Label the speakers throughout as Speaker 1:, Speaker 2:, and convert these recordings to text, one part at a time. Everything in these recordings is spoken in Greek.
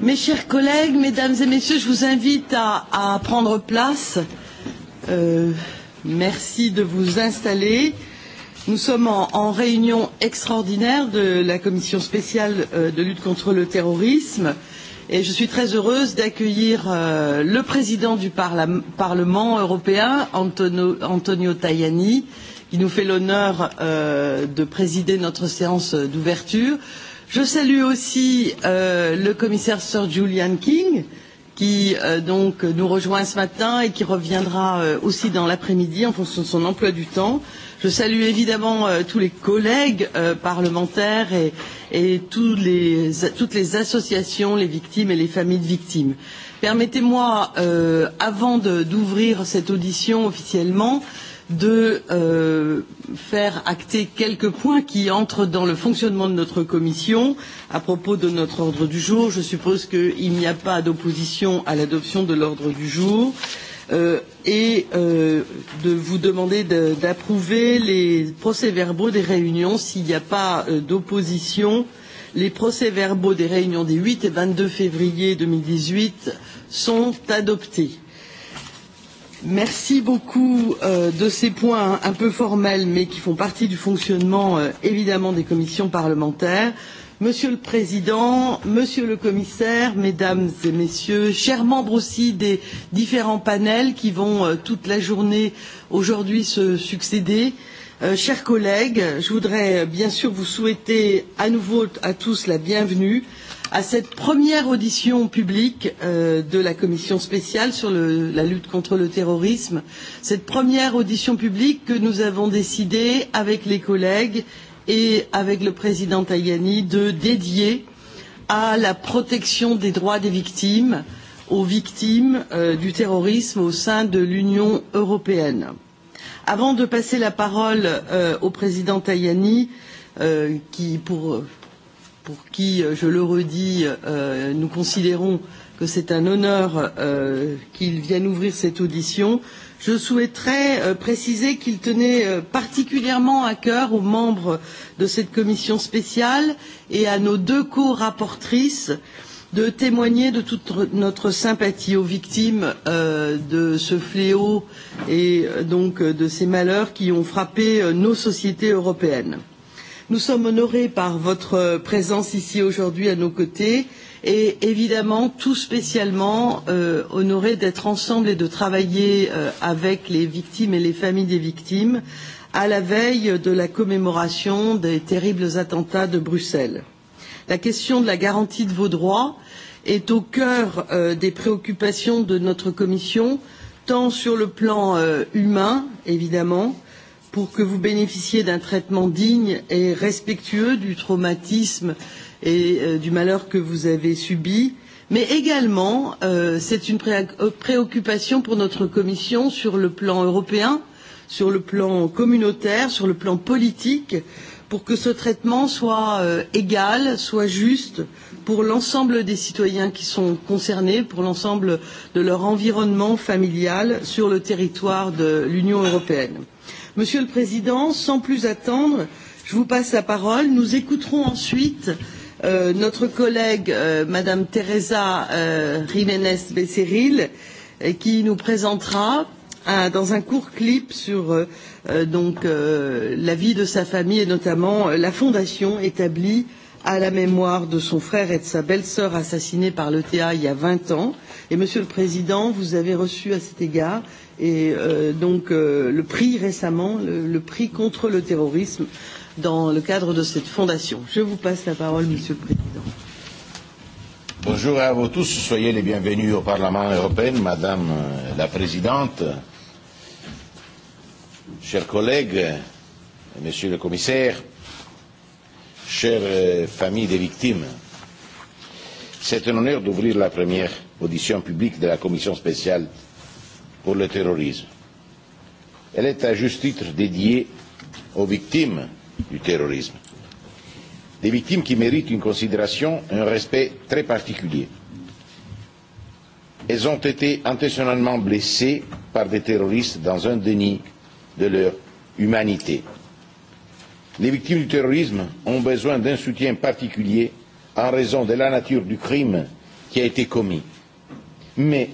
Speaker 1: Mes chers collègues, mesdames et messieurs, je vous invite à prendre place. Merci de vous installer. Nous sommes en réunion extraordinaire de la commission spéciale de lutte contre le terrorisme et je suis très heureuse d'accueillir le président du Parlement européen, Antonio Tajani, qui nous fait l'honneur de présider notre séance d'ouverture. Je salue aussi le commissaire Sir Julian King qui donc nous rejoint ce matin et qui reviendra aussi dans l'après-midi en fonction de son emploi du temps. Je salue évidemment tous les collègues parlementaires et toutes les associations, les victimes et les familles de victimes. Permettez-moi, avant d'ouvrir cette audition officiellement, de faire acter quelques points qui entrent dans le fonctionnement de notre commission à propos de notre ordre du jour. Je suppose qu'il n'y a pas d'opposition à l'adoption de l'ordre du jour et de vous demander d'approuver les procès verbaux des réunions. S'il n'y a pas d'opposition, les procès verbaux des réunions des 8 et 22 février 2018 sont adoptés. Merci beaucoup de ces points un peu formels mais qui font partie du fonctionnement évidemment des commissions parlementaires. Monsieur le Président, Monsieur le Commissaire, Mesdames et Messieurs, chers membres aussi des différents panels qui vont toute la journée aujourd'hui se succéder, chers collègues, je voudrais bien sûr vous souhaiter à nouveau à tous la bienvenue à cette première audition publique de la commission spéciale sur la lutte contre le terrorisme cette première audition publique que nous avons décidé avec les collègues et avec le président Tajani de dédier à la protection des droits des victimes aux victimes du terrorisme au sein de l'Union européenne. Avant de passer la parole au président Tajani qui pour pour qui, je le redis, nous considérons que c'est un honneur qu'il vienne ouvrir cette audition. Je souhaiterais préciser qu'il tenait particulièrement à cœur aux membres de cette commission spéciale et à nos deux co-rapportrices de témoigner de toute notre sympathie aux victimes de ce fléau et donc de ces malheurs qui ont frappé nos sociétés européennes. Nous sommes honorés par votre présence ici aujourd'hui à nos côtés et évidemment tout spécialement honorés d'être ensemble et de travailler avec les victimes et les familles des victimes à la veille de la commémoration des terribles attentats de Bruxelles. La question de la garantie de vos droits est au cœur des préoccupations de notre commission tant sur le plan humain évidemment pour que vous bénéficiez d'un traitement digne et respectueux du traumatisme et du malheur que vous avez subi mais également c'est une préoccupation pour notre commission sur le plan européen sur le plan communautaire sur le plan politique pour que ce traitement soit égal soit juste pour l'ensemble des citoyens qui sont concernés pour l'ensemble de leur environnement familial sur le territoire de l'union européenne Monsieur le Président, sans plus attendre, je vous passe la parole. Nous écouterons ensuite notre collègue Madame Teresa Jiménez Becerril qui nous présentera dans un court clip sur donc la vie de sa famille et notamment la fondation établie à la mémoire de son frère et de sa belle-sœur assassinée par l'ETA il y a 20 ans. Et Monsieur le Président, vous avez reçu à cet égard et donc le prix récemment, le prix contre le terrorisme dans le cadre de cette fondation. Je vous passe la parole, Monsieur le Président.
Speaker 2: Bonjour à vous tous, soyez les bienvenus au Parlement européen, Madame la Présidente, chers collègues, Monsieur le Commissaire, chères familles des victimes. C'est un honneur d'ouvrir la première audition publique de la Commission spéciale pour le terrorisme. Elle est à juste titre dédiée aux victimes du terrorisme, des victimes qui méritent une considération et un respect très particulier. Elles ont été intentionnellement blessées par des terroristes dans un déni de leur humanité. Les victimes du terrorisme ont besoin d'un soutien particulier en raison de la nature du crime qui a été commis. Mais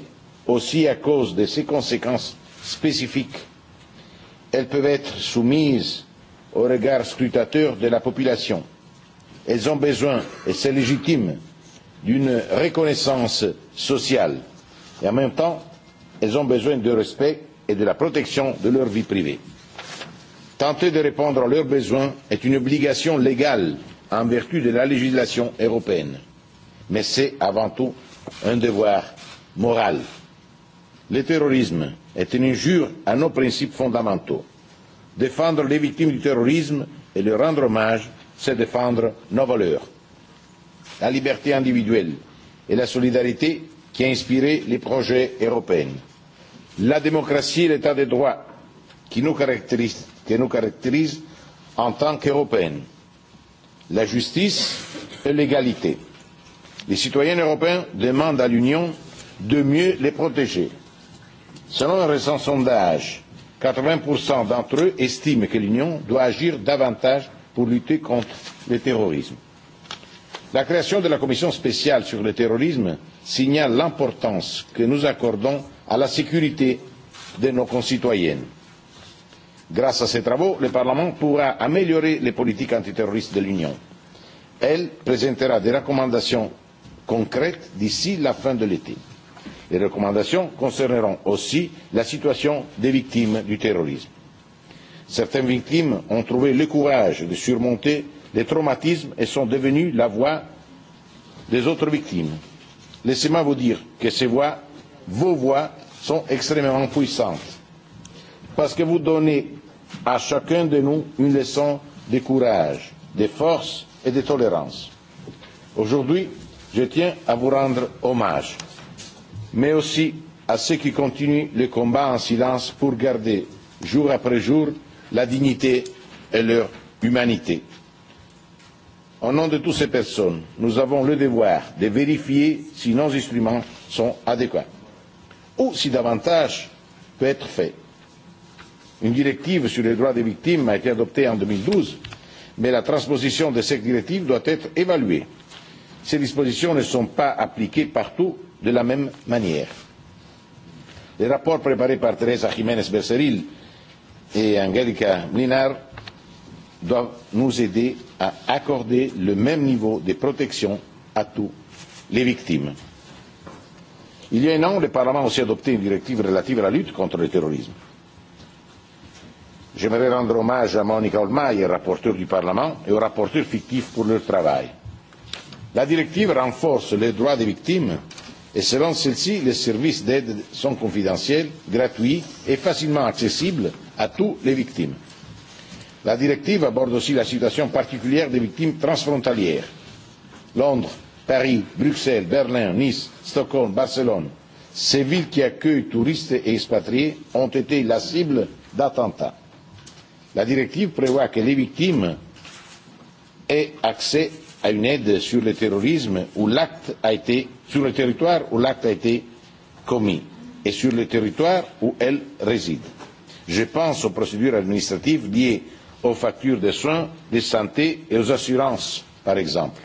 Speaker 2: aussi à cause de ses conséquences spécifiques. Elles peuvent être soumises au regard scrutateur de la population. Elles ont besoin, et c'est légitime, d'une reconnaissance sociale. Et en même temps, elles ont besoin de respect et de la protection de leur vie privée. Tenter de répondre à leurs besoins est une obligation légale en vertu de la législation européenne. Mais c'est avant tout un devoir moral. Le terrorisme est une injure à nos principes fondamentaux. Défendre les victimes du terrorisme et leur rendre hommage, c'est défendre nos valeurs. La liberté individuelle et la solidarité qui a inspiré les projets européens. La démocratie et l'état des droits qui nous caractérisent, qui nous caractérisent en tant qu'Européens. La justice et l'égalité. Les citoyens européens demandent à l'Union de mieux les protéger Selon un récent sondage, 80% d'entre eux estiment que l'Union doit agir davantage pour lutter contre le terrorisme. La création de la Commission spéciale sur le terrorisme signale l'importance que nous accordons à la sécurité de nos concitoyennes. Grâce à ces travaux, le Parlement pourra améliorer les politiques antiterroristes de l'Union. Elle présentera des recommandations concrètes d'ici la fin de l'été. Les recommandations concerneront aussi la situation des victimes du terrorisme. Certaines victimes ont trouvé le courage de surmonter les traumatismes et sont devenues la voix des autres victimes. Laissez-moi vous dire que ces voix, vos voix, sont extrêmement puissantes, parce que vous donnez à chacun de nous une leçon de courage, de force et de tolérance. Aujourd'hui, je tiens à vous rendre hommage mais aussi à ceux qui continuent le combat en silence pour garder, jour après jour, la dignité et leur humanité. Au nom de toutes ces personnes, nous avons le devoir de vérifier si nos instruments sont adéquats ou si davantage peut être fait. Une directive sur les droits des victimes a été adoptée en 2012, mais la transposition de cette directive doit être évaluée. Ces dispositions ne sont pas appliquées partout de la même manière. Les rapports préparés par Teresa Jiménez Berceril et Angelica Mlinar doivent nous aider à accorder le même niveau de protection à toutes les victimes. Il y a un an, le Parlement a aussi adopté une directive relative à la lutte contre le terrorisme. J'aimerais rendre hommage à Monica Holmeyer, rapporteur du Parlement, et aux rapporteurs fictifs pour leur travail. La directive renforce les droits des victimes et selon celle ci les services d'aide sont confidentiels gratuits et facilement accessibles à toutes les victimes. la directive aborde aussi la situation particulière des victimes transfrontalières. londres paris bruxelles berlin nice stockholm barcelone ces villes qui accueillent touristes et expatriés ont été la cible d'attentats. la directive prévoit que les victimes aient accès à une aide sur le terrorisme où l'acte a été sur le territoire où l'acte a été commis et sur le territoire où elle réside. Je pense aux procédures administratives liées aux factures de soins, de santé et aux assurances, par exemple.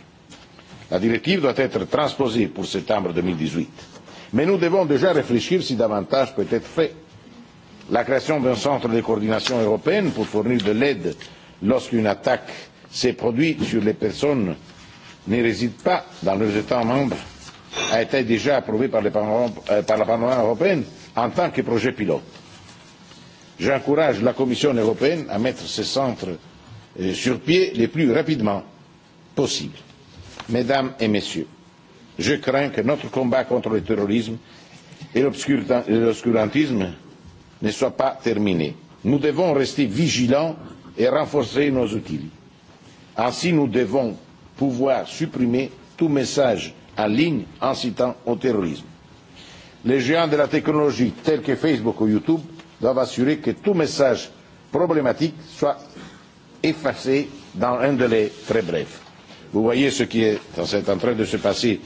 Speaker 2: La directive doit être transposée pour septembre 2018. Mais nous devons déjà réfléchir si davantage peut être fait. La création d'un centre de coordination européenne pour fournir de l'aide lorsqu'une attaque s'est produite sur les personnes ne réside pas dans nos États membres a été déjà approuvé par le Parlement européen en tant que projet pilote. J'encourage la Commission européenne à mettre ce centre sur pied le plus rapidement possible. Mesdames et Messieurs, je crains que notre combat contre le terrorisme et l'obscurantisme ne soit pas terminé. Nous devons rester vigilants et renforcer nos outils. Ainsi, nous devons pouvoir supprimer tout message en ligne incitant au terrorisme. Les géants de la technologie tels que Facebook ou YouTube doivent assurer que tout message problématique soit effacé dans un délai très bref. Vous voyez ce qui est en train de se passer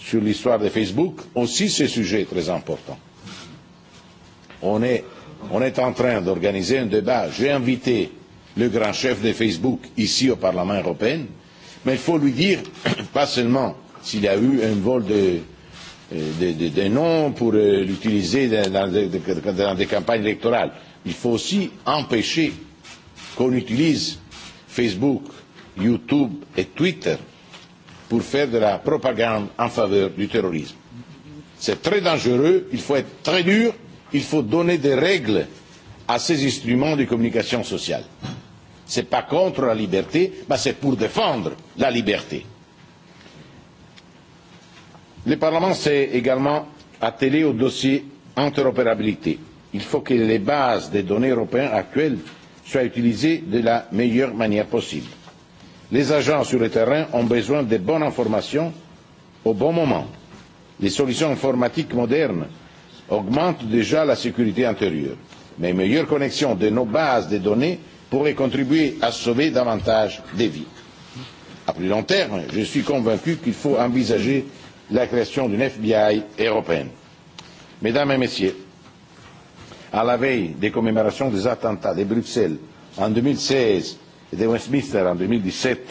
Speaker 2: sur l'histoire de Facebook, aussi ce sujet est très important. On est en train d'organiser un débat. J'ai invité le grand chef de Facebook ici au Parlement européen Mais il faut lui dire, pas seulement s'il y a eu un vol de, de, de, noms pour l'utiliser dans, dans des campagnes électorales, il faut aussi empêcher qu'on utilise Facebook, YouTube et Twitter pour faire de la propagande en faveur du terrorisme. C'est très dangereux, il faut être très dur, il faut donner des règles à ces instruments de communication sociale. Ce n'est pas contre la liberté, mais c'est pour défendre la liberté. Le Parlement s'est également attelé au dossier interopérabilité. Il faut que les bases des données européennes actuelles soient utilisées de la meilleure manière possible. Les agents sur le terrain ont besoin de bonnes informations au bon moment. Les solutions informatiques modernes augmentent déjà la sécurité intérieure, mais une meilleure connexion de nos bases de données pourrait contribuer à sauver davantage des vies. À plus long terme, je suis convaincu qu'il faut envisager la création d'une FBI européenne. Mesdames et Messieurs, à la veille des commémorations des attentats de Bruxelles en 2016 et de Westminster en 2017,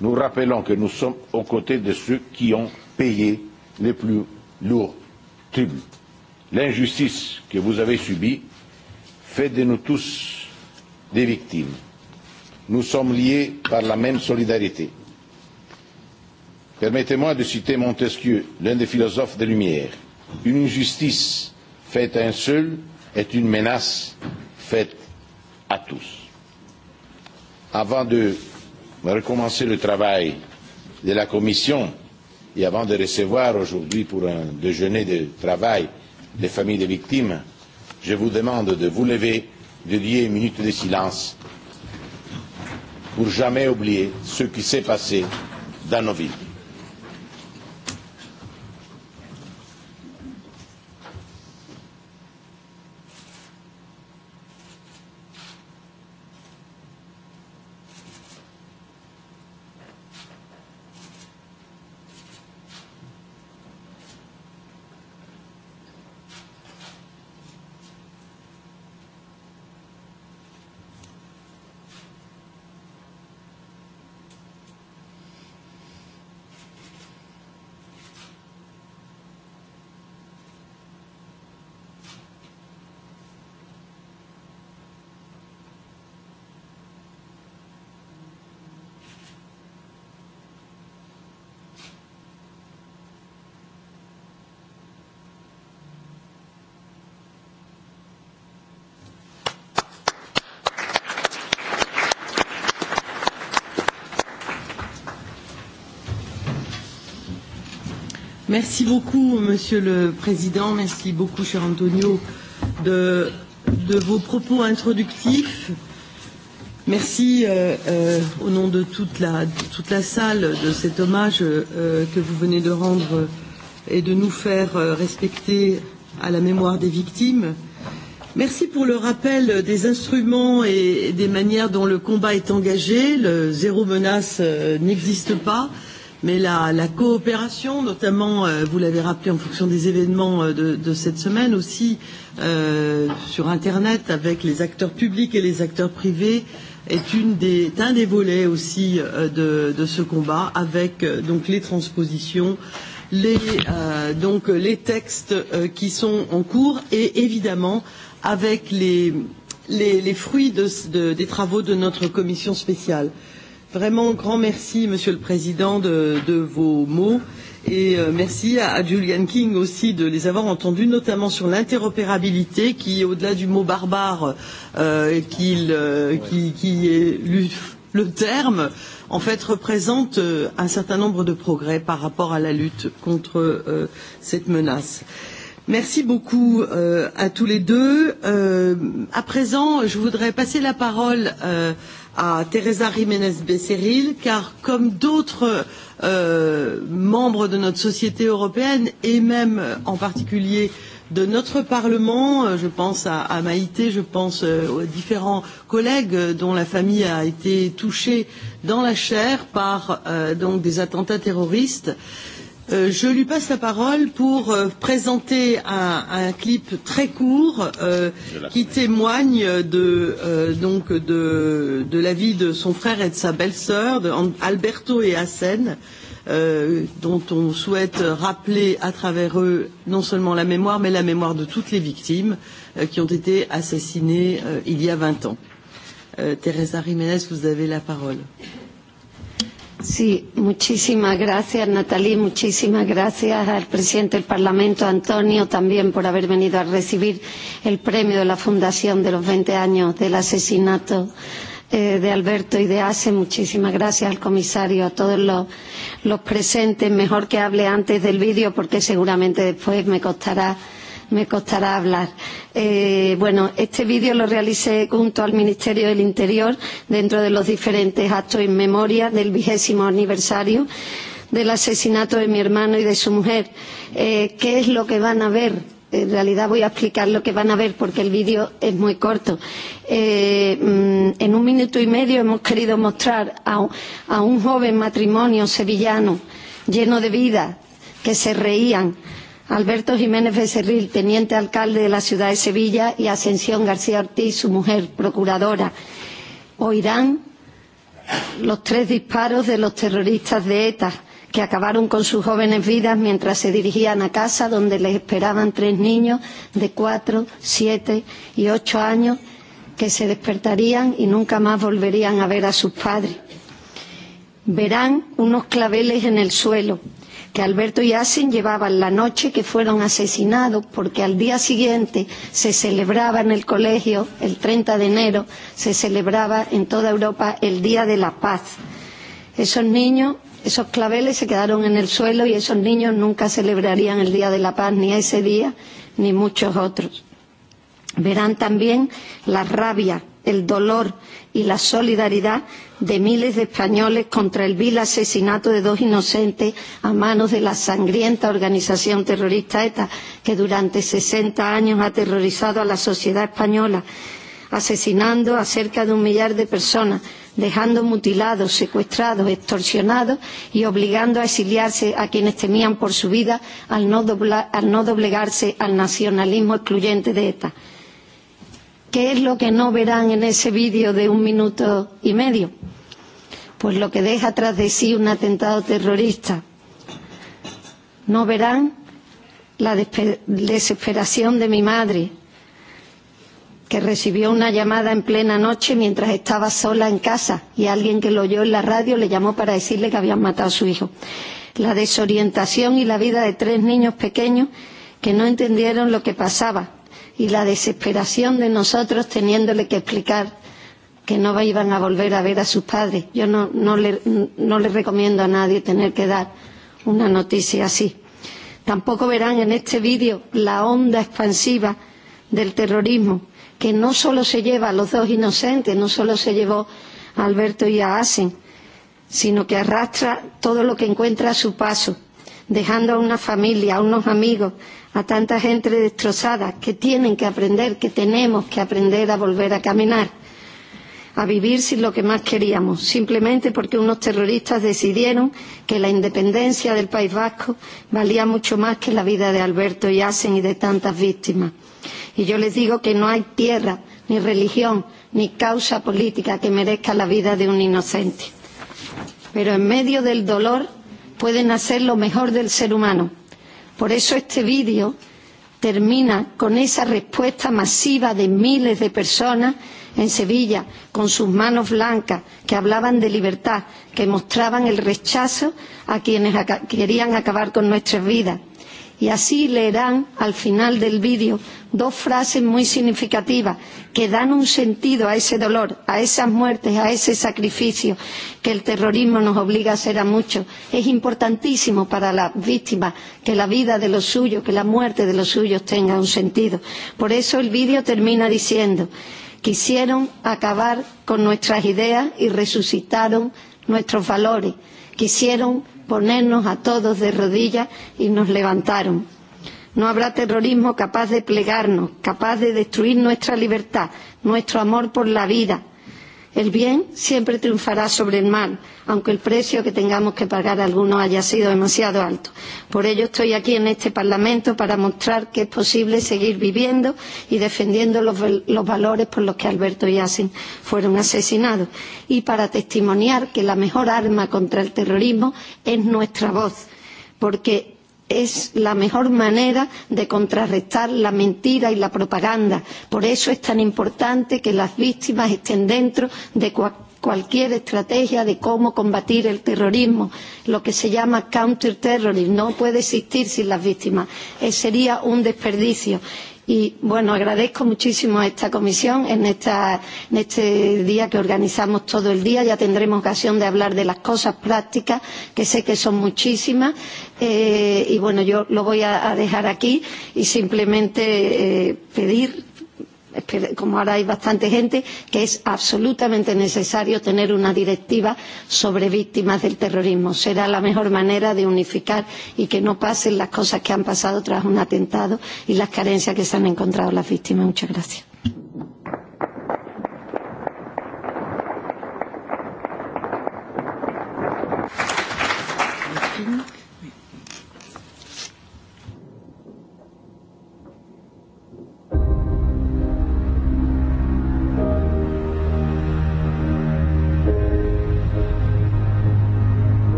Speaker 2: nous rappelons que nous sommes aux côtés de ceux qui ont payé les plus lourds tributs. L'injustice que vous avez subie fait de nous tous des victimes. Nous sommes liés par la même solidarité. Permettez-moi de citer Montesquieu, l'un des philosophes des Lumières. Une injustice faite à un seul est une menace faite à tous. Avant de recommencer le travail de la Commission et avant de recevoir aujourd'hui pour un déjeuner de travail les familles des victimes, je vous demande de vous lever dédier une minute de silence pour jamais oublier ce qui s'est passé dans nos villes.
Speaker 1: Merci beaucoup, Monsieur le Président. Merci beaucoup, cher Antonio, de, de vos propos introductifs. Merci au nom de toute la, toute la salle de cet hommage que vous venez de rendre et de nous faire respecter à la mémoire des victimes. Merci pour le rappel des instruments et des manières dont le combat est engagé. Le zéro menace n'existe pas mais la, la coopération, notamment, vous l'avez rappelé en fonction des événements de, de cette semaine aussi, euh, sur Internet, avec les acteurs publics et les acteurs privés, est, une des, un des volets aussi de, de ce combat, avec donc les transpositions, les, euh, donc, les textes qui sont en cours et évidemment avec les, les, les fruits de, des travaux de notre commission spéciale. Vraiment, grand merci, Monsieur le Président, de, vos mots. Et merci à, Julian King aussi de les avoir entendus, notamment sur l'interopérabilité, qui, au-delà du mot barbare qui, est le terme, en fait, représente un certain nombre de progrès par rapport à la lutte contre cette menace. Merci beaucoup à tous les deux. À présent, je voudrais passer la parole à Teresa Jiménez Becerril, car comme d'autres membres de notre société européenne, et même en particulier de notre Parlement, je pense à Maïté, je pense aux différents collègues dont la famille a été touchée dans la chair par des attentats terroristes, Je lui passe la parole pour présenter un clip très court qui témoigne de donc de de la vie de son frère et de sa belle-sœur Alberto et Hassen dont on souhaite rappeler à travers eux non seulement la mémoire mais la mémoire de toutes les victimes qui ont été assassinées il y a 20 ans. Teresa Jiménez vous avez la parole.
Speaker 3: Sí, muchísimas gracias, Natalie. Muchísimas gracias al presidente del Parlamento, Antonio, también por haber venido a recibir el premio de la Fundación de los 20 años del asesinato de Alberto y de ASE. Muchísimas gracias al comisario, a todos los, los presentes. Mejor que hable antes del vídeo porque seguramente después me costará me costará hablar. Bueno, este vídeo lo realicé junto al Ministerio del Interior dentro de los diferentes actos en memoria del vigésimo aniversario del asesinato de mi hermano y de su mujer. ¿Qué es lo que van a ver? en realidad voy a explicar lo que van a ver porque el vídeo es muy corto. En un minuto y medio hemos querido mostrar a un joven matrimonio sevillano lleno de vida, que se reían, Alberto Jiménez Becerril, teniente alcalde de la ciudad de Sevilla, y Ascensión García Ortiz, su mujer procuradora, oirán los tres disparos de los terroristas de ETA, que acabaron con sus jóvenes vidas mientras se dirigían a casa, donde les esperaban tres niños de cuatro, siete y ocho años, que se despertarían y nunca más volverían a ver a sus padres. Verán unos claveles en el suelo que Alberto y Asen llevaban la noche que fueron asesinados porque al día siguiente se celebraba en el colegio, el 30 de enero, se celebraba en toda Europa el Día de la Paz. Esos niños, esos claveles se quedaron en el suelo y esos niños nunca celebrarían el Día de la Paz, ni ese día, ni muchos otros. Verán también la rabia, el dolor y la solidaridad de miles de españoles contra el vil asesinato de dos inocentes a manos de la sangrienta organización terrorista ETA, que durante 60 años ha aterrorizado a la sociedad española, asesinando a cerca de un millar de personas, dejando mutilados, secuestrados, extorsionados y obligando a exiliarse a quienes temían por su vida al no doblegarse al nacionalismo excluyente de ETA. ¿Qué es lo que no verán en ese vídeo de un minuto y medio? pues lo que deja tras de sí un atentado terrorista. No verán la desesperación de mi madre, que recibió una llamada en plena noche mientras estaba sola en casa y alguien que lo oyó en la radio le llamó para decirle que habían matado a su hijo. La desorientación y la vida de tres niños pequeños que no entendieron lo que pasaba y la desesperación de nosotros teniéndole que explicar que no iban a volver a ver a sus padres. Yo no, no, le, no les recomiendo a nadie tener que dar una noticia así. Tampoco verán en este vídeo la onda expansiva del terrorismo, que no solo se lleva a los dos inocentes, no solo se llevó a Alberto y a Asen, sino que arrastra todo lo que encuentra a su paso, dejando a una familia, a unos amigos, a tanta gente destrozada que tienen que aprender, que tenemos que aprender a volver a caminar a vivir sin lo que más queríamos, simplemente porque unos terroristas decidieron que la independencia del País Vasco valía mucho más que la vida de Alberto Yassen y de tantas víctimas. Y yo les digo que no hay tierra, ni religión, ni causa política que merezca la vida de un inocente. Pero en medio del dolor pueden hacer lo mejor del ser humano. Por eso este vídeo termina con esa respuesta masiva de miles de personas en Sevilla, con sus manos blancas, que hablaban de libertad, que mostraban el rechazo a quienes querían acabar con nuestras vidas. Y así leerán al final del vídeo dos frases muy significativas que dan un sentido a ese dolor, a esas muertes, a ese sacrificio que el terrorismo nos obliga a hacer a muchos. Es importantísimo para las víctimas que la vida de los suyos, que la muerte de los suyos tenga un sentido. Por eso el vídeo termina diciendo quisieron acabar con nuestras ideas y resucitaron nuestros valores, quisieron ponernos a todos de rodillas y nos levantaron. No habrá terrorismo capaz de plegarnos, capaz de destruir nuestra libertad, nuestro amor por la vida, El bien siempre triunfará sobre el mal, aunque el precio que tengamos que pagar algunos haya sido demasiado alto. Por ello estoy aquí en este Parlamento para mostrar que es posible seguir viviendo y defendiendo los valores por los que Alberto y Asen fueron asesinados y para testimoniar que la mejor arma contra el terrorismo es nuestra voz, porque es la mejor manera de contrarrestar la mentira y la propaganda. Por eso es tan importante que las víctimas estén dentro de cualquier estrategia de cómo combatir el terrorismo, lo que se llama counterterrorism, no puede existir sin las víctimas. Sería un desperdicio. Y bueno, agradezco muchísimo a esta comisión en, esta, en este día que organizamos todo el día. Ya tendremos ocasión de hablar de las cosas prácticas, que sé que son muchísimas. Eh, y bueno, yo lo voy a, dejar aquí y simplemente pedir como ahora hay bastante gente, que es absolutamente necesario tener una directiva sobre víctimas del terrorismo. Será la mejor manera de unificar y que no pasen las cosas que han pasado tras un atentado y las carencias que se han encontrado las víctimas. Muchas gracias.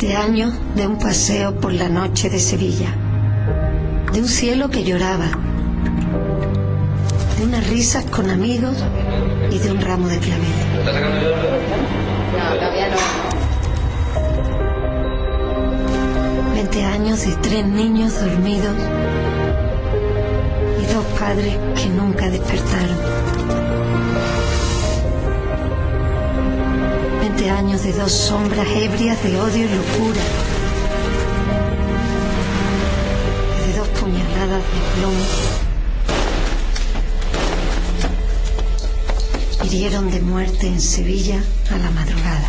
Speaker 3: siete años de un paseo por la noche de Sevilla, de un cielo que lloraba, de unas risas con amigos y de un ramo de clavel. No, todavía no. Veinte años de tres niños dormidos y dos padres que nunca despertaron. 20 años de dos sombras ebrias de odio y locura. De dos puñaladas de plomo. Hirieron de muerte en Sevilla a la madrugada.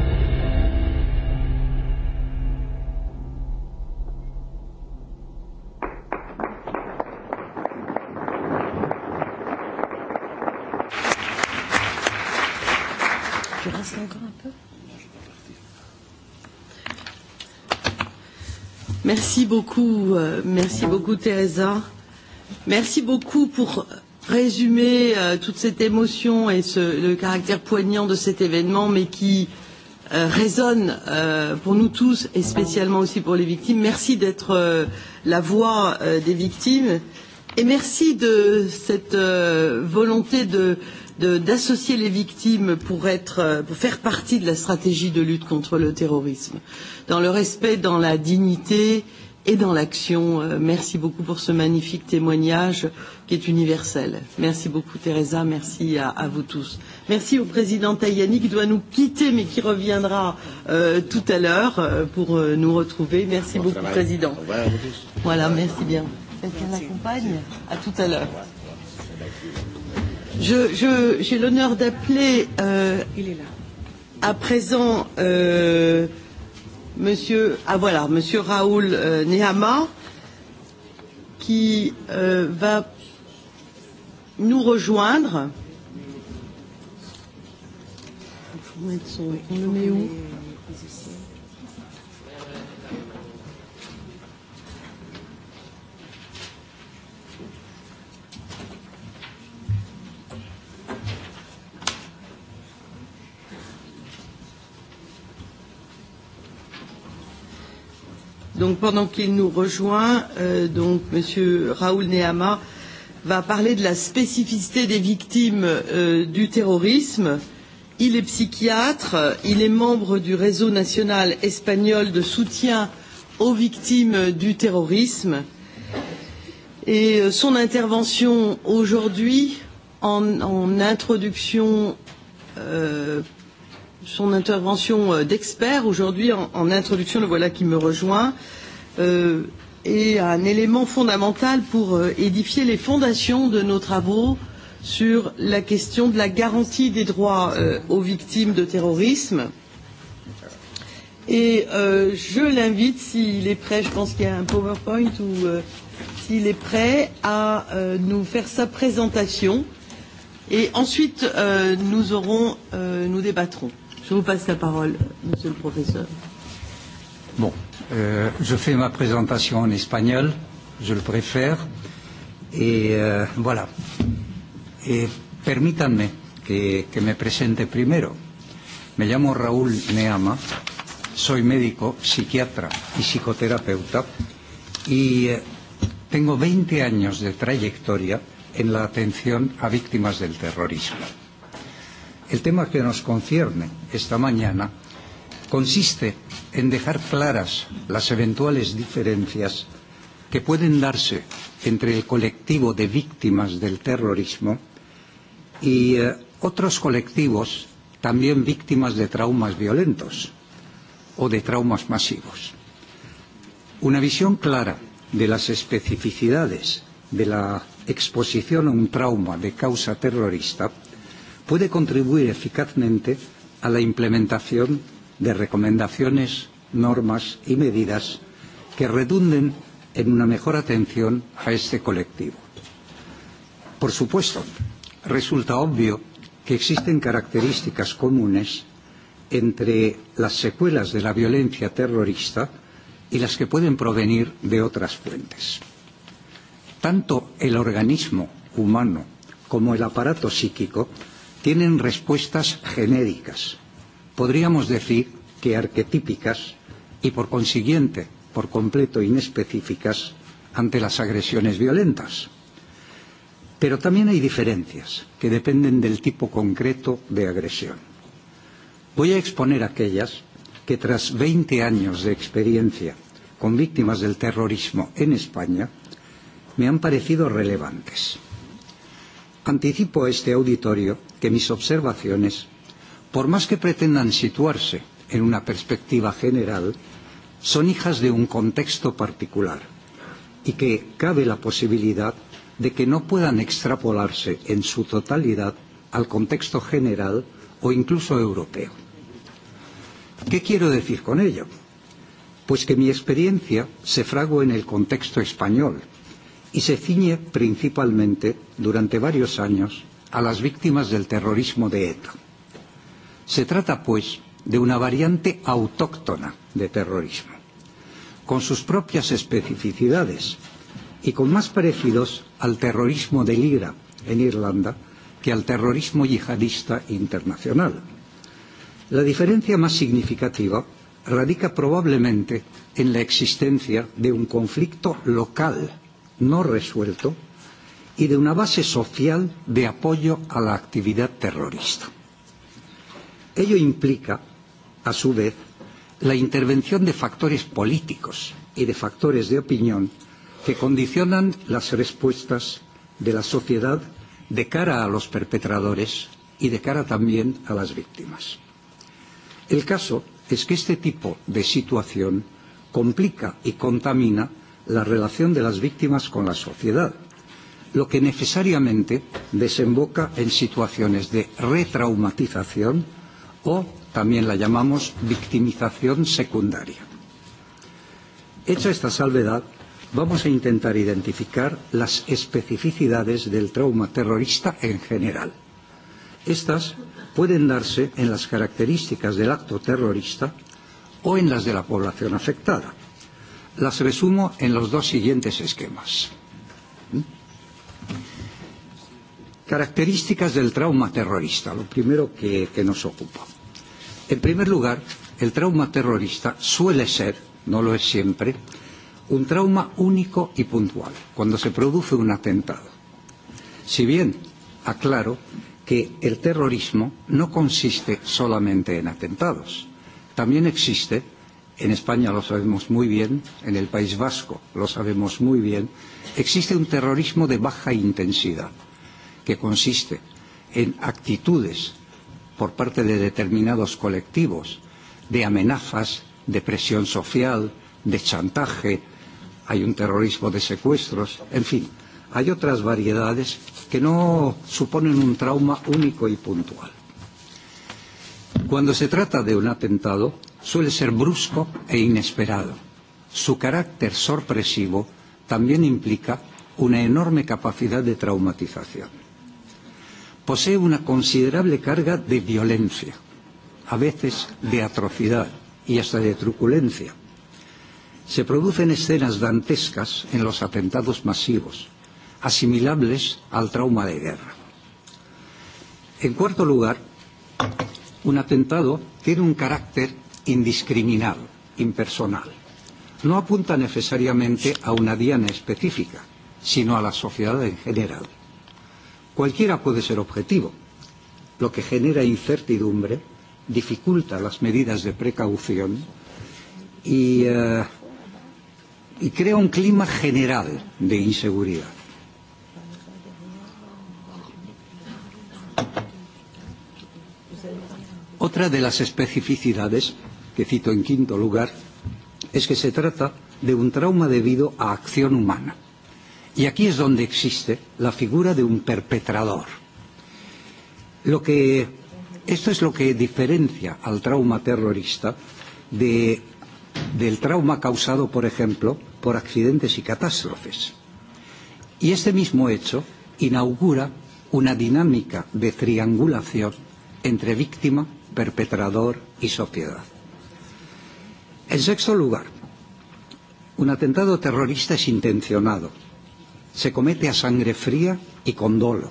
Speaker 1: Merci beaucoup, merci beaucoup Teresa. Merci beaucoup pour résumer toute cette émotion et le caractère poignant de cet événement, mais qui résonne pour nous tous et spécialement aussi pour les victimes. Merci d'être la voix des victimes et merci de cette volonté de d'associer les victimes pour être pour faire partie de la stratégie de lutte contre le terrorisme dans le respect dans la dignité et dans l'action merci beaucoup pour ce magnifique témoignage qui est universel merci beaucoup Teresa merci à à vous tous merci au président Tajani qui doit nous quitter mais qui reviendra tout à l'heure pour nous retrouver merci beaucoup président voilà merci bien quelqu'un l'accompagne à tout à l'heure J'ai l'honneur d'appeler à présent Monsieur ah voilà Monsieur Raoul Nehama qui va nous rejoindre. On le met où Donc pendant qu'il nous rejoint, donc Monsieur Raoul Nehama va parler de la spécificité des victimes du terrorisme. Il est psychiatre, il est membre du réseau national espagnol de soutien aux victimes du terrorisme. Et son intervention aujourd'hui, en introduction son intervention d'expert aujourd'hui en introduction, le voilà qui me rejoint, est un élément fondamental pour édifier les fondations de nos travaux sur la question de la garantie des droits aux victimes de terrorisme. Et je l'invite, s'il est prêt, je pense qu'il y a un PowerPoint, ou s'il est prêt, à nous faire sa présentation. Et ensuite, nous aurons, nous débattrons. Je vous passe la parole, monsieur le professeur.
Speaker 4: Bon, euh, je fais ma présentation en espagnol, je le préfère. Et euh, voilà. Et permítanme que, que me presente primero. Me llamo Raúl Neama, soy médico, psiquiatra y psicoterapeuta y tengo 20 años de trayectoria en la atención a víctimas del terrorismo El tema que nos concierne esta mañana consiste en dejar claras las eventuales diferencias que pueden darse entre el colectivo de víctimas del terrorismo y otros colectivos también víctimas de traumas violentos o de traumas masivos. Una visión clara de las especificidades de la exposición a un trauma de causa terrorista puede contribuir eficazmente a la implementación de recomendaciones, normas y medidas que redunden en una mejor atención a este colectivo. Por supuesto, resulta obvio que existen características comunes entre las secuelas de la violencia terrorista y las que pueden provenir de otras fuentes. Tanto el organismo humano como el aparato psíquico tienen respuestas genéricas, podríamos decir que arquetípicas y, por consiguiente, por completo inespecíficas ante las agresiones violentas. Pero también hay diferencias que dependen del tipo concreto de agresión. Voy a exponer aquellas que, tras 20 años de experiencia con víctimas del terrorismo en España, me han parecido relevantes. Anticipo a este auditorio que mis observaciones, por más que pretendan situarse en una perspectiva general, son hijas de un contexto particular y que cabe la posibilidad de que no puedan extrapolarse en su totalidad al contexto general o incluso europeo. ¿Qué quiero decir con ello? Pues que mi experiencia se fragó en el contexto español y se ciñe principalmente durante varios años a las víctimas del terrorismo de ETA. Se trata, pues, de una variante autóctona de terrorismo, con sus propias especificidades y con más parecidos al terrorismo de IRA en Irlanda que al terrorismo yihadista internacional. La diferencia más significativa radica probablemente en la existencia de un conflicto local no resuelto y de una base social de apoyo a la actividad terrorista. Ello implica, a su vez, la intervención de factores políticos y de factores de opinión que condicionan las respuestas de la sociedad de cara a los perpetradores y de cara también a las víctimas. El caso es que este tipo de situación complica y contamina la relación de las víctimas con la sociedad, lo que necesariamente desemboca en situaciones de retraumatización o también la llamamos victimización secundaria. Hecha esta salvedad, vamos a intentar identificar las especificidades del trauma terrorista en general. Estas pueden darse en las características del acto terrorista o en las de la población afectada las resumo en los dos siguientes esquemas. Características del trauma terrorista, lo primero que nos ocupa. En primer lugar, el trauma terrorista suele ser, no lo es siempre, un trauma único y puntual, cuando se produce un atentado. Si bien aclaro que el terrorismo no consiste solamente en atentados, también existe en España lo sabemos muy bien, en el País Vasco lo sabemos muy bien, existe un terrorismo de baja intensidad que consiste en actitudes por parte de determinados colectivos de amenazas, de presión social, de chantaje, hay un terrorismo de secuestros, en fin, hay otras variedades que no suponen un trauma único y puntual. Cuando se trata de un atentado, suele ser brusco e inesperado. Su carácter sorpresivo también implica una enorme capacidad de traumatización. Posee una considerable carga de violencia, a veces de atrocidad y hasta de truculencia. Se producen escenas dantescas en los atentados masivos, asimilables al trauma de guerra. En cuarto lugar, un atentado tiene un carácter indiscriminado, impersonal. No apunta necesariamente a una diana específica, sino a la sociedad en general. Cualquiera puede ser objetivo, lo que genera incertidumbre, dificulta las medidas de precaución y, y crea un clima general de inseguridad. Otra de las especificidades que cito en quinto lugar, es que se trata de un trauma debido a acción humana. Y aquí es donde existe la figura de un perpetrador. Lo que, esto es lo que diferencia al trauma terrorista de, del trauma causado, por ejemplo, por accidentes y catástrofes. Y este mismo hecho inaugura una dinámica de triangulación entre víctima, perpetrador y sociedad. En sexto lugar, un atentado terrorista es intencionado. Se comete a sangre fría y con dolo.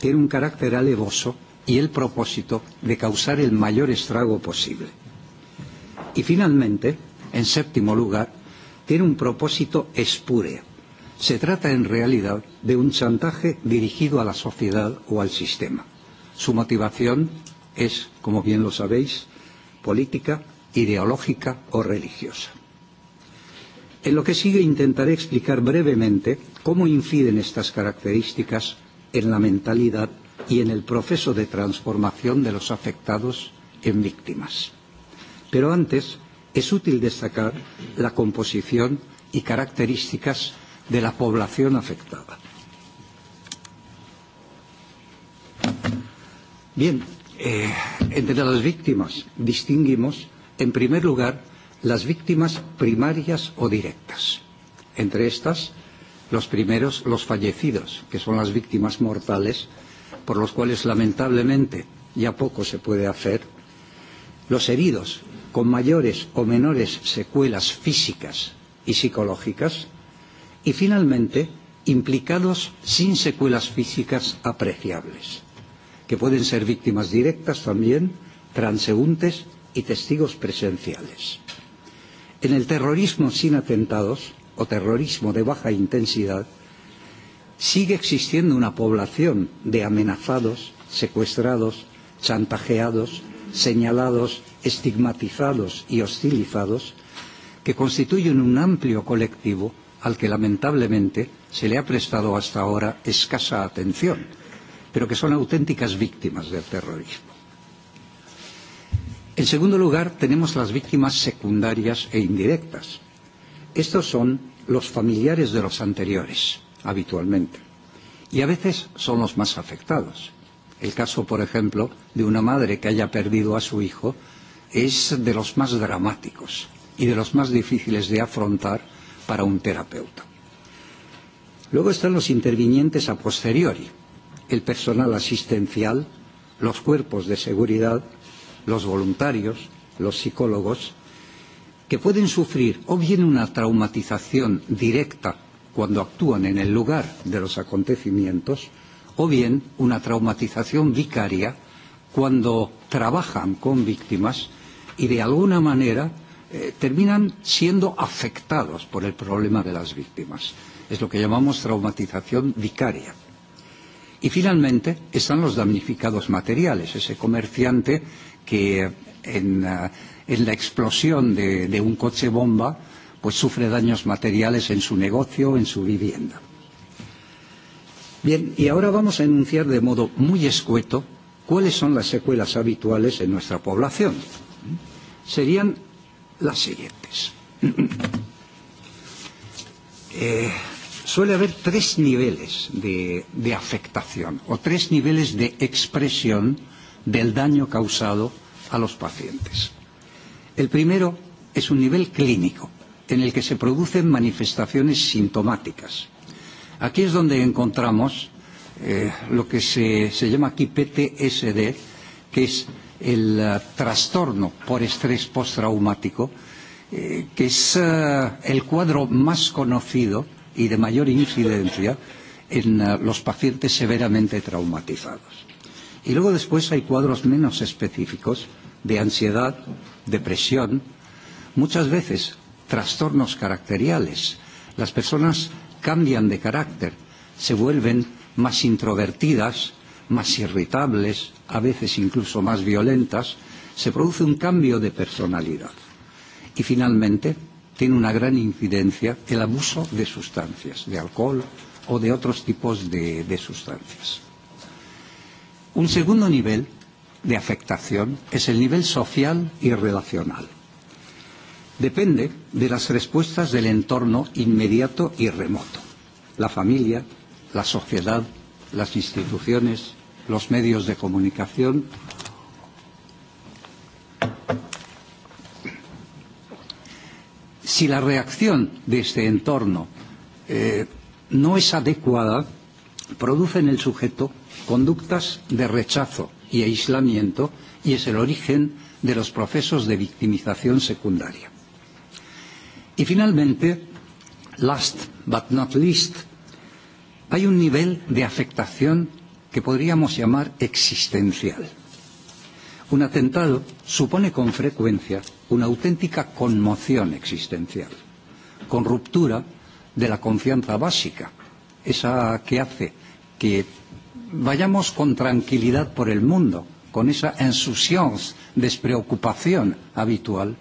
Speaker 4: Tiene un carácter alevoso y el propósito de causar el mayor estrago posible. Y finalmente, en séptimo lugar, tiene un propósito espúreo. Se trata en realidad de un chantaje dirigido a la sociedad o al sistema. Su motivación es, como bien lo sabéis, política ideológica o religiosa. En lo que sigue intentaré explicar brevemente cómo inciden estas características en la mentalidad y en el proceso de transformación de los afectados en víctimas. Pero antes es útil destacar la composición y características de la población afectada. Bien, entre las víctimas distinguimos en primer lugar, las víctimas primarias o directas. Entre estas, los primeros, los fallecidos, que son las víctimas mortales, por los cuales lamentablemente ya poco se puede hacer. Los heridos, con mayores o menores secuelas físicas y psicológicas. Y finalmente, implicados sin secuelas físicas apreciables, que pueden ser víctimas directas también, transeúntes y testigos presenciales. En el terrorismo sin atentados o terrorismo de baja intensidad sigue existiendo una población de amenazados, secuestrados, chantajeados, señalados, estigmatizados y hostilizados que constituyen un amplio colectivo al que lamentablemente se le ha prestado hasta ahora escasa atención, pero que son auténticas víctimas del terrorismo. En segundo lugar, tenemos las víctimas secundarias e indirectas. Estos son los familiares de los anteriores, habitualmente, y a veces son los más afectados. El caso, por ejemplo, de una madre que haya perdido a su hijo es de los más dramáticos y de los más difíciles de afrontar para un terapeuta. Luego están los intervinientes a posteriori, el personal asistencial, los cuerpos de seguridad los voluntarios, los psicólogos, que pueden sufrir o bien una traumatización directa cuando actúan en el lugar de los acontecimientos, o bien una traumatización vicaria cuando trabajan con víctimas y de alguna manera terminan siendo afectados por el problema de las víctimas. Es lo que llamamos traumatización vicaria. Y finalmente están los damnificados materiales, ese comerciante que en, en la explosión de, de un coche bomba pues sufre daños materiales en su negocio, en su vivienda. Bien, y ahora vamos a enunciar de modo muy escueto cuáles son las secuelas habituales en nuestra población. Serían las siguientes. Eh, suele haber tres niveles de, de afectación o tres niveles de expresión del daño causado a los pacientes. El primero es un nivel clínico, en el que se producen manifestaciones sintomáticas. Aquí es donde encontramos lo que se llama aquí PTSD, que es el trastorno por estrés postraumático, que es el cuadro más conocido y de mayor incidencia en los pacientes severamente traumatizados. Y luego después hay cuadros menos específicos de ansiedad, depresión, muchas veces trastornos caracteriales. Las personas cambian de carácter, se vuelven más introvertidas, más irritables, a veces incluso más violentas, se produce un cambio de personalidad. Y finalmente, tiene una gran incidencia el abuso de sustancias, de alcohol o de otros tipos de, de sustancias. Un segundo nivel de afectación es el nivel social y relacional. Depende de las respuestas del entorno inmediato y remoto, la familia, la sociedad, las instituciones, los medios de comunicación. Si la reacción de este entorno no es adecuada, produce en el sujeto conductas de rechazo y aislamiento y es el origen de los procesos de victimización secundaria. Y finalmente, last but not least, hay un nivel de afectación que podríamos llamar existencial. Un atentado supone con frecuencia una auténtica conmoción existencial, con ruptura de la confianza básica, esa que hace que vayamos con tranquilidad por el mundo, con esa insouciance, despreocupación habitual.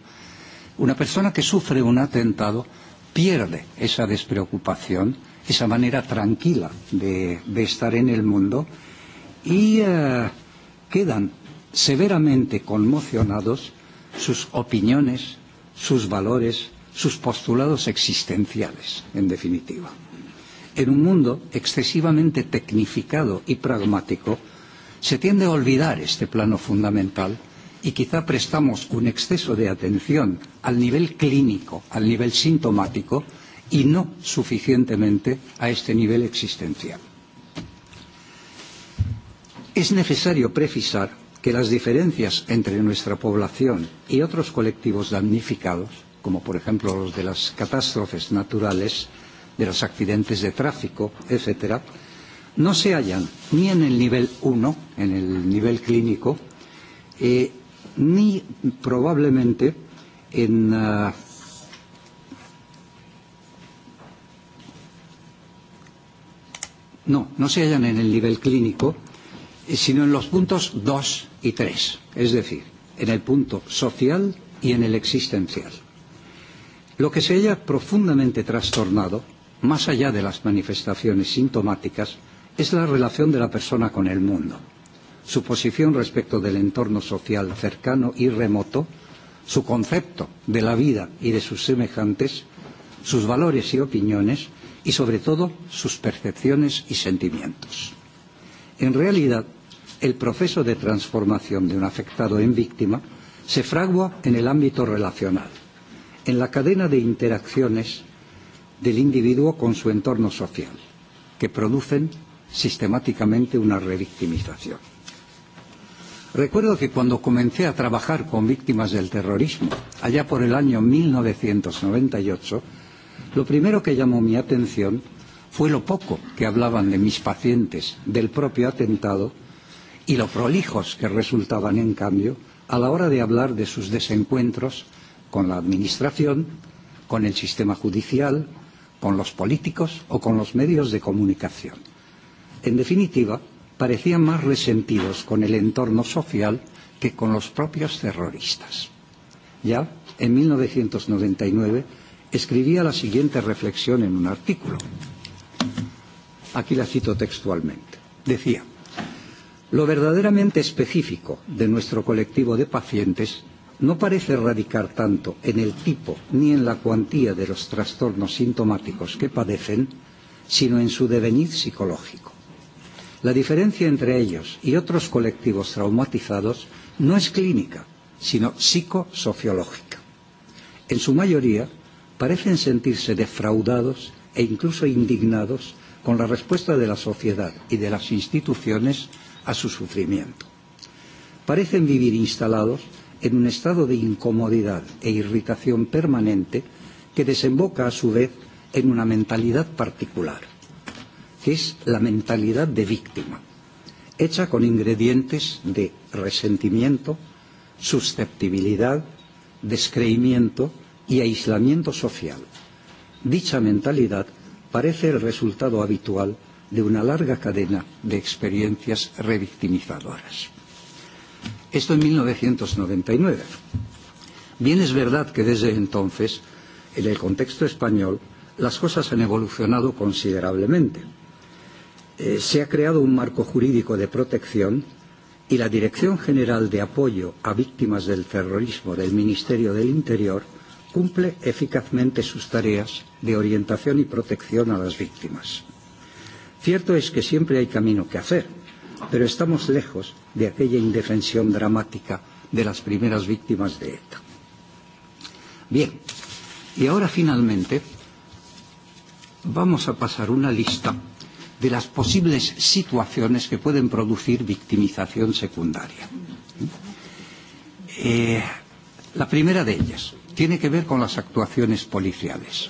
Speaker 4: Una persona que sufre un atentado pierde esa despreocupación, esa manera tranquila de, de estar en el mundo y quedan severamente conmocionados sus opiniones, sus valores, sus postulados existenciales, en definitiva en un mundo excesivamente tecnificado y pragmático, se tiende a olvidar este plano fundamental y quizá prestamos un exceso de atención al nivel clínico, al nivel sintomático y no suficientemente a este nivel existencial. Es necesario precisar que las diferencias entre nuestra población y otros colectivos damnificados, como por ejemplo los de las catástrofes naturales, de los accidentes de tráfico, etcétera, no se hallan ni en el nivel 1, en el nivel clínico, ni probablemente en No, no se hallan en el nivel clínico, sino en los puntos 2 y 3, es decir, en el punto social y en el existencial. Lo que se halla profundamente trastornado más allá de las manifestaciones sintomáticas, es la relación de la persona con el mundo, su posición respecto del entorno social cercano y remoto, su concepto de la vida y de sus semejantes, sus valores y opiniones, y sobre todo sus percepciones y sentimientos. En realidad, el proceso de transformación de un afectado en víctima se fragua en el ámbito relacional, en la cadena de interacciones del individuo con su entorno social, que producen sistemáticamente una revictimización. Recuerdo que cuando comencé a trabajar con víctimas del terrorismo, allá por el año 1998, lo primero que llamó mi atención fue lo poco que hablaban de mis pacientes del propio atentado y lo prolijos que resultaban, en cambio, a la hora de hablar de sus desencuentros con la Administración, con el sistema judicial, con los políticos o con los medios de comunicación. En definitiva, parecían más resentidos con el entorno social que con los propios terroristas. Ya en 1999 escribía la siguiente reflexión en un artículo. Aquí la cito textualmente. Decía, lo verdaderamente específico de nuestro colectivo de pacientes no parece radicar tanto en el tipo ni en la cuantía de los trastornos sintomáticos que padecen, sino en su devenir psicológico. La diferencia entre ellos y otros colectivos traumatizados no es clínica, sino psicosociológica. En su mayoría, parecen sentirse defraudados e incluso indignados con la respuesta de la sociedad y de las instituciones a su sufrimiento. Parecen vivir instalados en un estado de incomodidad e irritación permanente que desemboca a su vez en una mentalidad particular, que es la mentalidad de víctima, hecha con ingredientes de resentimiento, susceptibilidad, descreimiento y aislamiento social. Dicha mentalidad parece el resultado habitual de una larga cadena de experiencias revictimizadoras. Esto en 1999. Bien es verdad que desde entonces, en el contexto español, las cosas han evolucionado considerablemente. Se ha creado un marco jurídico de protección y la Dirección General de Apoyo a Víctimas del Terrorismo del Ministerio del Interior cumple eficazmente sus tareas de orientación y protección a las víctimas. Cierto es que siempre hay camino que hacer pero estamos lejos de aquella indefensión dramática de las primeras víctimas de ETA. Bien, y ahora finalmente vamos a pasar una lista de las posibles situaciones que pueden producir victimización secundaria. Eh, la primera de ellas tiene que ver con las actuaciones policiales.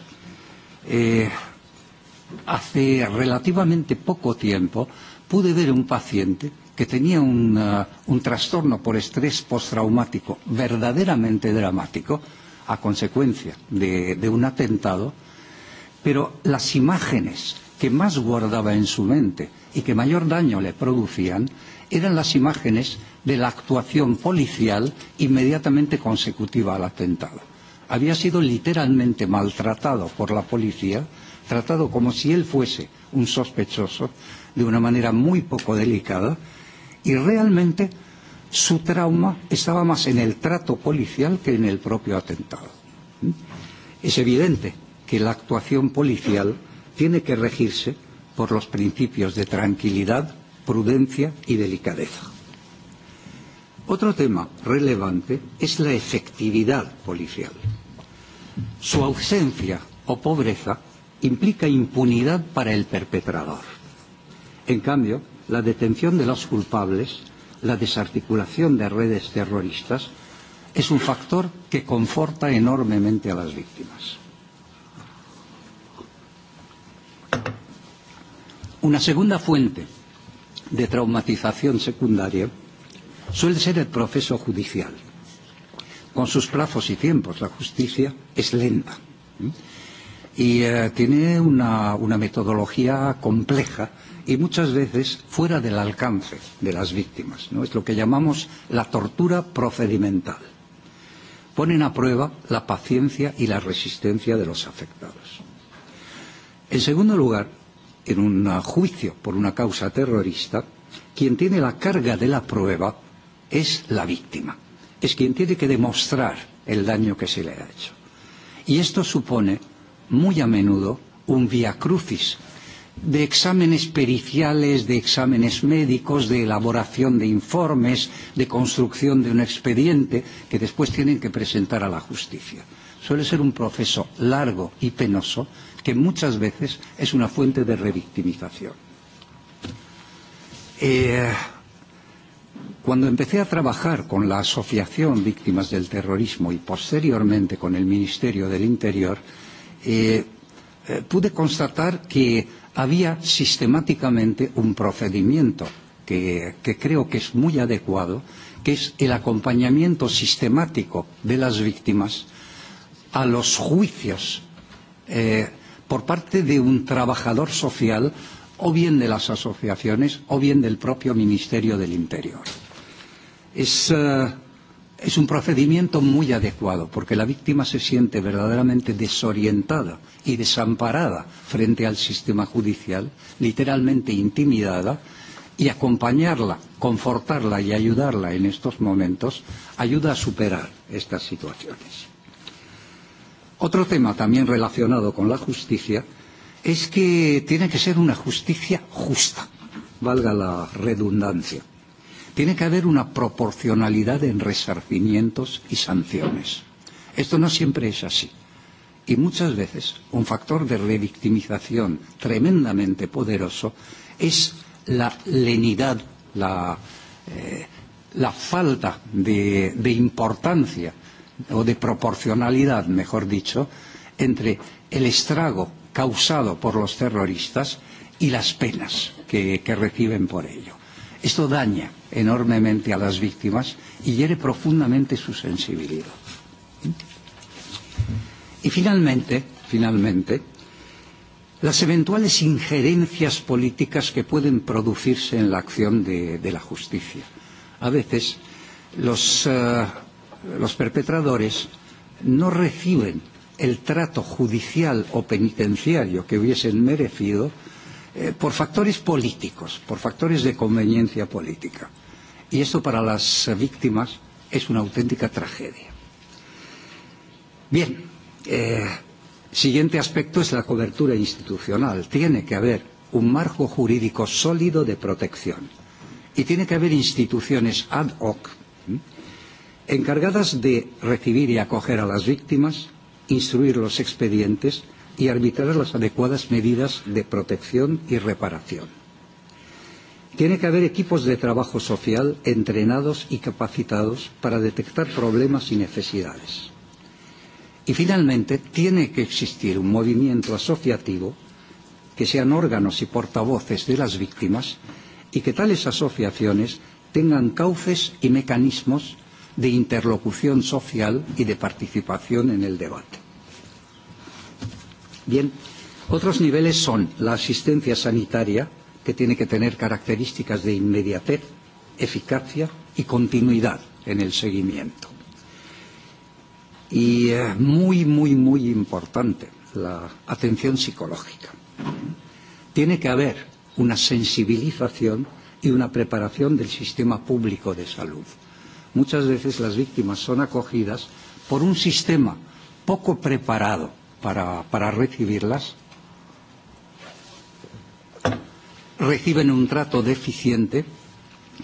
Speaker 4: Eh, hace relativamente poco tiempo pude ver un paciente que tenía un trastorno por estrés postraumático verdaderamente dramático a consecuencia de un atentado, pero las imágenes que más guardaba en su mente y que mayor daño le producían eran las imágenes de la actuación policial inmediatamente consecutiva al atentado. Había sido literalmente maltratado por la policía, tratado como si él fuese un sospechoso, de una manera muy poco delicada y realmente su trauma estaba más en el trato policial que en el propio atentado. Es evidente que la actuación policial tiene que regirse por los principios de tranquilidad, prudencia y delicadeza. Otro tema relevante es la efectividad policial. Su ausencia o pobreza implica impunidad para el perpetrador. En cambio, la detención de los culpables, la desarticulación de redes terroristas, es un factor que conforta enormemente a las víctimas. Una segunda fuente de traumatización secundaria suele ser el proceso judicial. Con sus plazos y tiempos, la justicia es lenta y tiene una metodología compleja y muchas veces fuera del alcance de las víctimas. ¿no? Es lo que llamamos la tortura procedimental. Ponen a prueba la paciencia y la resistencia de los afectados. En segundo lugar, en un juicio por una causa terrorista, quien tiene la carga de la prueba es la víctima. Es quien tiene que demostrar el daño que se le ha hecho. Y esto supone, muy a menudo, un via crucis de exámenes periciales, de exámenes médicos, de elaboración de informes, de construcción de un expediente que después tienen que presentar a la justicia. Suele ser un proceso largo y penoso que muchas veces es una fuente de revictimización. Eh, cuando empecé a trabajar con la Asociación Víctimas del Terrorismo y posteriormente con el Ministerio del Interior, eh, pude constatar que había sistemáticamente un procedimiento que creo que es muy adecuado, que es el acompañamiento sistemático de las víctimas a los juicios por parte de un trabajador social o bien de las asociaciones o bien del propio Ministerio del Interior. Es es un procedimiento muy adecuado porque la víctima se siente verdaderamente desorientada y desamparada frente al sistema judicial, literalmente intimidada, y acompañarla, confortarla y ayudarla en estos momentos ayuda a superar estas situaciones. Otro tema también relacionado con la justicia es que tiene que ser una justicia justa, valga la redundancia. Tiene que haber una proporcionalidad en resarcimientos y sanciones. Esto no siempre es así. Y muchas veces un factor de revictimización tremendamente poderoso es la lenidad, la, la falta de, de importancia o de proporcionalidad, mejor dicho, entre el estrago causado por los terroristas y las penas que, que reciben por ello. Esto daña enormemente a las víctimas y hiere profundamente su sensibilidad. Y finalmente, finalmente, las eventuales injerencias políticas que pueden producirse en la acción de, de la justicia. A veces los, los perpetradores no reciben el trato judicial o penitenciario que hubiesen merecido por factores políticos, por factores de conveniencia política. Y esto para las víctimas es una auténtica tragedia. Bien, siguiente aspecto es la cobertura institucional. Tiene que haber un marco jurídico sólido de protección y tiene que haber instituciones ad hoc encargadas de recibir y acoger a las víctimas, instruir los expedientes y arbitrar las adecuadas medidas de protección y reparación. Tiene que haber equipos de trabajo social entrenados y capacitados para detectar problemas y necesidades. Y finalmente, tiene que existir un movimiento asociativo que sean órganos y portavoces de las víctimas y que tales asociaciones tengan cauces y mecanismos de interlocución social y de participación en el debate. Bien, otros niveles son la asistencia sanitaria, que tiene que tener características de inmediatez, eficacia y continuidad en el seguimiento. Y muy, muy, muy importante, la atención psicológica. Tiene que haber una sensibilización y una preparación del sistema público de salud. Muchas veces las víctimas son acogidas por un sistema poco preparado para, para recibirlas, reciben un trato deficiente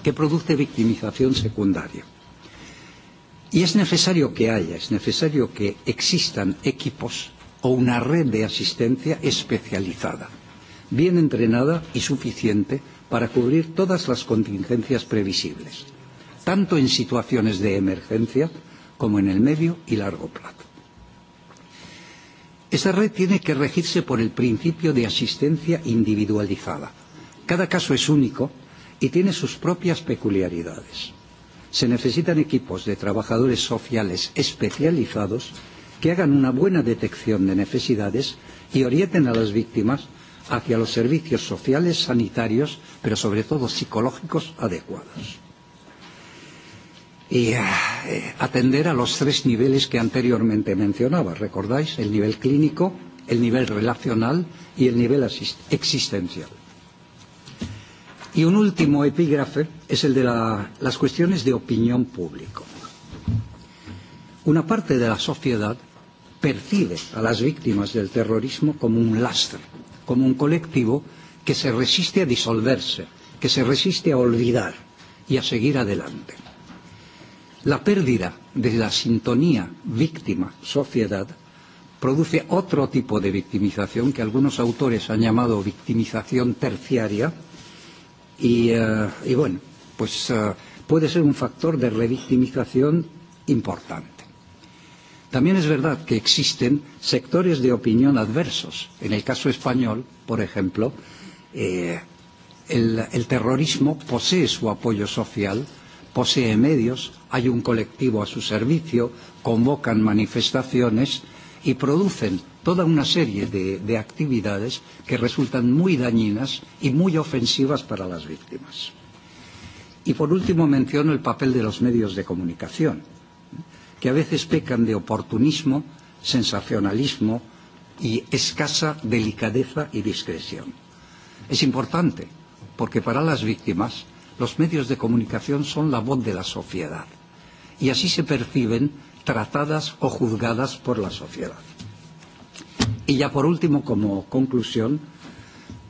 Speaker 4: que produce victimización secundaria. Y es necesario que haya, es necesario que existan equipos o una red de asistencia especializada, bien entrenada y suficiente para cubrir todas las contingencias previsibles, tanto en situaciones de emergencia como en el medio y largo plazo. Esa red tiene que regirse por el principio de asistencia individualizada. Cada caso es único y tiene sus propias peculiaridades. Se necesitan equipos de trabajadores sociales especializados que hagan una buena detección de necesidades y orienten a las víctimas hacia los servicios sociales, sanitarios, pero sobre todo psicológicos adecuados y atender a los tres niveles que anteriormente mencionaba. ¿Recordáis? El nivel clínico, el nivel relacional y el nivel existencial. Y un último epígrafe es el de las cuestiones de opinión pública. Una parte de la sociedad percibe a las víctimas del terrorismo como un lastre, como un colectivo que se resiste a disolverse, que se resiste a olvidar y a seguir adelante. La pérdida de la sintonía víctima-sociedad produce otro tipo de victimización que algunos autores han llamado victimización terciaria y, y bueno, pues puede ser un factor de revictimización importante. También es verdad que existen sectores de opinión adversos. En el caso español, por ejemplo, el terrorismo posee su apoyo social posee medios, hay un colectivo a su servicio, convocan manifestaciones y producen toda una serie de, de actividades que resultan muy dañinas y muy ofensivas para las víctimas. Y por último menciono el papel de los medios de comunicación, que a veces pecan de oportunismo, sensacionalismo y escasa delicadeza y discreción. Es importante, porque para las víctimas los medios de comunicación son la voz de la sociedad y así se perciben tratadas o juzgadas por la sociedad. Y ya por último, como conclusión,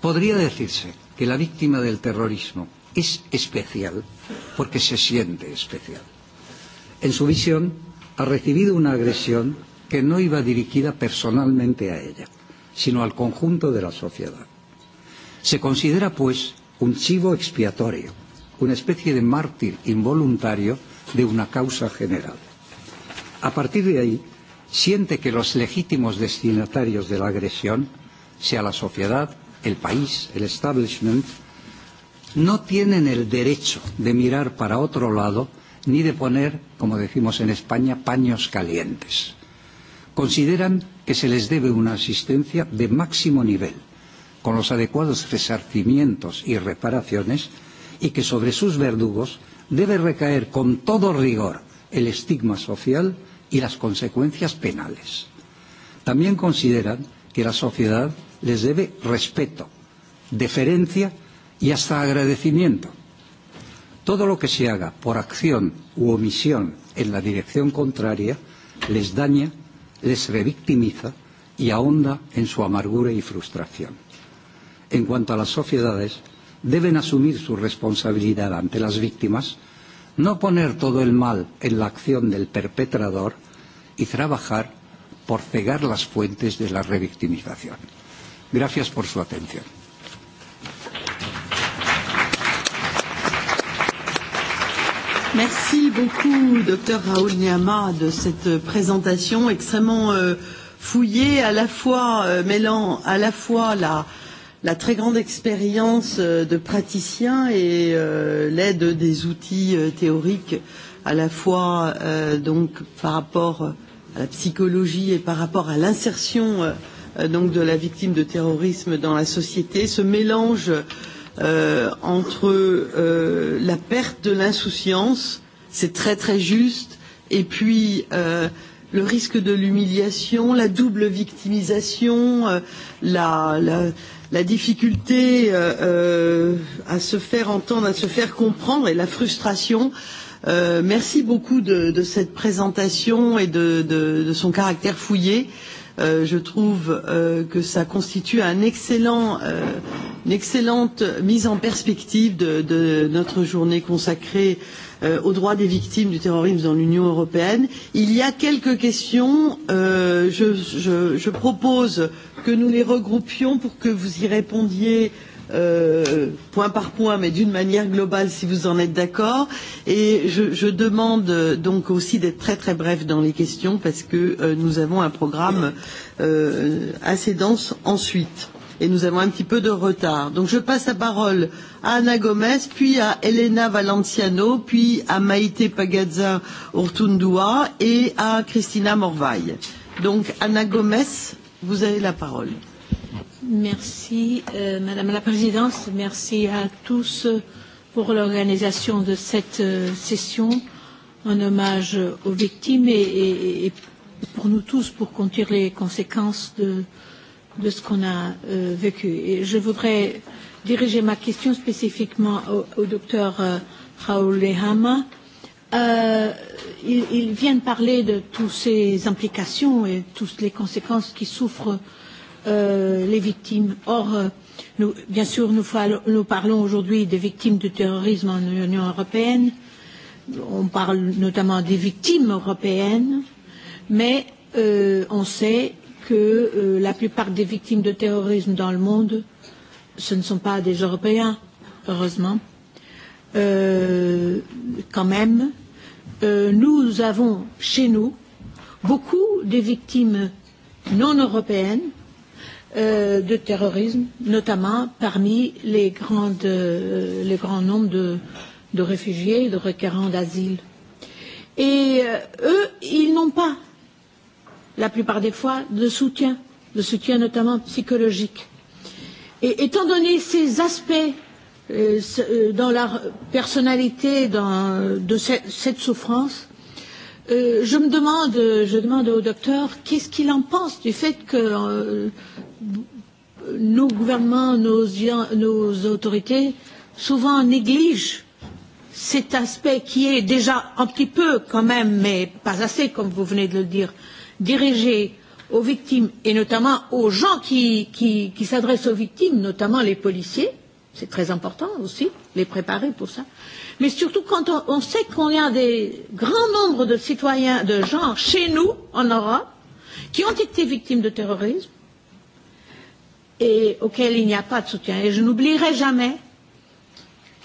Speaker 4: podría decirse que la víctima del terrorismo es especial porque se siente especial. En su visión ha recibido una agresión que no iba dirigida personalmente a ella, sino al conjunto de la sociedad. Se considera, pues, un chivo expiatorio una especie de mártir involuntario de una causa general. A partir de ahí, siente que los legítimos destinatarios de la agresión, sea la sociedad, el país, el establishment, no tienen el derecho de mirar para otro lado ni de poner, como decimos en España, paños calientes. Consideran que se les debe una asistencia de máximo nivel, con los adecuados resarcimientos y reparaciones y que sobre sus verdugos debe recaer con todo rigor el estigma social y las consecuencias penales. También consideran que la sociedad les debe respeto, deferencia y hasta agradecimiento. Todo lo que se haga por acción u omisión en la dirección contraria les daña, les revictimiza y ahonda en su amargura y frustración. En cuanto a las sociedades, deben asumir su responsabilidad ante las víctimas, no poner todo el mal en la acción del perpetrador y trabajar por cegar las fuentes de la revictimización. Gracias por su atención.
Speaker 1: Merci beaucoup, docteur Raoul Niama, de cette présentation extrêmement fouillée, à la fois mêlant à la fois la la très grande expérience de praticiens et l'aide des outils théoriques à la fois donc par rapport à la psychologie et par rapport à l'insertion donc de la victime de terrorisme dans la société ce mélange entre la perte de l'insouciance c'est très très juste et puis le risque de l'humiliation la double victimisation la la difficulté à se faire entendre, à se faire comprendre et la frustration. Merci beaucoup de cette présentation et de son caractère fouillé je trouve que cela constitue une excellente mise en perspective de notre journée consacrée aux droits des victimes du terrorisme dans l'Union européenne. Il y a quelques questions. Je propose que nous les regroupions pour que vous y répondiez point par point, mais d'une manière globale, si vous en êtes d'accord. Et je demande donc aussi d'être très très bref dans les questions, parce que nous avons un programme assez dense ensuite. Et nous avons un petit peu de retard. Donc je passe la parole à Anna Gomez, puis à Elena Valenciano, puis à Maïté Pagazza Ortundua et à Christina Morvaille. Donc Anna Gomez, vous avez la parole.
Speaker 5: Merci, Madame la Présidente. Merci à tous pour l'organisation de cette session en hommage aux victimes et pour nous tous pour qu'on les conséquences de ce qu'on a vécu. je voudrais diriger ma question spécifiquement au docteur Raoul Lehama. Il vient de parler de toutes ces implications et toutes les conséquences qui souffrent les victimes. Or, bien sûr, nous parlons aujourd'hui des victimes du terrorisme en Union européenne. On parle notamment des victimes européennes, mais on sait que la plupart des victimes de terrorisme dans le monde, ce ne sont pas des Européens, heureusement. Quand même, nous avons chez nous beaucoup de victimes non européennes de terrorisme, notamment parmi les grands nombres de réfugiés et de requérants d'asile. Et eux, ils n'ont pas, la plupart des fois, de soutien, de soutien notamment psychologique. Et étant donné ces aspects dans la personnalité de cette souffrance, je me demande, je demande au docteur, qu'est-ce qu'il en pense du fait que nos gouvernements, nos, nos autorités, souvent négligent cet aspect qui est déjà un petit peu quand même, mais pas assez comme vous venez de le dire, dirigé aux victimes et notamment aux gens qui, qui, qui s'adressent aux victimes, notamment les policiers. C'est très important aussi, les préparer pour ça. Mais surtout quand on, on sait qu'on a des grands nombres de citoyens, de gens chez nous, en Europe, qui ont été victimes de terrorisme, et auquel il n'y a pas de soutien. Et je n'oublierai jamais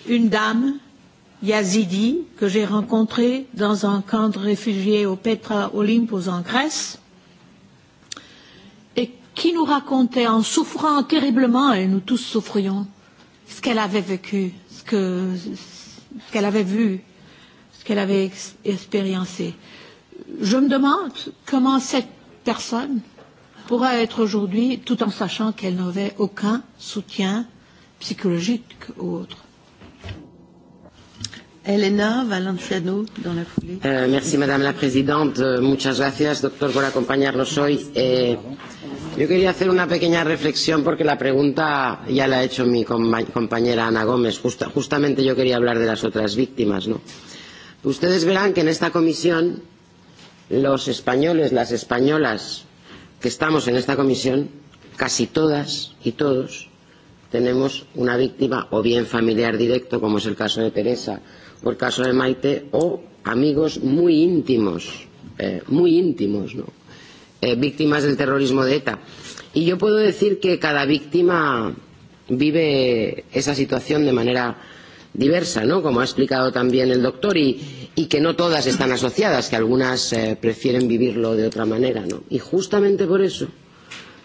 Speaker 5: une dame yazidi que j'ai rencontrée dans un camp de réfugiés au Petra Olympos en Grèce et qui nous racontait en souffrant terriblement, et nous tous souffrions, ce qu'elle avait vécu, ce qu'elle avait vu, ce qu'elle avait expériencé. Je me demande comment cette personne pourra être aujourd'hui tout en sachant qu'elle n'avait aucun soutien psychologique ou autre.
Speaker 1: Elena Valenciano, dans la foulée.
Speaker 6: merci, Madame la Présidente. Muchas gracias, doctor, por acompañarnos hoy. Eh, yo quería hacer una pequeña reflexión porque la pregunta ya la ha hecho mi compañera Ana Gómez. justamente yo quería hablar de las otras víctimas. ¿no? Ustedes verán que en esta comisión los españoles, las españolas, que estamos en esta comisión, casi todas y todos tenemos una víctima o bien familiar directo, como es el caso de Teresa o el caso de Maite, o amigos muy íntimos, muy íntimos, ¿no? víctimas del terrorismo de ETA. Y yo puedo decir que cada víctima vive esa situación de manera diversa, ¿no? Como ha explicado también el doctor. Y, y que no todas están asociadas, que algunas prefieren vivirlo de otra manera. Y justamente por eso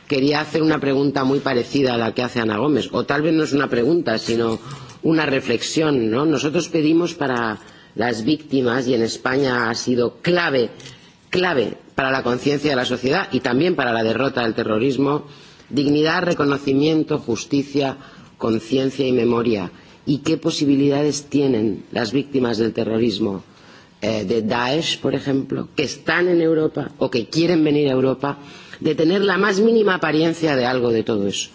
Speaker 6: quería hacer una pregunta muy parecida a la que hace Ana Gómez, o tal vez no es una pregunta, sino una reflexión. Nosotros pedimos para las víctimas, y en España ha sido clave, clave para la conciencia de la sociedad y también para la derrota del terrorismo, dignidad, reconocimiento, justicia, conciencia y memoria. ¿Y qué posibilidades tienen las víctimas del terrorismo? de Daesh, por ejemplo, que están en Europa o que quieren venir a Europa, de tener la más mínima apariencia de algo de todo eso.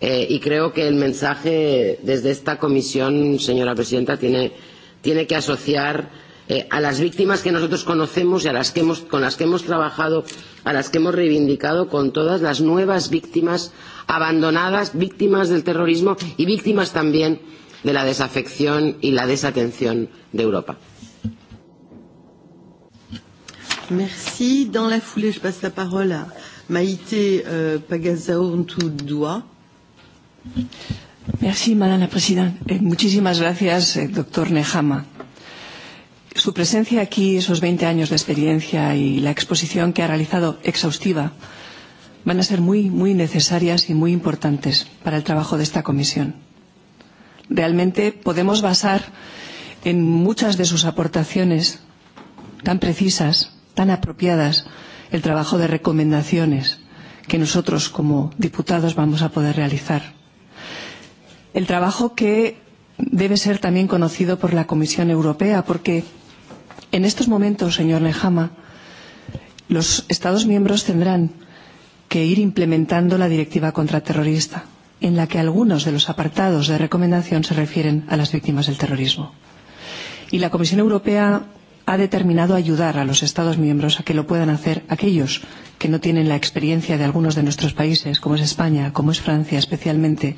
Speaker 6: Y creo que el mensaje desde esta comisión, señora presidenta, tiene tiene que asociar a las víctimas que nosotros conocemos y a las que hemos, con las que hemos trabajado, a las que hemos reivindicado, con todas las nuevas víctimas abandonadas, víctimas del terrorismo y víctimas también de la desafección y la desatención de Europa.
Speaker 1: Merci. Dans la foulée, je passe la parole à Maïté euh, Pagazaurntoudoua.
Speaker 7: Merci, Madame la Presidenta. Muchísimas gracias, doctor Nehama. Su presencia aquí, esos 20 años de experiencia y la exposición que ha realizado exhaustiva van a ser muy, muy necesarias y muy importantes para el trabajo de esta comisión. Realmente podemos basar en muchas de sus aportaciones tan precisas tan apropiadas el trabajo de recomendaciones que nosotros como diputados vamos a poder realizar. El trabajo que debe ser también conocido por la Comisión Europea porque en estos momentos, señor Lejama, los Estados miembros tendrán que ir implementando la directiva contraterrorista en la que algunos de los apartados de recomendación se refieren a las víctimas del terrorismo. Y la Comisión Europea ha determinado ayudar a los Estados miembros a que lo puedan hacer aquellos que no tienen la experiencia de algunos de nuestros países, como es España, como es Francia especialmente,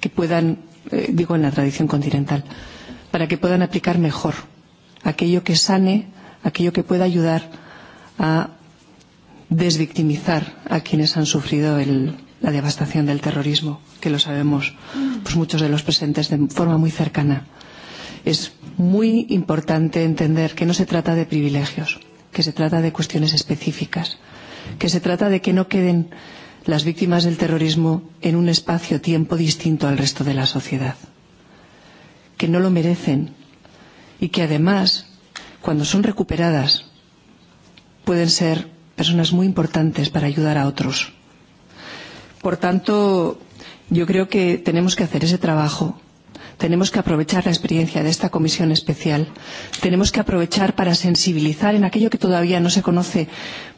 Speaker 7: que puedan, digo en la tradición continental, para que puedan aplicar mejor aquello que sane, aquello que pueda ayudar a desvictimizar a quienes han sufrido el, la devastación del terrorismo, que lo sabemos pues muchos de los presentes de forma muy cercana es muy importante entender que no se trata de privilegios, que se trata de cuestiones específicas, que se trata de que no queden las víctimas del terrorismo en un espacio-tiempo distinto al resto de la sociedad, que no lo merecen y que además, cuando son recuperadas, pueden ser personas muy importantes para ayudar a otros. Por tanto, yo creo que tenemos que hacer ese trabajo tenemos que aprovechar la experiencia de esta comisión especial. Tenemos que aprovechar para sensibilizar en aquello que todavía no se conoce,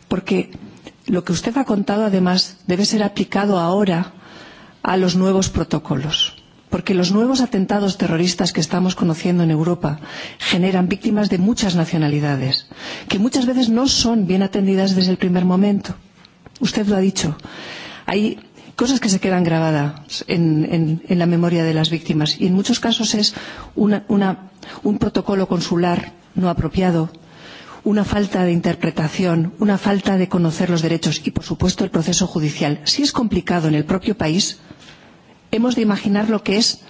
Speaker 7: porque lo que usted ha contado, además, debe ser aplicado ahora a los nuevos protocolos. Porque los nuevos atentados terroristas que estamos conociendo en Europa generan víctimas de muchas nacionalidades, que muchas veces no son bien atendidas desde el primer momento. Usted lo ha dicho. Hay cosas que se quedan grabadas en la memoria de las víctimas y en muchos casos es un protocolo consular no apropiado una falta de interpretación una falta de conocer los derechos y por supuesto el proceso judicial si es complicado en el propio país hemos de imaginar lo que es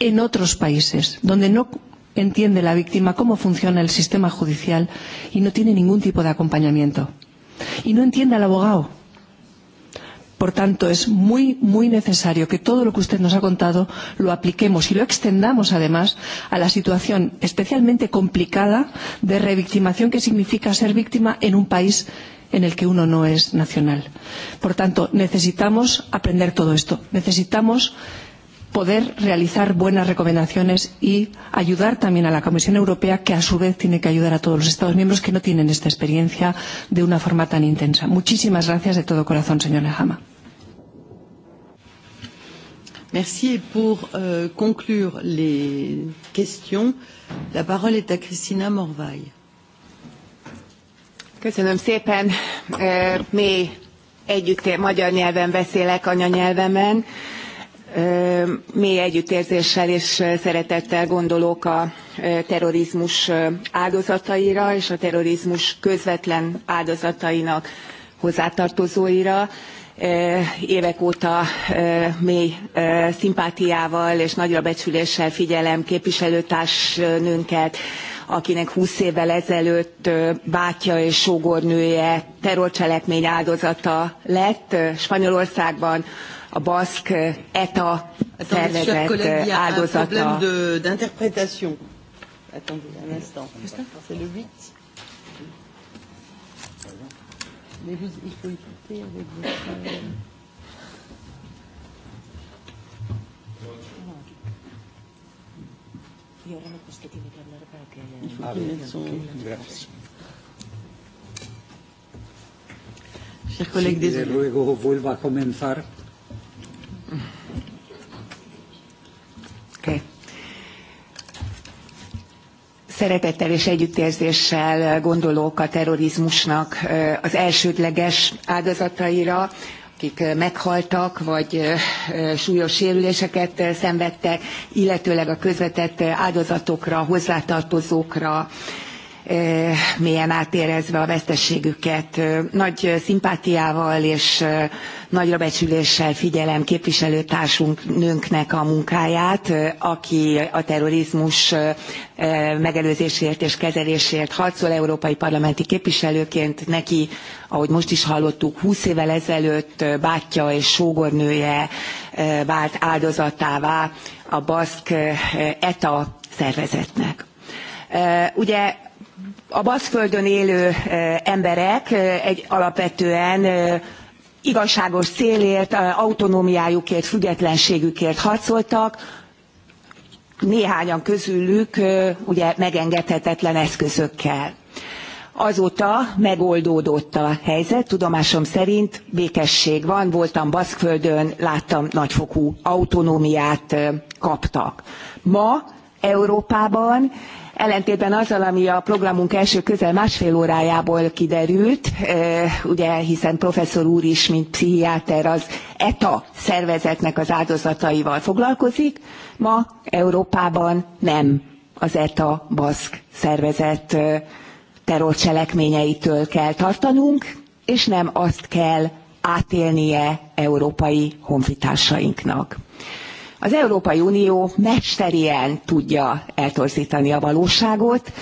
Speaker 7: en otros países donde no entiende la víctima cómo funciona el sistema judicial y no tiene ningún tipo de acompañamiento y no entiende al abogado Por tanto, es muy, muy necesario que todo lo que usted nos ha contado lo apliquemos y lo extendamos, además, a la situación especialmente complicada de revictimación que significa ser víctima en un país en el que uno no es nacional. Por tanto, necesitamos aprender todo esto. Necesitamos poder realizar buenas recomendaciones y ayudar también a la Comisión Europea, que a su vez tiene que ayudar a todos los Estados miembros que no tienen esta experiencia de una forma tan intensa. Muchísimas gracias de todo corazón, señor Lejama.
Speaker 1: Merci. pour conclure les la parole est
Speaker 8: à mély együttérzéssel és szeretettel gondolok a terrorizmus áldozataira és a terrorizmus közvetlen áldozatainak hozzátartozóira évek óta mély szimpátiával és nagyra becsüléssel figyelem képviselőtársnőnket akinek 20 évvel ezelőtt bátyja és sógornője terrorcselekmény áldozata lett spanyolországban a baszk ETA szervezet áldozata.
Speaker 4: Chers collègues, a
Speaker 8: Szeretettel és együttérzéssel gondolok a terrorizmusnak az elsődleges áldozataira, akik meghaltak, vagy súlyos sérüléseket szenvedtek, illetőleg a közvetett áldozatokra, hozzátartozókra, mélyen átérezve a vesztességüket. Nagy szimpátiával és nagyra becsüléssel figyelem képviselőtársunk nőnknek a munkáját, aki a terrorizmus megelőzésért és kezelésért harcol európai parlamenti képviselőként. Neki, ahogy most is hallottuk, 20 évvel ezelőtt bátyja és sógornője vált áldozatává a baszk ETA szervezetnek. Ugye a baszkföldön élő emberek egy alapvetően igazságos célért autonómiájukért függetlenségükért harcoltak néhányan közülük ugye megengedhetetlen eszközökkel. azóta megoldódott a helyzet tudomásom szerint békesség van voltam baszkföldön láttam nagyfokú autonómiát kaptak. ma európában ellentétben azzal ami a programunk első közel másfél órájából kiderült ugye hiszen professzor úr is mint pszichiáter az eta szervezetnek az áldozataival foglalkozik ma európában nem az eta baszk szervezet terrorcselekményeitől kell tartanunk és nem azt kell átélnie európai honfitársainknak. Az Európai Unió mesterien tudja eltorzítani a valóságot.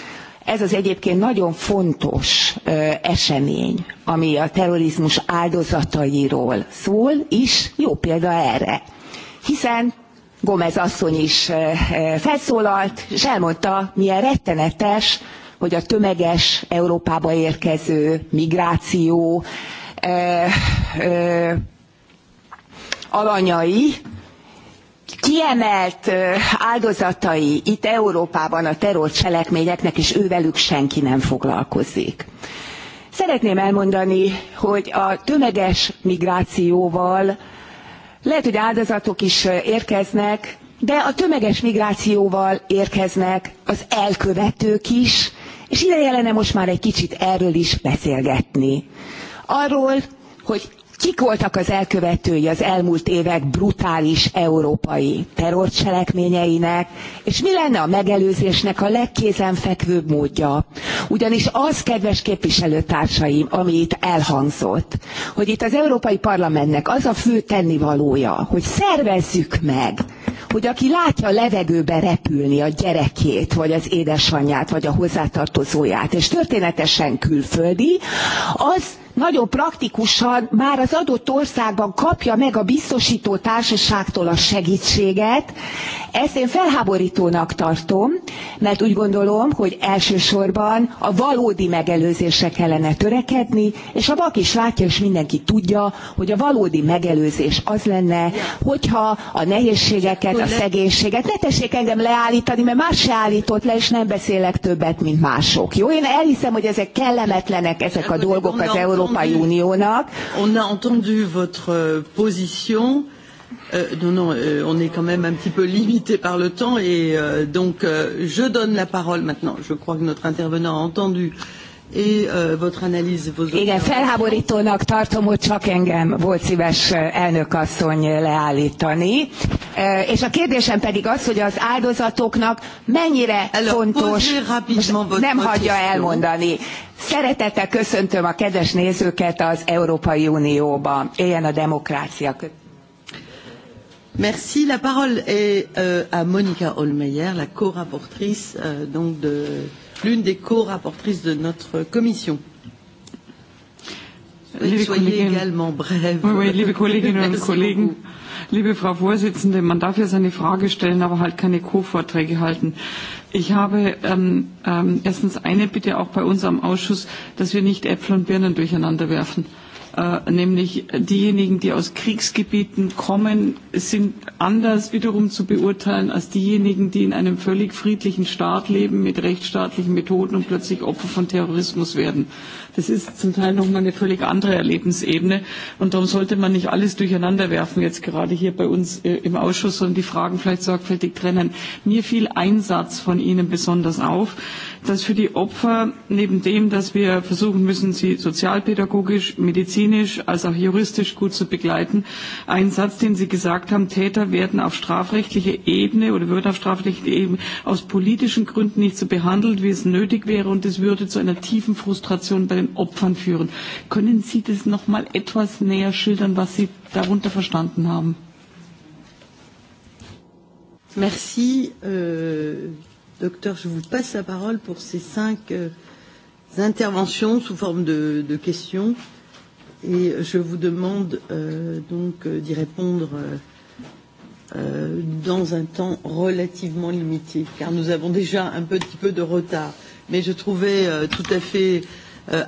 Speaker 8: Ez az egyébként nagyon fontos esemény, ami a terrorizmus áldozatairól szól, is jó példa erre. Hiszen Gomez asszony is felszólalt, és elmondta, milyen rettenetes, hogy a tömeges Európába érkező migráció alanyai kiemelt áldozatai itt Európában a terrorcselekményeknek, és ővelük senki nem foglalkozik. Szeretném elmondani, hogy a tömeges migrációval lehet, hogy áldozatok is érkeznek, de a tömeges migrációval érkeznek az elkövetők is, és ideje lenne most már egy kicsit erről is beszélgetni. Arról, hogy Kik voltak az elkövetői az elmúlt évek brutális európai terrorcselekményeinek, és mi lenne a megelőzésnek a legkézenfekvőbb módja? Ugyanis az, kedves képviselőtársaim, ami itt elhangzott, hogy itt az Európai Parlamentnek az a fő tennivalója, hogy szervezzük meg hogy aki látja levegőbe repülni a gyerekét, vagy az édesanyját, vagy a hozzátartozóját, és történetesen külföldi, az nagyon praktikusan már az adott országban kapja meg a biztosító társaságtól a segítséget. Ezt én felháborítónak tartom, mert úgy gondolom, hogy elsősorban a valódi megelőzésre kellene törekedni, és a vak is látja, és mindenki tudja, hogy a valódi megelőzés az lenne, hogyha a nehézségeket ezt a szegénységet. Ne tessék engem leállítani, mert más se állított le, és nem beszélek többet, mint mások. Jó, én elhiszem, hogy ezek kellemetlenek, ezek a dolgok
Speaker 1: az Európai Uniónak. On a entendu votre position. Non, non, on est quand même un petit peu limité par le temps et donc je donne la parole maintenant. Je crois que notre intervenant a entendu euh, et votre analyse vos Igen,
Speaker 8: felháborítónak tartom, hogy csak engem volt szíves elnökasszony leállítani. És a kérdésem pedig az, hogy az áldozatoknak mennyire fontos, nem hagyja elmondani. Szeretettel köszöntöm a kedves nézőket az Európai Unióba. Éljen a demokrácia.
Speaker 1: Merci. La parole est à Monica Olmeyer, la co-rapportrice donc de l'une des co-rapportrices de notre commission.
Speaker 9: Soyez également
Speaker 1: brève. Oui, liebe Kolleginnen und Kollegen,
Speaker 9: liebe Frau Vorsitzende, man darf ja seine Frage stellen, aber halt keine Co-Vorträge halten. Ich habe ähm, ähm, erstens eine Bitte auch bei uns am Ausschuss, dass wir nicht Äpfel und Birnen durcheinander werfen nämlich diejenigen, die aus Kriegsgebieten kommen, sind anders wiederum zu beurteilen als diejenigen, die in einem völlig friedlichen Staat leben mit rechtsstaatlichen Methoden und plötzlich Opfer von Terrorismus werden. Das ist zum Teil nochmal eine völlig andere Erlebensebene und darum sollte man nicht alles durcheinander werfen, jetzt gerade hier bei uns im Ausschuss, sondern die Fragen vielleicht sorgfältig trennen. Mir fiel ein Satz von Ihnen besonders auf dass für die Opfer neben dem, dass wir versuchen müssen, sie sozialpädagogisch, medizinisch als auch juristisch gut zu begleiten, ein Satz, den Sie gesagt haben, Täter werden auf strafrechtlicher Ebene oder würden auf strafrechtlicher Ebene aus politischen Gründen nicht so behandelt, wie es nötig wäre und es würde zu einer tiefen Frustration bei den Opfern führen. Können Sie das noch mal etwas näher schildern, was Sie darunter verstanden haben?
Speaker 1: Merci. Docteur, je vous passe la parole pour ces cinq interventions sous forme de, de questions. Et je vous demande donc d'y répondre euh, dans un temps relativement limité, car nous avons déjà un petit peu de retard. Mais je trouvais tout à fait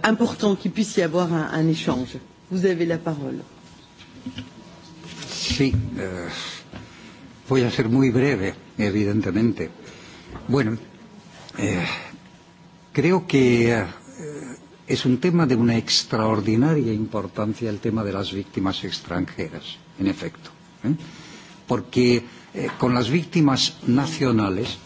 Speaker 1: important qu'il puisse y avoir un, échange. Vous avez la parole.
Speaker 4: Sí, eh, voy a ser muy breve, evidentemente Bueno, eh, creo que es un tema de una extraordinaria importancia el tema de las víctimas extranjeras, en efecto. ¿eh? Porque con las víctimas nacionales,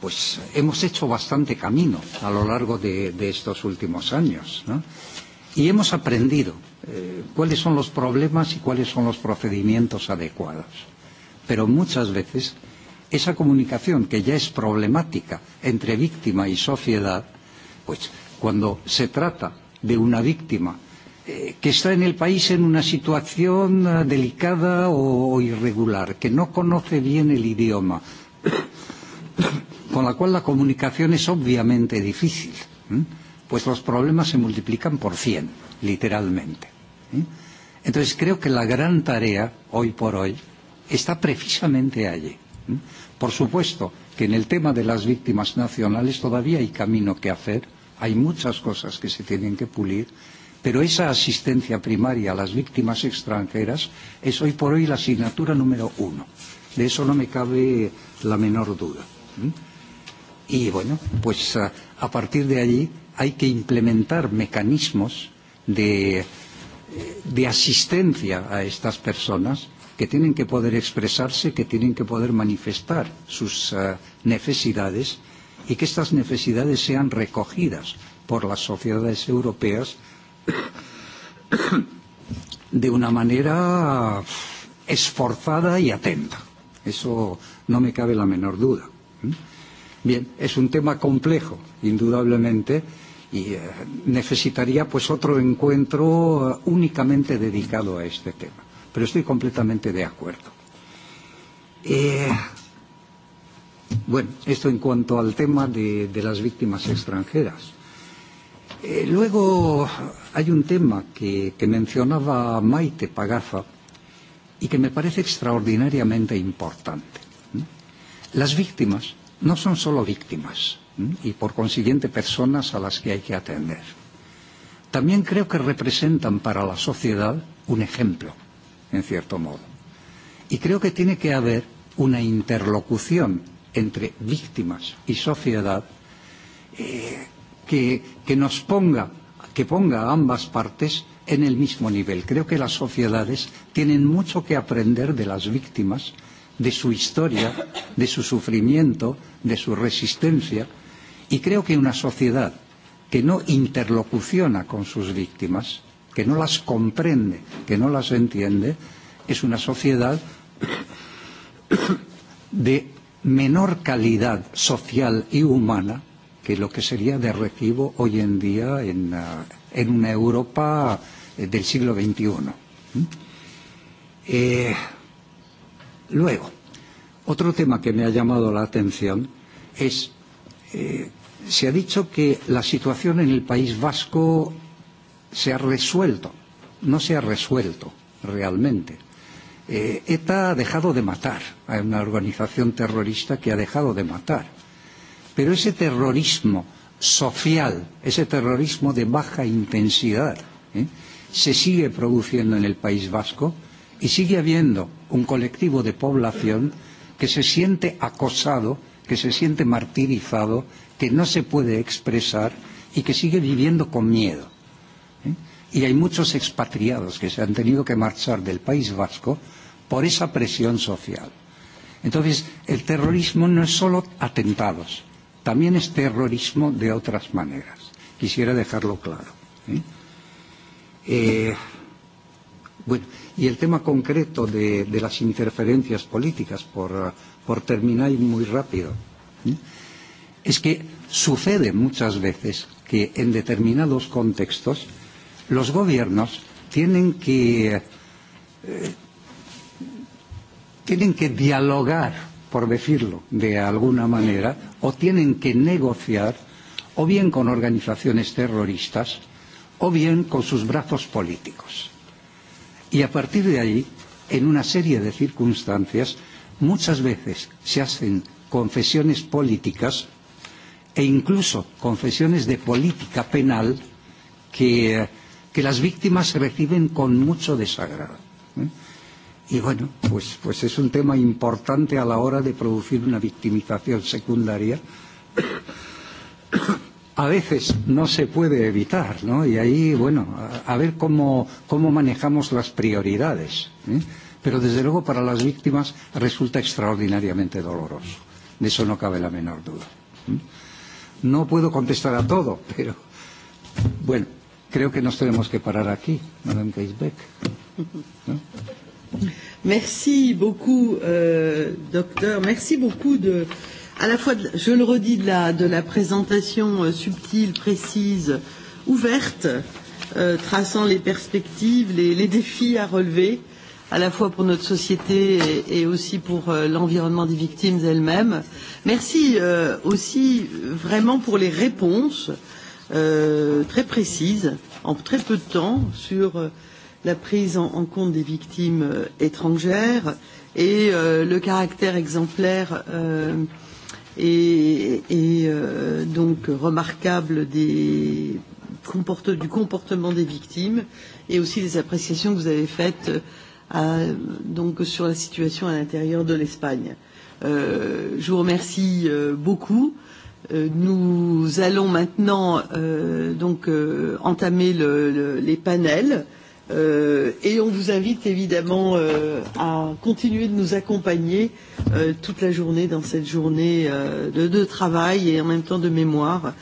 Speaker 4: pues hemos hecho bastante camino a lo largo de, de estos últimos años. ¿no? Y hemos aprendido eh, cuáles son los problemas y cuáles son los procedimientos adecuados. Pero muchas veces esa comunicación que ya es problemática entre víctima y sociedad, pues cuando se trata de una víctima que está en el país en una situación delicada o irregular, que no conoce bien el idioma, con la cual la comunicación es obviamente difícil, pues los problemas se multiplican por cien, literalmente. Entonces creo que la gran tarea, hoy por hoy, está precisamente allí Por supuesto que en el tema de las víctimas nacionales todavía hay camino que hacer, hay muchas cosas que se tienen que pulir, pero esa asistencia primaria a las víctimas extranjeras es hoy por hoy la asignatura número uno. De eso no me cabe la menor duda. Y bueno, pues a partir de allí hay que implementar mecanismos de asistencia a estas personas que tienen que poder expresarse, que tienen que poder manifestar sus necesidades y que estas necesidades sean recogidas por las sociedades europeas de una manera esforzada y atenta. Eso no me cabe la menor duda. Bien, es un tema complejo, indudablemente, y necesitaría pues otro encuentro únicamente dedicado a este tema pero estoy completamente de acuerdo. Eh, bueno, esto en cuanto al tema de, de las víctimas extranjeras. Eh, luego hay un tema que, que mencionaba Maite Pagaza y que me parece extraordinariamente importante. Las víctimas no son solo víctimas y por consiguiente personas a las que hay que atender. También creo que representan para la sociedad un ejemplo en cierto modo. Y creo que tiene que haber una interlocución entre víctimas y sociedad que, que nos ponga, que ponga a ambas partes en el mismo nivel. Creo que las sociedades tienen mucho que aprender de las víctimas, de su historia, de su sufrimiento, de su resistencia, y creo que una sociedad que no interlocuciona con sus víctimas que no las comprende, que no las entiende, es una sociedad de menor calidad social y humana que lo que sería de recibo hoy en día en, en una Europa del siglo XXI. Eh, luego, otro tema que me ha llamado la atención es, eh, se ha dicho que la situación en el País Vasco se ha resuelto, no se ha resuelto realmente. Eh, ETA ha dejado de matar, hay una organización terrorista que ha dejado de matar, pero ese terrorismo social, ese terrorismo de baja intensidad, ¿eh? se sigue produciendo en el País Vasco y sigue habiendo un colectivo de población que se siente acosado, que se siente martirizado, que no se puede expresar y que sigue viviendo con miedo y hay muchos expatriados que se han tenido que marchar del País Vasco por esa presión social. Entonces, el terrorismo no es solo atentados, también es terrorismo de otras maneras. Quisiera dejarlo claro. Eh, bueno, y el tema concreto de, de las interferencias políticas, por, por terminar y muy rápido, es que sucede muchas veces que en determinados contextos los gobiernos tienen que tienen que dialogar, por decirlo de alguna manera, o tienen que negociar, o bien con organizaciones terroristas, o bien con sus brazos políticos. Y a partir de ahí, en una serie de circunstancias, muchas veces se hacen confesiones políticas e incluso confesiones de política penal que que las víctimas se reciben con mucho desagrado. Y bueno, pues, pues es un tema importante a la hora de producir una victimización secundaria. A veces no se puede evitar, ¿no? Y ahí, bueno, a ver cómo, cómo manejamos las prioridades. Pero desde luego para las víctimas resulta extraordinariamente doloroso. De eso no cabe la menor duda. No puedo contestar a todo, pero bueno, creo que nos tenemos que parar aquí, Madame Geisbeck. Merci
Speaker 1: beaucoup, docteur. Merci beaucoup de, à la fois, je le redis, de la, de la présentation subtile, précise, ouverte, traçant les perspectives, les, les défis à relever, à la fois pour notre société et, et aussi pour l'environnement des victimes elles-mêmes. Merci aussi vraiment pour les réponses très précises en très peu de temps sur la prise en compte des victimes étrangères et le caractère exemplaire et donc remarquable des du comportement des victimes et aussi des appréciations que vous avez faites donc sur la situation à l'intérieur de l'Espagne. Je vous remercie beaucoup Nous allons maintenant donc entamer les panels et on vous invite évidemment à continuer de nous accompagner toute la journée dans cette journée de de travail et en même temps de mémoire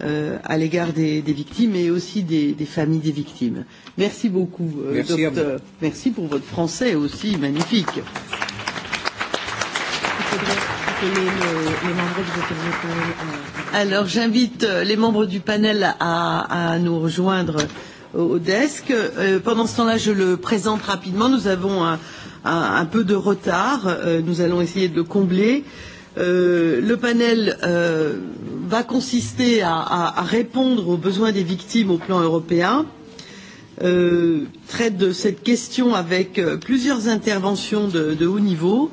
Speaker 1: à l'égard des victimes et aussi des familles des victimes. Merci beaucoup, docteur. Merci pour votre français aussi, magnifique. Alors, j'invite les membres du panel à nous rejoindre au desk. Pendant ce temps-là, je le présente rapidement. Nous avons un peu de retard. Nous allons essayer de le combler. Le panel va consister à répondre aux besoins des victimes au plan européen traite de cette question avec plusieurs interventions de haut niveau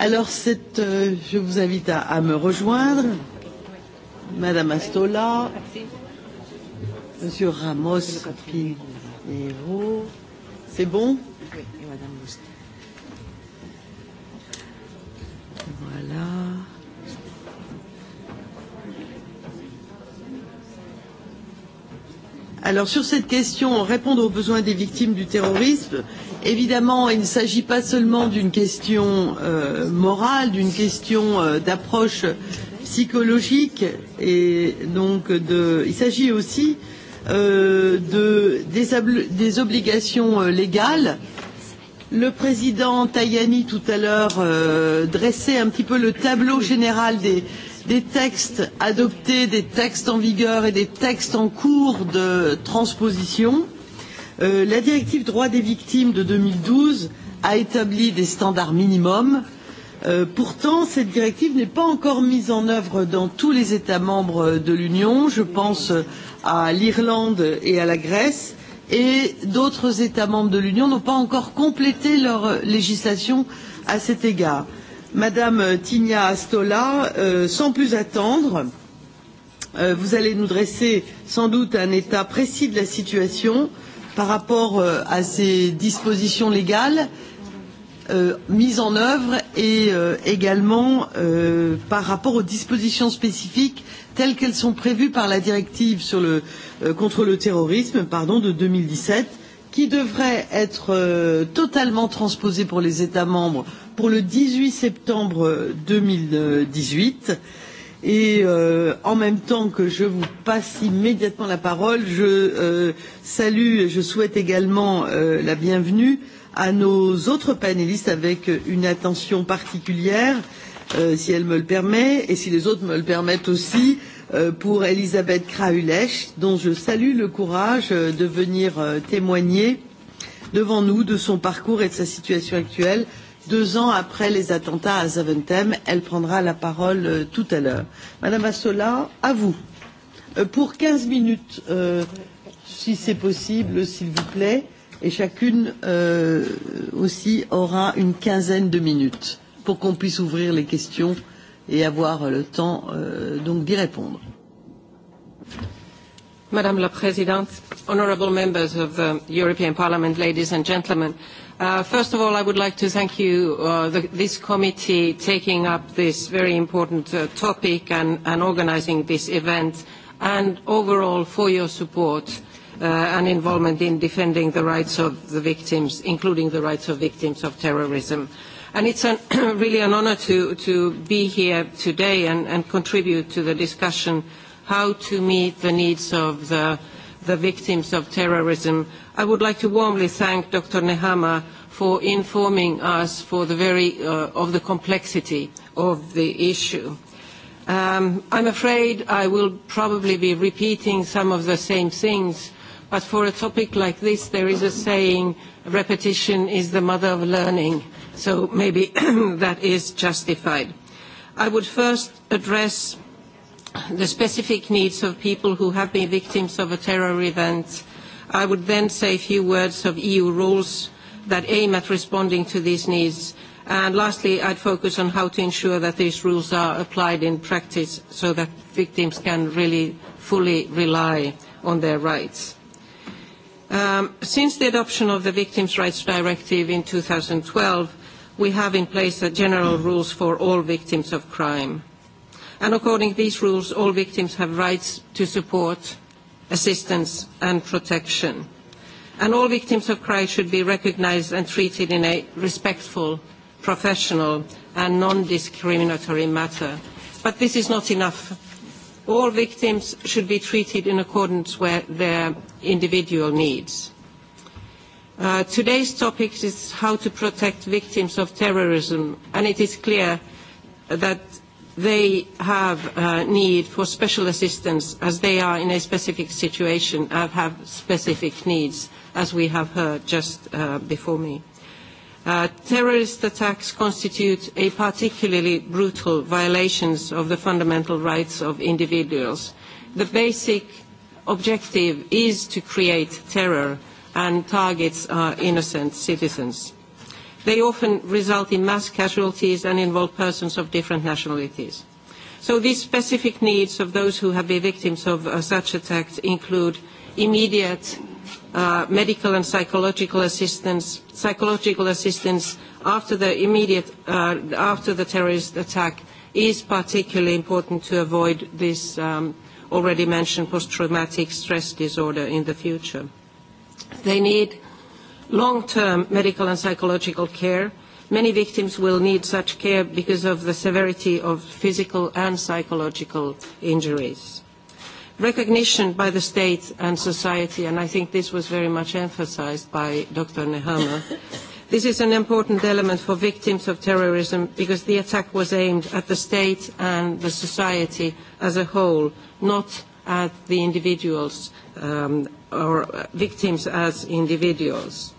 Speaker 1: Alors, je vous invite à me rejoindre. Madame Astola, Monsieur Ramos C'est bon Oui, Madame Voilà. Alors, sur cette question, répondre aux besoins des victimes du terrorisme, Évidemment, il ne s'agit pas seulement d'une question morale, d'une question d'approche psychologique, et donc il s'agit aussi des obligations légales. Le président Tajani, tout à l'heure, dressait un petit peu le tableau général des textes adoptés, des textes en vigueur et des textes en cours de transposition La directive droit des victimes de 2012 a établi des standards minimums. Pourtant, cette directive n'est pas encore mise en œuvre dans tous les États membres de l'Union. Je pense à l'Irlande et à la Grèce. Et d'autres États membres de l'Union n'ont pas encore complété leur législation à cet égard. Madame Tigna Astola, sans plus attendre, vous allez nous dresser sans doute un état précis de la situation par rapport à ces dispositions légales mises en œuvre et également par rapport aux dispositions spécifiques telles qu'elles sont prévues par la directive contre le terrorisme de 2017 qui devrait être totalement transposée pour les États membres pour le 18 septembre 2018 Et en même temps que je vous passe immédiatement la parole, je salue et je souhaite également la bienvenue à nos autres panélistes avec une attention particulière, si elle me le permet, et si les autres me le permettent aussi, pour Elisabeth Krahulesch, dont je salue le courage de venir témoigner devant nous de son parcours et de sa situation actuelle deux ans après les attentats à Zaventem. Elle prendra la parole tout à l'heure. Madame Assola, à vous. Pour 15 minutes, si c'est possible, s'il vous plaît. Et chacune aussi aura une quinzaine de minutes pour qu'on puisse ouvrir les questions et avoir le temps donc d'y répondre.
Speaker 10: Madam la Présidente, honourable members of the European Parliament, ladies and gentlemen, first of all I would like to thank you, this committee, taking up this very important topic and organising this event, and overall for your support and involvement in defending the rights of the victims, including the rights of victims of terrorism. And it's really an honour to be here today and contribute to the discussion how to meet the needs of the victims of terrorism. I would like to warmly thank Dr. Nehama for informing us for the very of the complexity of the issue. I'm afraid I will probably be repeating some of the same things, but for a topic like this there is a saying repetition is the mother of learning, so maybe that is justified. I would first address the specific needs of people who have been victims of a terror event. I would then say a few words of EU rules that aim at responding to these needs. And lastly, I'd focus on how to ensure that these rules are applied in practice so that victims can really fully rely on their rights. Since the adoption of the Victims' Rights Directive in 2012, we have in place general rules for all victims of crime and according to these rules all victims have rights to support, assistance and protection. And all victims of crime should be recognized and treated in a respectful, professional and non-discriminatory matter. But this is not enough. All victims should be treated in accordance with their individual needs. Today's topic is how to protect victims of terrorism, and it is clear that they have need for special assistance as they are in a specific situation and have specific needs, as we have heard just before me. Terrorist attacks constitute a particularly brutal violations of the fundamental rights of individuals. The basic objective is to create terror and targets are innocent citizens. They often result in mass casualties and involve persons of different nationalities. So these specific needs of those who have been victims of such attacks include immediate medical and psychological assistance, psychological assistance after the after the terrorist attack is particularly important to avoid this already mentioned post-traumatic stress disorder in the future. They need long-term medical and psychological care. Many victims will need such care because of the severity of physical and psychological injuries. Recognition by the state and society, and I think this was very much emphasized by Dr. Nehama, this is an important element for victims of terrorism because the attack was aimed at the state and the society as a whole, not at the individuals or victims as individuals.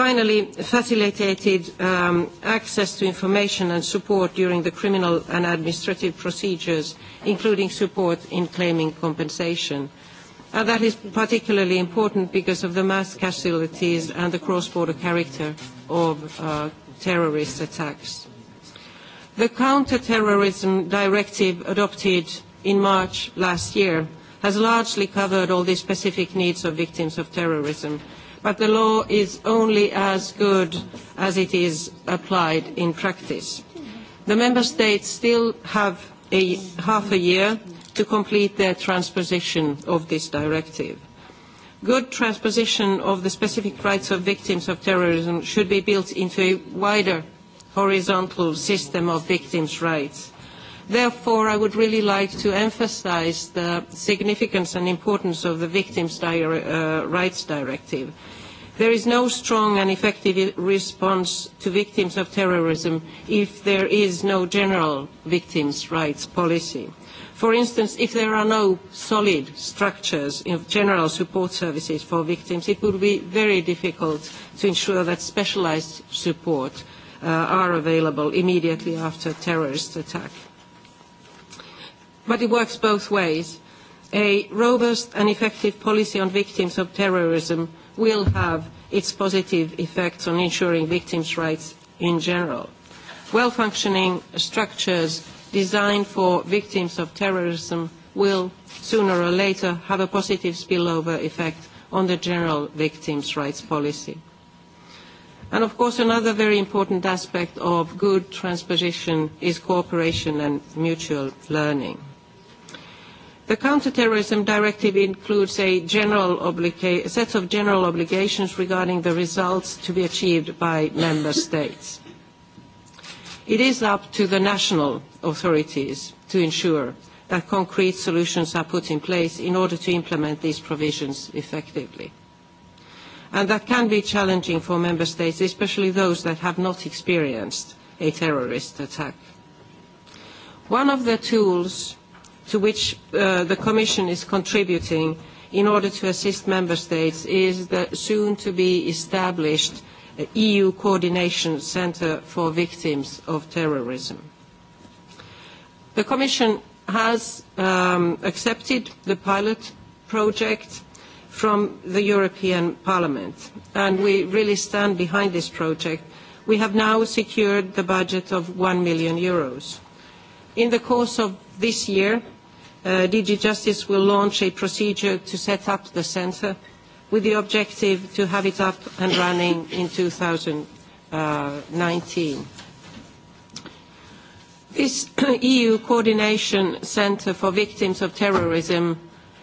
Speaker 10: Finally, facilitated access to information and support during the criminal and administrative procedures, including support in claiming compensation. And that is particularly important because of the mass casualties and the cross-border character of terrorist attacks. The counter-terrorism directive adopted in March last year has largely covered all the specific needs of victims of terrorism but the law is only as good as it is applied in practice. The Member States still have half a year to complete their transposition of this directive. Good transposition of the specific rights of victims of terrorism should be built into a wider horizontal system of victims' rights. Therefore, I would really like to emphasise the significance and importance of the Victims' Rights Directive There is no strong and effective response to victims of terrorism if there is no general victims' rights policy. For instance, if there are no solid structures of general support services for victims, it would be very difficult to ensure that specialised support are available immediately after a terrorist attack. But it works both ways. A robust and effective policy on victims of terrorism will have its positive effects on ensuring victims' rights in general. Well-functioning structures designed for victims of terrorism will, sooner or later, have a positive spillover effect on the general victims' rights policy. And, of course, another very important aspect of good transposition is cooperation and mutual learning. The Counterterrorism Directive includes a set of general obligations regarding the results to be achieved by member states. It is up to the national authorities to ensure that concrete solutions are put in place in order to implement these provisions effectively. And that can be challenging for member states, especially those that have not experienced a terrorist attack. One of the tools to which the Commission is contributing in order to assist Member States is the soon to be established EU Coordination Centre for Victims of Terrorism. The Commission has accepted the pilot project from the European Parliament and we really stand behind this project. We have now secured the budget of 1 million euros In the course of this year, DG Justice will launch a procedure to set up the centre with the objective to have it up and running in 2019. This EU Coordination Centre for Victims of Terrorism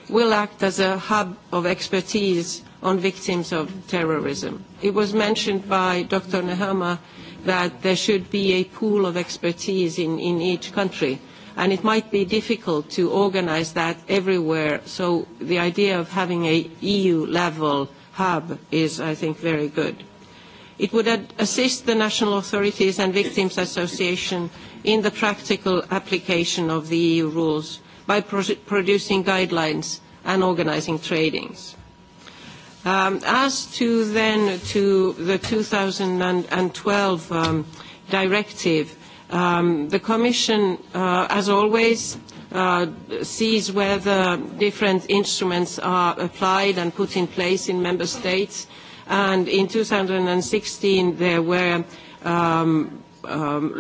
Speaker 10: will act as a hub of expertise on victims of terrorism. It was mentioned by Dr. Nehama that there should be a pool of expertise in each country. And it might be difficult to organise that everywhere, so the idea of having an EU-level hub is, I think, very good. It would assist the national authorities and victims' association in the practical application of the EU rules by producing guidelines and organising trainings. As to then to the 2012 directive, the Commission, as always, sees whether different instruments are applied and put in place in Member States. And in 2016 there were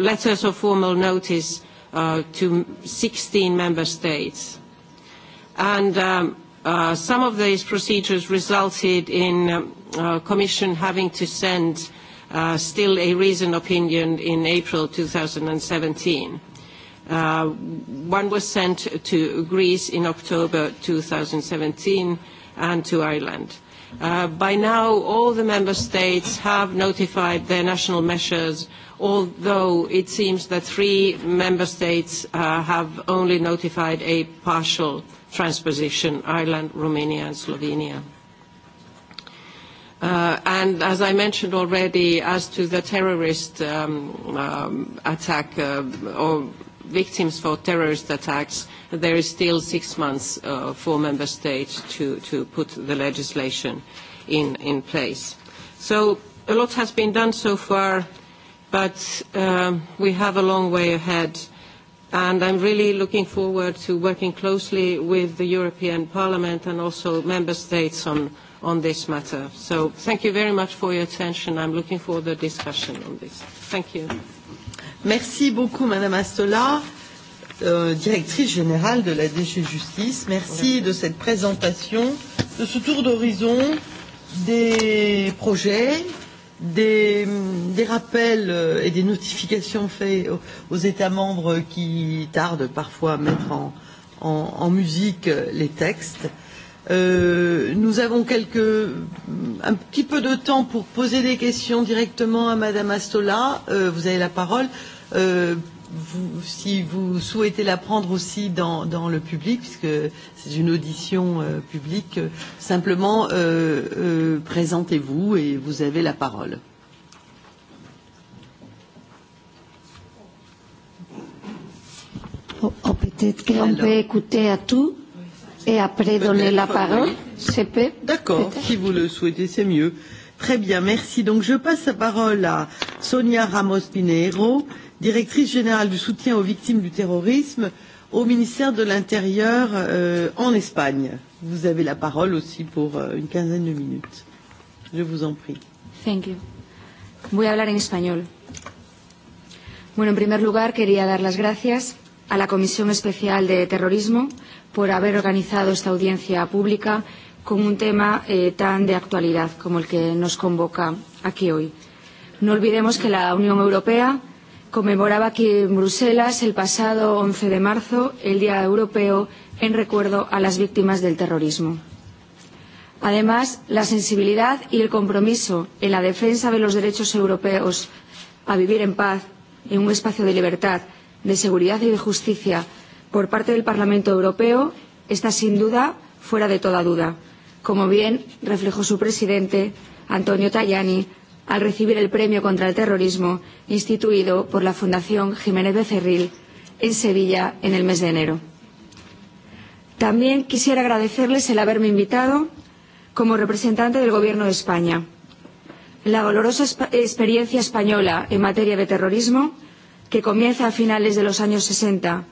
Speaker 10: letters of formal notice to 16 Member States. And Some of these procedures resulted in Commission having to send still a reasoned opinion in April 2017. One was sent to Greece in October 2017 and to Ireland. By now, all the member states have notified their national measures, although it seems that three member states have only notified a partial transposition Ireland, Romania and Slovenia. And as I mentioned already, as to the terrorist attack or victims for terrorist attacks, there is still six months for member states to put the legislation in place. So a lot has been done so far, but we have a long way ahead and I'm really looking forward to working closely with the European Parliament and also Member States on on this matter. So thank you very much for your attention. I'm looking forward to the discussion on this. Thank you.
Speaker 1: Merci beaucoup, Madame Astola, directrice générale de la DG Justice. Merci de cette présentation, de ce tour d'horizon des projets des rappels et des notifications faits aux États membres qui tardent parfois à mettre en musique les textes. Nous avons un petit peu de temps pour poser des questions directement à Madame Astola. Vous avez la parole vous, si vous souhaitez la prendre aussi dans, dans le public, puisque c'est une audition publique, simplement euh, présentez-vous et vous avez la parole. peut-être qu'on peut
Speaker 3: écouter à tout et après donner la parole. Oui.
Speaker 1: D'accord, si vous le souhaitez, c'est mieux. Très bien, merci. Donc je passe la parole à Sonia Ramos Pinheiro directrice générale du soutien aux victimes du terrorisme au ministère de l'Intérieur en Espagne. Vous avez la parole aussi pour une quinzaine de minutes. Je vous en prie.
Speaker 11: Thank you. Voy a hablar en español. Bueno, en primer lugar quería dar las gracias a la Comisión Especial de Terrorismo por haber organizado esta audiencia pública con un tema tan de actualidad como el que nos convoca aquí hoy. No olvidemos que la Unión Europea conmemoraba aquí en Bruselas el pasado 11 de marzo el Día Europeo en recuerdo a las víctimas del terrorismo. Además, la sensibilidad y el compromiso en la defensa de los derechos europeos a vivir en paz, en un espacio de libertad, de seguridad y de justicia por parte del Parlamento Europeo está sin duda fuera de toda duda, como bien reflejó su presidente, Antonio Tajani, al recibir el premio contra el terrorismo instituido por la Fundación Jiménez Becerril en Sevilla en el mes de enero. También quisiera agradecerles el haberme invitado como representante del Gobierno de España. La dolorosa experiencia española en materia de terrorismo, que comienza a finales de los años 60,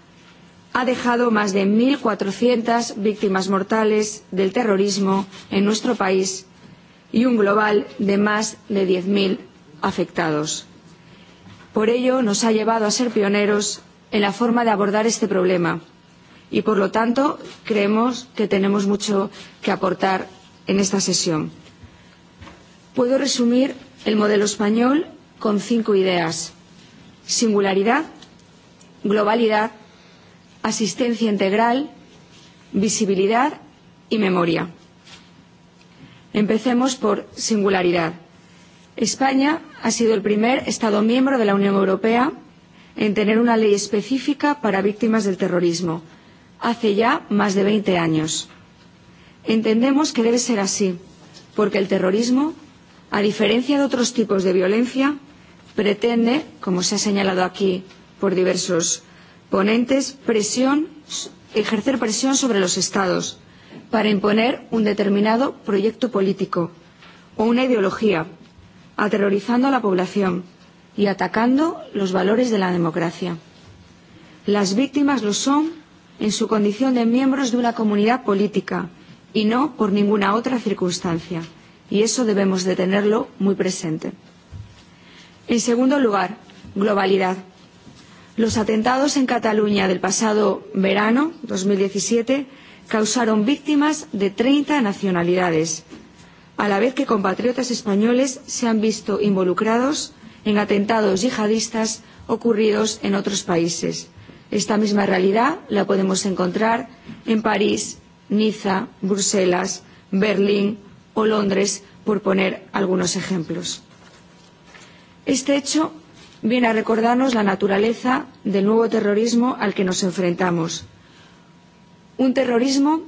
Speaker 11: ha dejado más de 1.400 víctimas mortales del terrorismo en nuestro país y un global de más de 10.000 afectados. Por ello, nos ha llevado a ser pioneros en la forma de abordar este problema y, por lo tanto, creemos que tenemos mucho que aportar en esta sesión. Puedo resumir el modelo español con cinco ideas. Singularidad, globalidad, asistencia integral, visibilidad y memoria. Empecemos por singularidad. España ha sido el primer Estado miembro de la Unión Europea en tener una ley específica para víctimas del terrorismo, hace ya más de 20 años. Entendemos que debe ser así, porque el terrorismo, a diferencia de otros tipos de violencia, pretende, como se ha señalado aquí por diversos ponentes, ejercer presión sobre los Estados para imponer un determinado proyecto político o una ideología, aterrorizando a la población y atacando los valores de la democracia. Las víctimas lo son en su condición de miembros de una comunidad política y no por ninguna otra circunstancia, y eso debemos de tenerlo muy presente. En segundo lugar, globalidad. Los atentados en Cataluña del pasado verano 2017 causaron víctimas de 30 nacionalidades, a la vez que compatriotas españoles se han visto involucrados en atentados yihadistas ocurridos en otros países. Esta misma realidad la podemos encontrar en París, Niza, Bruselas, Berlín o Londres, por poner algunos ejemplos. Este hecho viene a recordarnos la naturaleza del nuevo terrorismo al que nos enfrentamos un terrorismo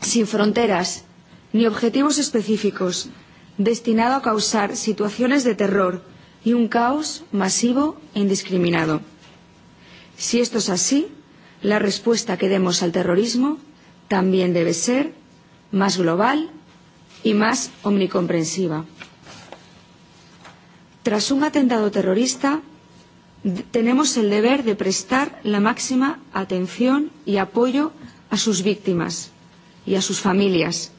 Speaker 11: sin fronteras ni objetivos específicos, destinado a causar situaciones de terror y un caos masivo e indiscriminado. Si esto es así, la respuesta que demos al terrorismo también debe ser más global y más omnicomprensiva. Tras un atentado terrorista, tenemos el deber de prestar la máxima atención y apoyo a sus víctimas y a sus familias,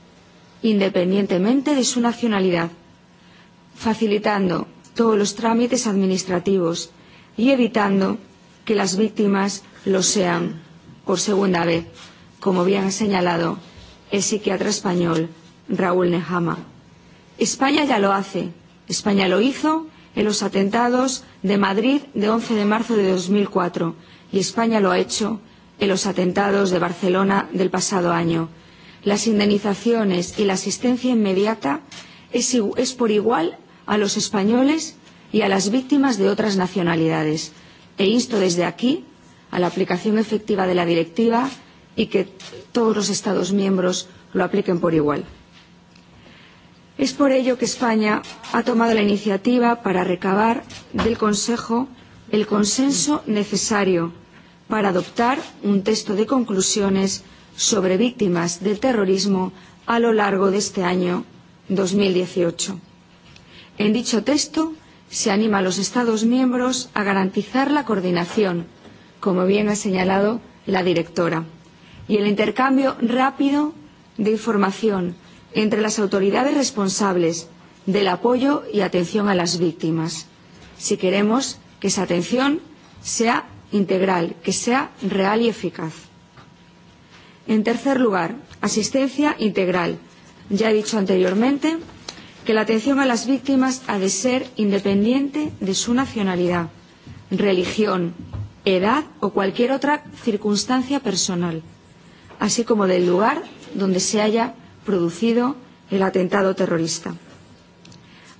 Speaker 11: independientemente de su nacionalidad, facilitando todos los trámites administrativos y evitando que las víctimas lo sean por segunda vez, como bien ha señalado el psiquiatra español Raúl Nehama. España ya lo hace. España lo hizo en los atentados de Madrid de 11 de marzo de 2004 y España lo ha hecho en los atentados de Barcelona del pasado año. Las indemnizaciones y la asistencia inmediata es por igual a los españoles y a las víctimas de otras nacionalidades. E insto desde aquí a la aplicación efectiva de la directiva y que todos los Estados miembros lo apliquen por igual. Es por ello que España ha tomado la iniciativa para recabar del Consejo el consenso necesario para adoptar un texto de conclusiones sobre víctimas del terrorismo a lo largo de este año 2018. En dicho texto se anima a los Estados miembros a garantizar la coordinación, como bien ha señalado la directora, y el intercambio rápido de información entre las autoridades responsables del apoyo y atención a las víctimas, si queremos que esa atención sea integral, que sea real y eficaz. En tercer lugar, asistencia integral. Ya he dicho anteriormente que la atención a las víctimas ha de ser independiente de su nacionalidad, religión, edad o cualquier otra circunstancia personal, así como del lugar donde se haya producido el atentado terrorista.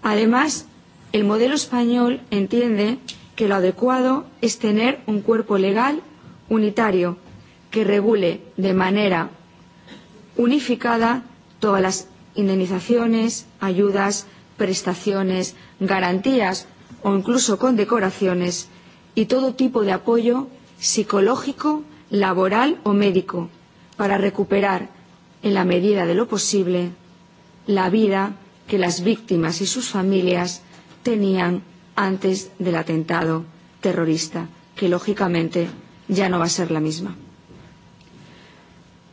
Speaker 11: Además, el modelo español entiende que lo adecuado es tener un cuerpo legal unitario que regule de manera unificada todas las indemnizaciones, ayudas, prestaciones, garantías o incluso condecoraciones y todo tipo de apoyo psicológico, laboral o médico para recuperar, en la medida de lo posible, la vida que las víctimas y sus familias tenían antes del atentado terrorista, que lógicamente ya no va a ser la misma.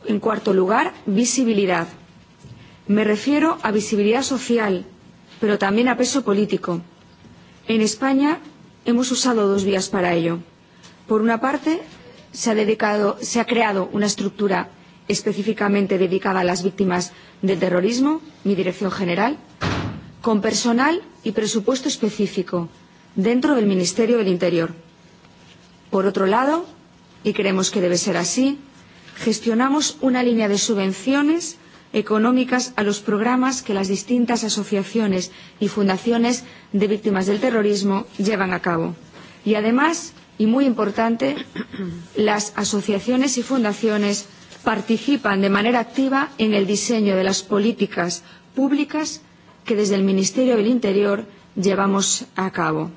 Speaker 11: En cuarto lugar, visibilidad. Me refiero a visibilidad social, pero también a peso político. En España hemos usado dos vías para ello. Por una parte, se ha, dedicado, se ha creado una estructura específicamente dedicada a las víctimas del terrorismo, mi dirección general, con personal y presupuesto específico dentro del Ministerio del Interior. Por otro lado, y creemos que debe ser así, gestionamos una línea de subvenciones económicas a los programas que las distintas asociaciones y fundaciones de víctimas del terrorismo llevan a cabo. Y además, y muy importante, las asociaciones y fundaciones participan de manera activa en el diseño de las políticas públicas que desde el Ministerio del Interior llevamos a cabo.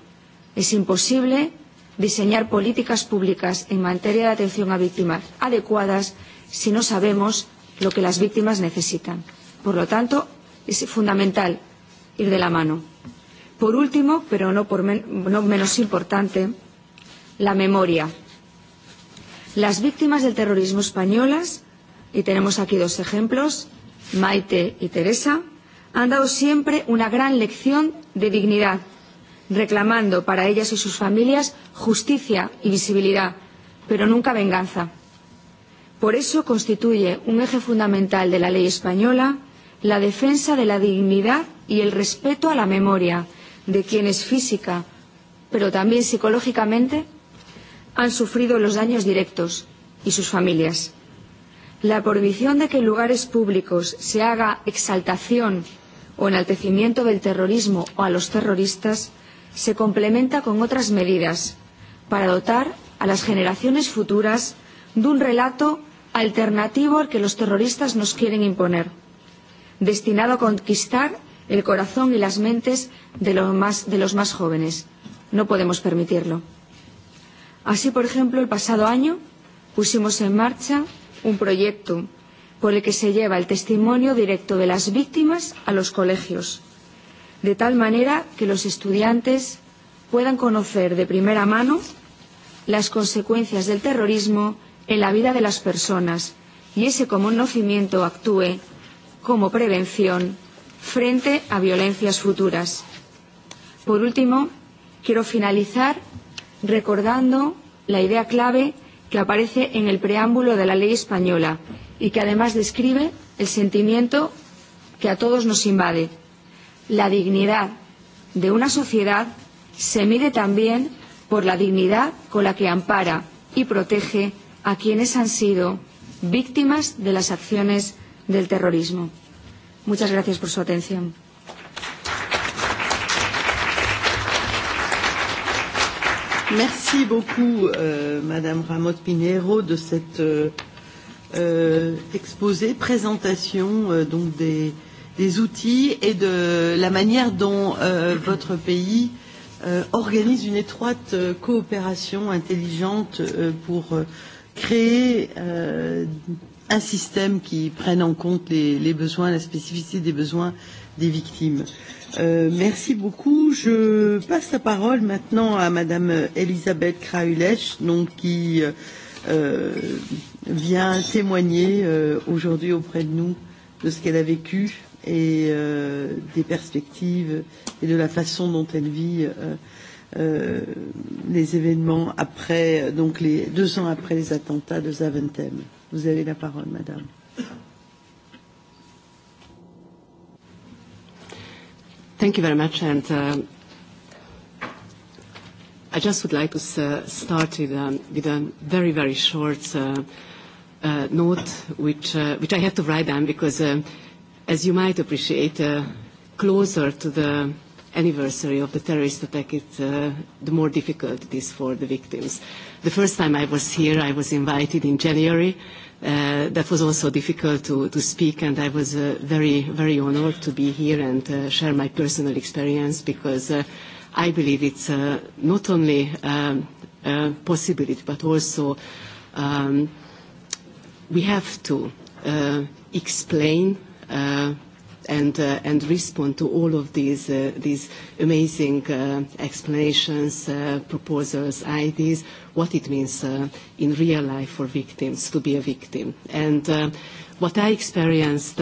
Speaker 11: Es imposible diseñar políticas públicas en materia de atención a víctimas adecuadas si no sabemos lo que las víctimas necesitan. Por lo tanto, es fundamental ir de la mano. Por último, pero no no menos importante, la memoria. Las víctimas del terrorismo españolas, y tenemos aquí dos ejemplos, Maite y Teresa, han dado siempre una gran lección de dignidad, reclamando para ellas y sus familias justicia y visibilidad, pero nunca venganza. Por eso constituye un eje fundamental de la ley española la defensa de la dignidad y el respeto a la memoria de quienes física, pero también psicológicamente, han sufrido los daños directos y sus familias la prohibición de que en lugares públicos se haga exaltación o enaltecimiento del terrorismo o a los terroristas se complementa con otras medidas para dotar a las generaciones futuras de un relato alternativo al que los terroristas nos quieren imponer, destinado a conquistar el corazón y las mentes de los más jóvenes. No podemos permitirlo. Así, por ejemplo, el pasado año pusimos en marcha un proyecto por el que se lleva el testimonio directo de las víctimas a los colegios, de tal manera que los estudiantes puedan conocer de primera mano las consecuencias del terrorismo en la vida de las personas y ese conocimiento actúe como prevención frente a violencias futuras. Por último, quiero finalizar recordando la idea clave que aparece en el preámbulo de la ley española y que además describe el sentimiento que a todos nos invade. La dignidad de una sociedad se mide también por la dignidad con la que ampara y protege a quienes han sido víctimas de las acciones del terrorismo. Muchas gracias por su atención.
Speaker 1: Merci beaucoup, Madame Ramot Pinheiro, de cette exposé, présentation donc des, des outils et de la manière dont votre pays organise une étroite coopération intelligente pour créer un système qui prenne en compte les, les besoins, la spécificité des besoins des victimes. Merci beaucoup. Je passe la parole maintenant à Madame Elisabeth Krahulech, donc qui vient témoigner aujourd'hui auprès de nous de ce qu'elle a vécu et des perspectives et de la façon dont elle vit les événements après, donc les deux ans après les attentats de Zaventem. Vous avez la parole, Madame.
Speaker 12: Thank you very much. And I just would like to start with a very, very short note, which which I have to write down because, as you might appreciate, closer to the anniversary of the terrorist attack, the more difficult it is for the victims. The first time I was here, I was invited in January that was also difficult to speak and I was very, very honored to be here and share my personal experience because I believe it's not only a possibility but also we have to explain and and respond to all of these these amazing explanations, proposals, ideas, what it means in real life for victims to be a victim. And what I experienced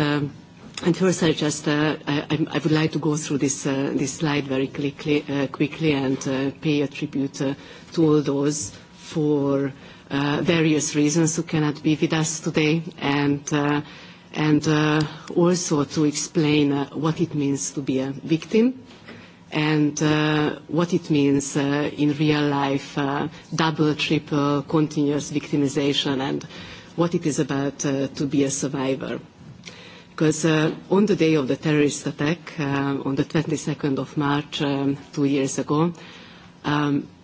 Speaker 12: And first, I just I would like to go through this this slide very quickly and pay a tribute to all those for various reasons who cannot be with us today. And and also to explain what it means to be a victim and what it means in real life, double, triple, continuous victimization and what it is about to be a survivor. Because on the day of the terrorist attack, on the 22nd of March, two years ago,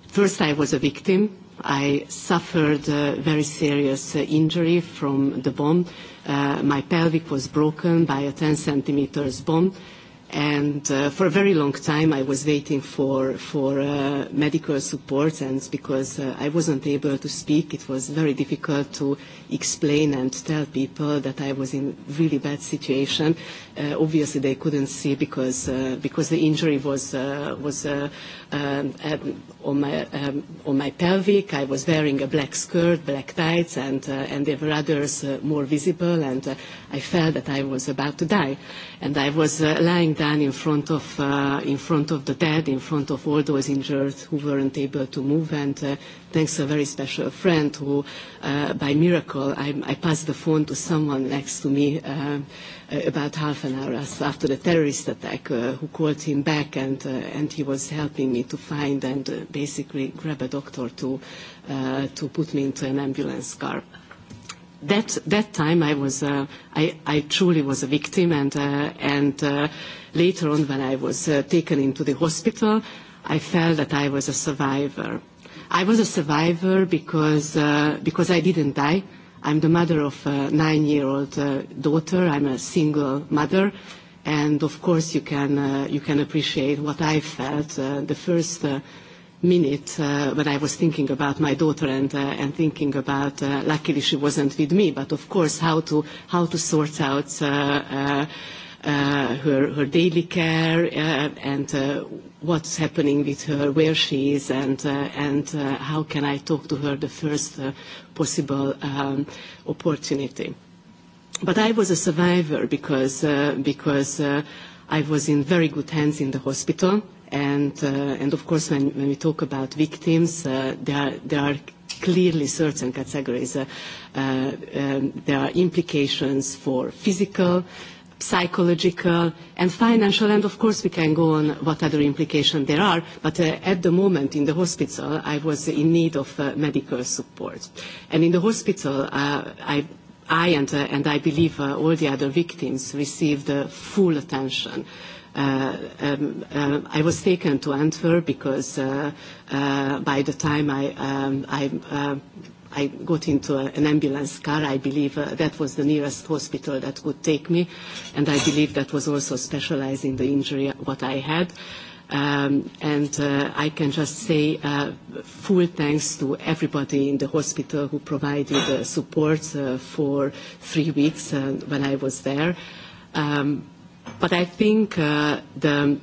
Speaker 12: first I was a victim I suffered a very serious injury from the bomb. My pelvic was broken by a 10 centimeters bomb, and for a very long time I was waiting for for medical support. And because I wasn't able to speak, it was very difficult to explain and tell people that I was in really bad situation. Obviously, they couldn't see because because the injury was was on my on my pelvic. I was wearing a black skirt, black tights, and and there were others more visible, and I felt that I was about to die. And I was lying down in front of in front of the dead, in front of all those injured who weren't able to move, and thanks to a very special friend who, by miracle, I passed the phone to someone next to me about half an hour after the terrorist attack, who called him back and he was helping me to find and basically grab a doctor to to put me into an ambulance car. That that time I was I truly was a victim and and later on when I was taken into the hospital, I felt that I was a survivor. I was a survivor because because I didn't die. I'm the mother of a nine-year-old daughter. I'm a single mother, and of course you can you can appreciate what I felt the first minute when I was thinking about my daughter and and thinking about. Luckily she wasn't with me, but of course how to how to sort out her her daily care and what's happening with her, where she is and and how can I talk to her the first possible opportunity. But I was a survivor because because I was in very good hands in the hospital and and of course when when we talk about victims there there are clearly certain categories there are implications for physical psychological and financial and of course we can go on what other implications there are but at the moment in the hospital I was in need of medical support and in the hospital I and I believe all the other victims received full attention I was taken to Antwerp because by the time I I got into an ambulance car. I believe that was the nearest hospital that could take me, and I believe that was also specializing the injury what I had. And I can just say full thanks to everybody in the hospital who provided support for three weeks when I was there. But I think the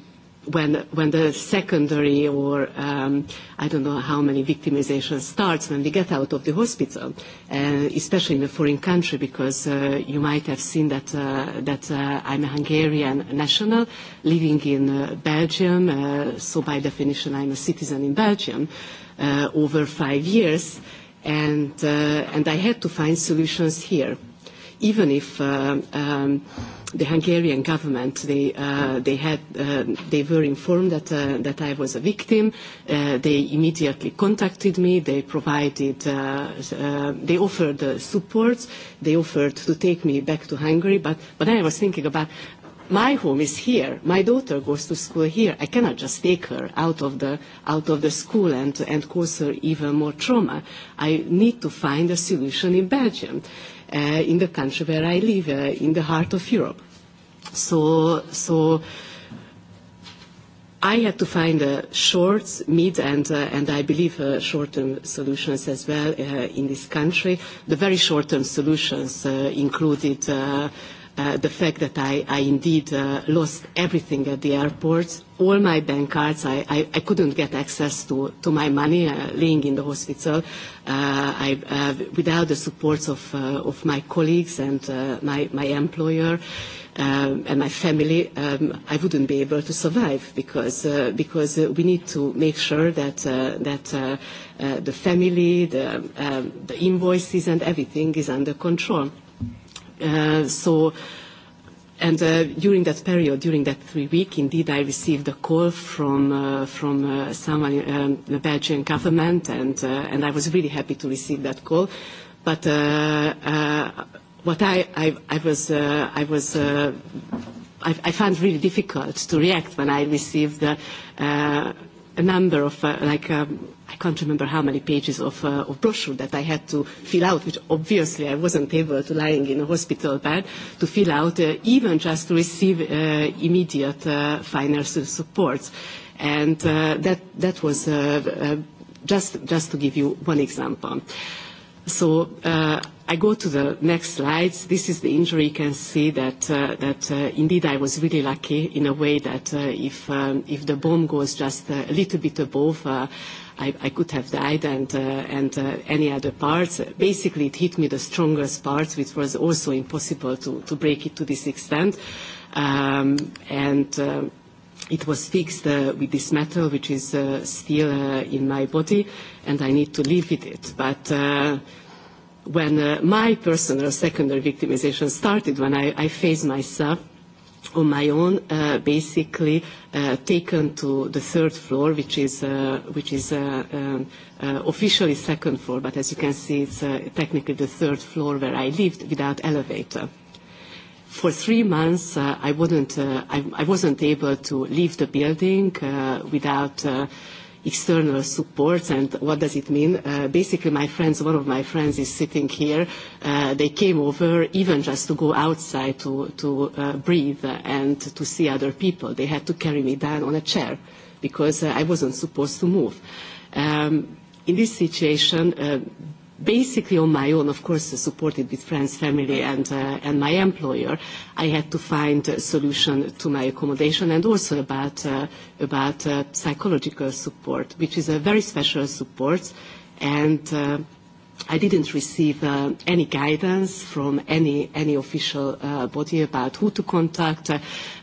Speaker 12: when the secondary or I don't know how many victimization starts when we get out of the hospital, especially in a foreign country, because you might have seen that that I'm a Hungarian national living in Belgium, so by definition I'm a citizen in Belgium over five years, and and I had to find solutions here, even if the Hungarian government. They were informed that I was a victim. They immediately contacted me. They provided, they offered support. They offered to take me back to Hungary. But I was thinking about my home is here. My daughter goes to school here. I cannot just take her out of the out of the school and and cause her even more trauma. I need to find a solution in Belgium in the country where I live, in the heart of Europe. So, so I had to find short, mid, and and I believe short-term solutions as well in this country. The very short-term solutions included the fact that I, I indeed lost everything at the airport, all my bank cards, I, I, couldn't get access to, to my money laying in the hospital I, without the support of, my colleagues and my, my employer and my family, I wouldn't be able to survive because, because we need to make sure that, that the family, the, the invoices and everything is under control. So, and during that period, during that three week, indeed, I received a call from from someone, the Belgian government, and and I was really happy to receive that call. But what I I I was I was I found really difficult to react when I received a number of like I can't remember how many pages of brochure that I had to fill out, which obviously I wasn't able to lying in a hospital bed to fill out, even just to receive immediate financial support. And that was just just to give you one example. So I go to the next slides. This is the injury. You can see that that indeed I was really lucky in a way that if if the bomb goes just a little bit above, I could have died and and any other parts. Basically, it hit me the strongest parts, which was also impossible to to break it to this extent. And It was fixed with this metal, which is still in my body, and I need to live with it. But when my personal secondary victimization started, when I faced myself on my own, basically taken to the third floor, which is which is officially second floor, but as you can see, it's technically the third floor where I lived without elevator. For three months, I wasn't able to leave the building without external support. And what does it mean? Basically, my friends, one of my friends is sitting here. They came over even just to go outside to breathe and to see other people. They had to carry me down on a chair because I wasn't supposed to move. In this situation, basically on my own, of course, supported with friends, family, and and my employer, I had to find a solution to my accommodation and also about about psychological support, which is a very special support, and I didn't receive any guidance from any any official body about who to contact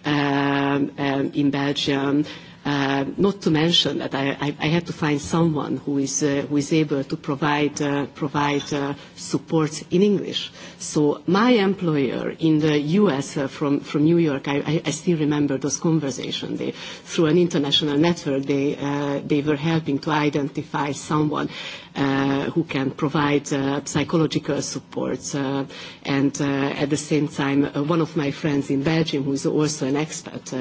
Speaker 12: in Belgium Not to mention that I had to find someone who is who is able to provide provide support in English. So my employer in the U.S. from from New York, I still remember those conversations. Through an international network, they they were helping to identify someone who can provide psychological support. And at the same time, one of my friends in Belgium, who is also an expert,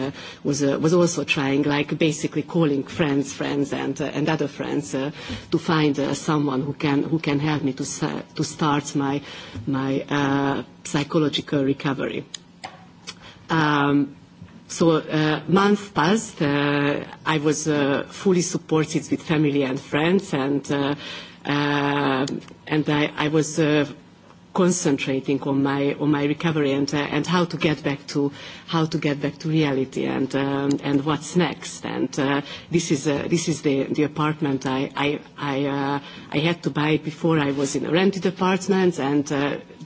Speaker 12: was also trying, like basically calling friends, friends, and other friends to find someone who can who can help me to to start my my psychological recovery. Um So months passed. I was fully supported with family and friends, and and I was concentrating on my on my recovery and and how to get back to how to get back to reality and and what's next and this is this is the the apartment I I I I had to buy before I was in a rented apartment and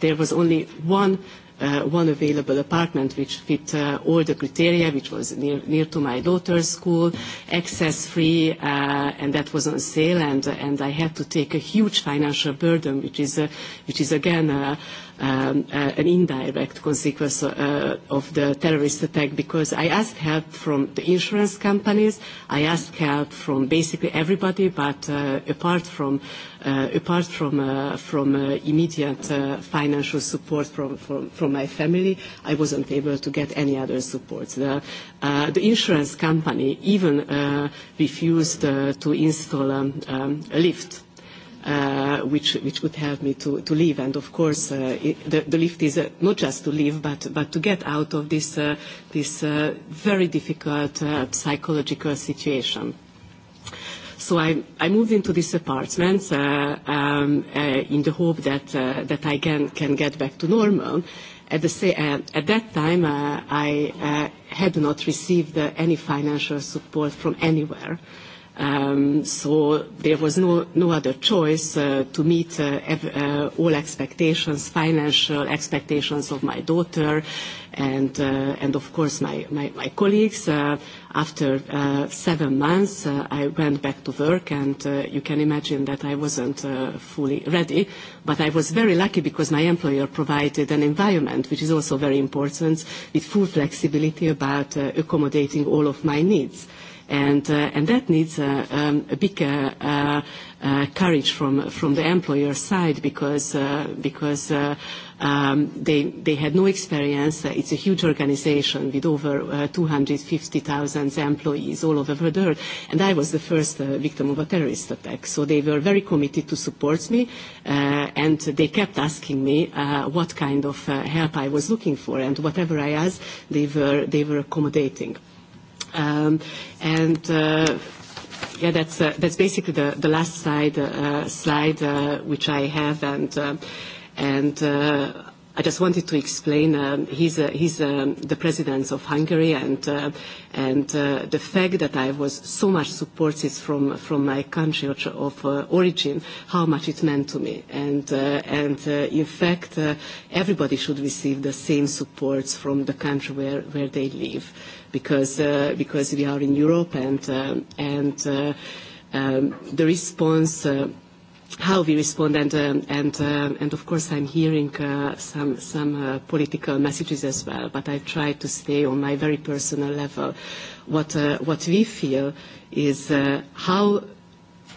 Speaker 12: there was only one one available apartment which fit all the criteria, which was near to my daughter's school, access free, and that was on sale, and I had to take a huge financial burden, which is again an indirect consequence of the terrorist attack because I asked help from the insurance companies, I asked help from basically everybody, but apart from apart from from immediate financial support from from my family, I wasn't able to get any other support. The insurance company even refused to install a lift which which would help me to to leave. And of course, the lift is not just to leave, but but to get out of this this very difficult psychological situation. So I I moved into this apartment in the hope that that I can can get back to normal. At that time, I had not received any financial support from anywhere. So there was no other choice to meet all expectations, financial expectations of my daughter and of course my colleagues. After seven months I went back to work and you can imagine that I wasn't fully ready. But I was very lucky because my employer provided an environment which is also very important with full flexibility about accommodating all of my needs and and that needs a big courage from from the employer side because because they they had no experience it's a huge organization with over 250,000 employees all over the world and I was the first victim of a terrorist attack so they were very committed to support me and they kept asking me what kind of help I was looking for and whatever I asked they were they were accommodating And yeah, that's that's basically the the last slide slide which I have and and. I just wanted to explain. He's he's the president of Hungary, and and the fact that I was so much supported from from my country of origin, how much it meant to me. And and in fact, everybody should receive the same supports from the country where where they live because because we are in Europe and and the response how we respond and and and of course I'm hearing some some political messages as well but I try to stay on my very personal level what what we feel is how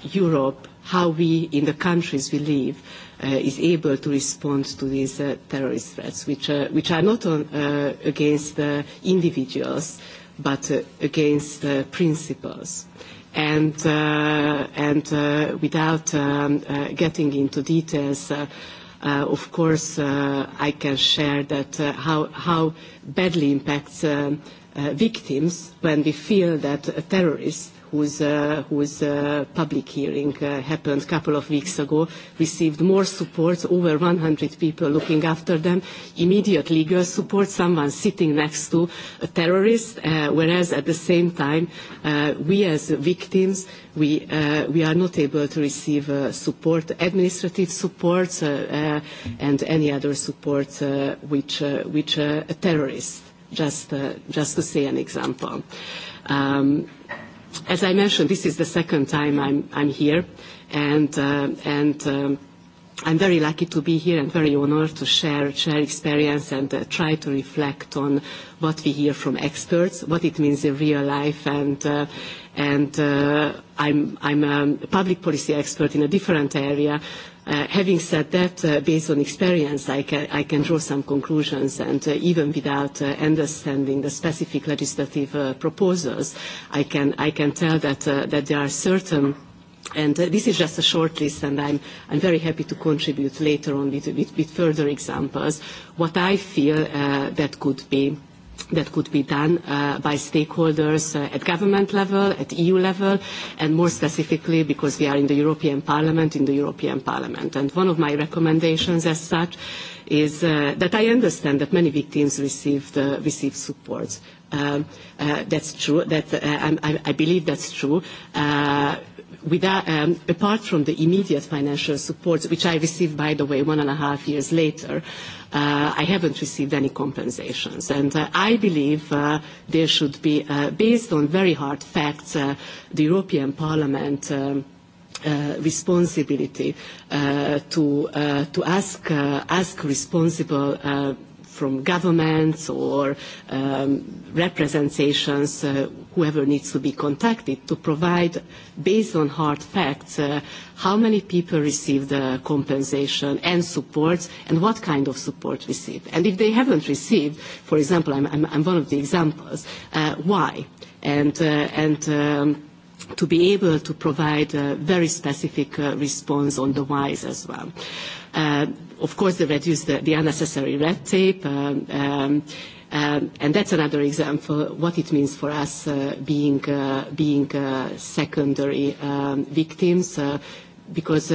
Speaker 12: Europe how we in the countries we live is able to respond to these terrorist threats, which are not against individuals, but against principles. And without getting into details, of course, I can share that how badly impacts victims when we feel that a terrorist whose public hearing happened a couple of weeks ago, received more support, over 100 people looking after them, immediate legal support, someone sitting next to a terrorist, whereas at the same time we as victims we are not able to receive support, administrative support and any other support which a terrorist, just to say an example. As I mentioned, this is the second time I'm here, and I'm very lucky to be here and very honored to share experience and try to reflect on what we hear from experts, what it means in real life, and and I'm a public policy expert in a different area, Having said that, based on experience, I can draw some conclusions, and even without understanding the specific legislative proposals, I can tell that there are certain and this is just a short list and i'm very happy to contribute later on with further examples what i feel that could be that could be done by stakeholders at government level, at EU level, and more specifically because we are in the European Parliament, in the European Parliament. And one of my recommendations as such is that I understand that many victims received support. That's true. I believe that's true apart from the immediate financial support, which I received, by the way, one and a half years later, I haven't received any compensations. And I believe there should be, based on very hard facts, the European Parliament responsibility to ask responsible from governments or representations, whoever needs to be contacted, to provide, based on hard facts, how many people received compensation and supports and what kind of support received. And if they haven't received, for example, I'm one of the examples, why? And to be able to provide a very specific response on the whys as well. Of course, they reduce the unnecessary red tape, and that's another example of what it means for us being being secondary victims, because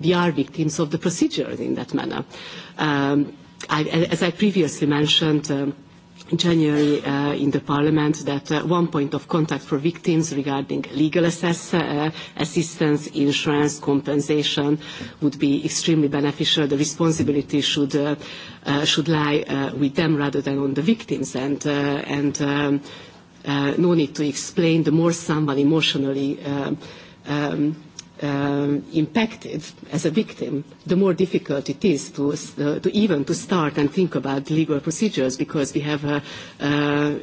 Speaker 12: we are victims of the procedure in that manner. As I previously mentioned January in the Parliament that one point of contact for victims regarding legal assistance, insurance, compensation would be extremely beneficial. The responsibility should lie with them rather than on the victims. And no need to explain, the more someone emotionally impacted as a victim, the more difficult it is to even to start and think about legal procedures because we have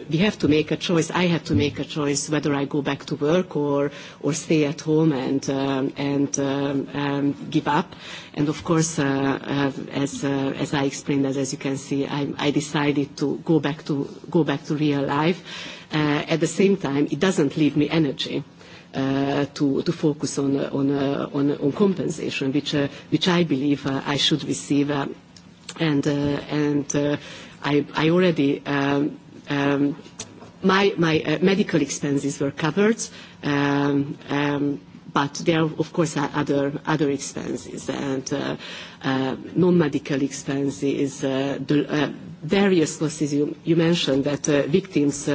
Speaker 12: we have to make a choice. I have to make a choice whether I go back to work or or stay at home and and give up. And of course, as as I explained, as you can see, I decided to go back to go back to real life. At the same time, it doesn't leave me energy to focus on compensation, which I believe I should receive. And I already, my medical expenses were covered, but there, are of course, other expenses and non-medical expenses, various losses. You mentioned that victims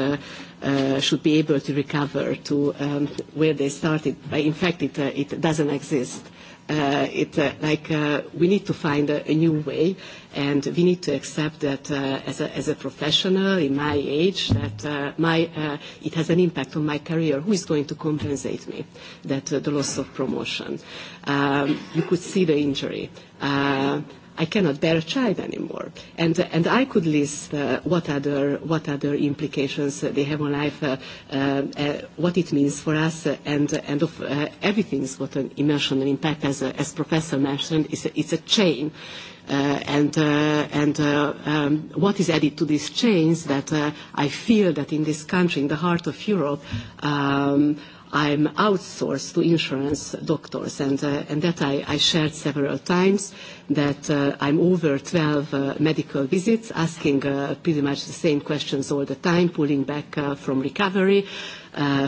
Speaker 12: should be able to recover to where they started. In fact, it doesn't exist. It like we need to find a new way, and we need to accept that as a professional in my age, that my it has an impact on my career. Who is going to compensate me? That the loss of promotion, you could see the injury I cannot bear a child anymore. And and I could list what other what other implications they have on life, what it means for us, and and of everything's what an emotional impact, as as Professor mentioned, is it's a chain and and what is added to these chains that I feel that in this country, in the heart of Europe I'm outsourced to insurance doctors, and that I shared several times, that I'm over 12 medical visits, asking pretty much the same questions all the time, pulling back from recovery,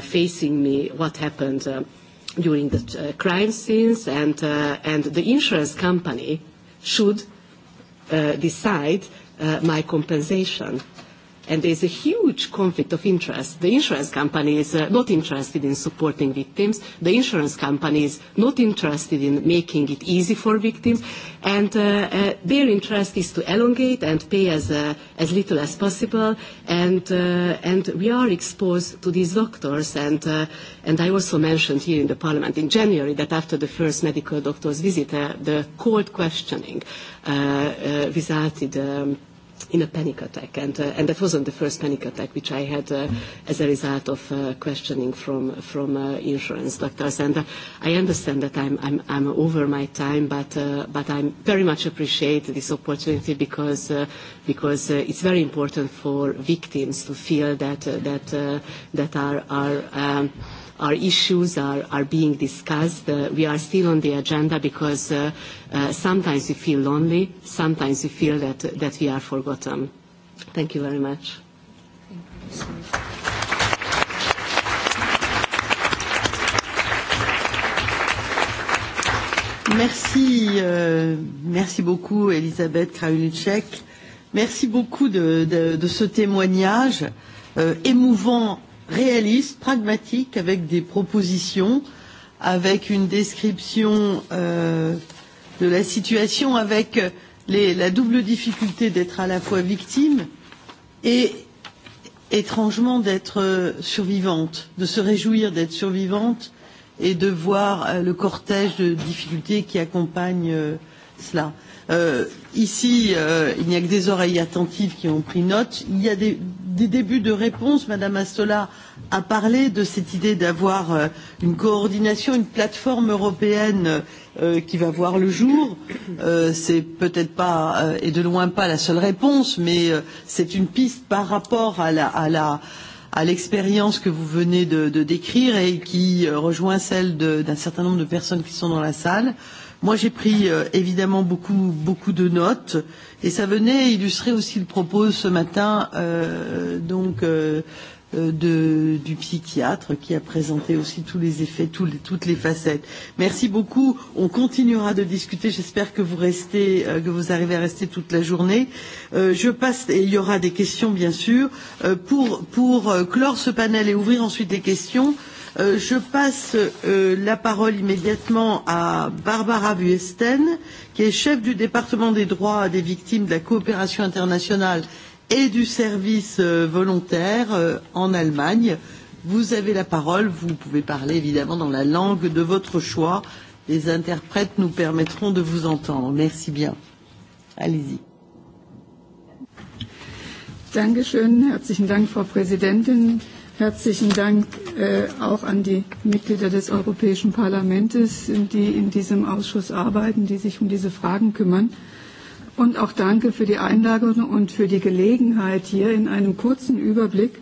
Speaker 12: facing me what happened during the crime scenes, and the insurance company should decide my compensation And there is a huge conflict of interest. The insurance company is not interested in supporting victims. The insurance company is not interested in making it easy for victims. And their interest is to elongate and pay as little as possible. And we are exposed to these doctors. And I also mentioned here in the Parliament in January that after the first medical doctor's visit, the cold questioning resulted in a panic attack. And that wasn't the first panic attack which I had as a result of questioning from from insurance doctors. And I understand that I'm over my time, but but I very much appreciate this opportunity because because it's very important for victims to feel that that that are are our issues are are being discussed. We are still on the agenda because sometimes we feel lonely, sometimes we feel that that we are forgotten. Thank you very much.
Speaker 1: Merci, merci beaucoup Elisabeth Kraulitschek. Merci beaucoup de, de, de ce témoignage émouvant réaliste, pragmatique, avec des propositions, avec une description de la situation, avec la double difficulté d'être à la fois victime et étrangement d'être survivante, de se réjouir d'être survivante et de voir le cortège de difficultés qui accompagne cela. Ici, il n'y a que des oreilles attentives qui ont pris note. Il y a des débuts de réponse. Madame Astola a parlé de cette idée d'avoir une coordination, une plateforme européenne qui va voir le jour. C'est peut-être pas, et de loin pas, la seule réponse, mais c'est une piste par rapport à à l'expérience que vous venez de décrire et qui rejoint celle d'un certain nombre de personnes qui sont dans la salle. Moi, j'ai pris évidemment beaucoup, beaucoup de notes et ça venait illustrer aussi le propos ce matin donc, de, du psychiatre qui a présenté aussi tous les effets, toutes les facettes. Merci beaucoup. On continuera de discuter. J'espère que vous restez, que vous arrivez à rester toute la journée. Je passe, et il y aura des questions bien sûr, pour, pour clore ce panel et ouvrir ensuite les questions. Je passe la parole immédiatement à Barbara Wuesten, qui est chef du département des droits des victimes de la coopération internationale et du service volontaire en Allemagne. Vous avez la parole, vous pouvez parler évidemment dans la langue de votre choix. Les interprètes nous permettront de vous entendre. Merci bien. Allez-y.
Speaker 13: Herzlichen Dank auch an die Mitglieder des Europäischen Parlaments, die in diesem Ausschuss arbeiten, die sich um diese Fragen kümmern. Und auch danke für die Einladung und für die Gelegenheit, hier in einem kurzen Überblick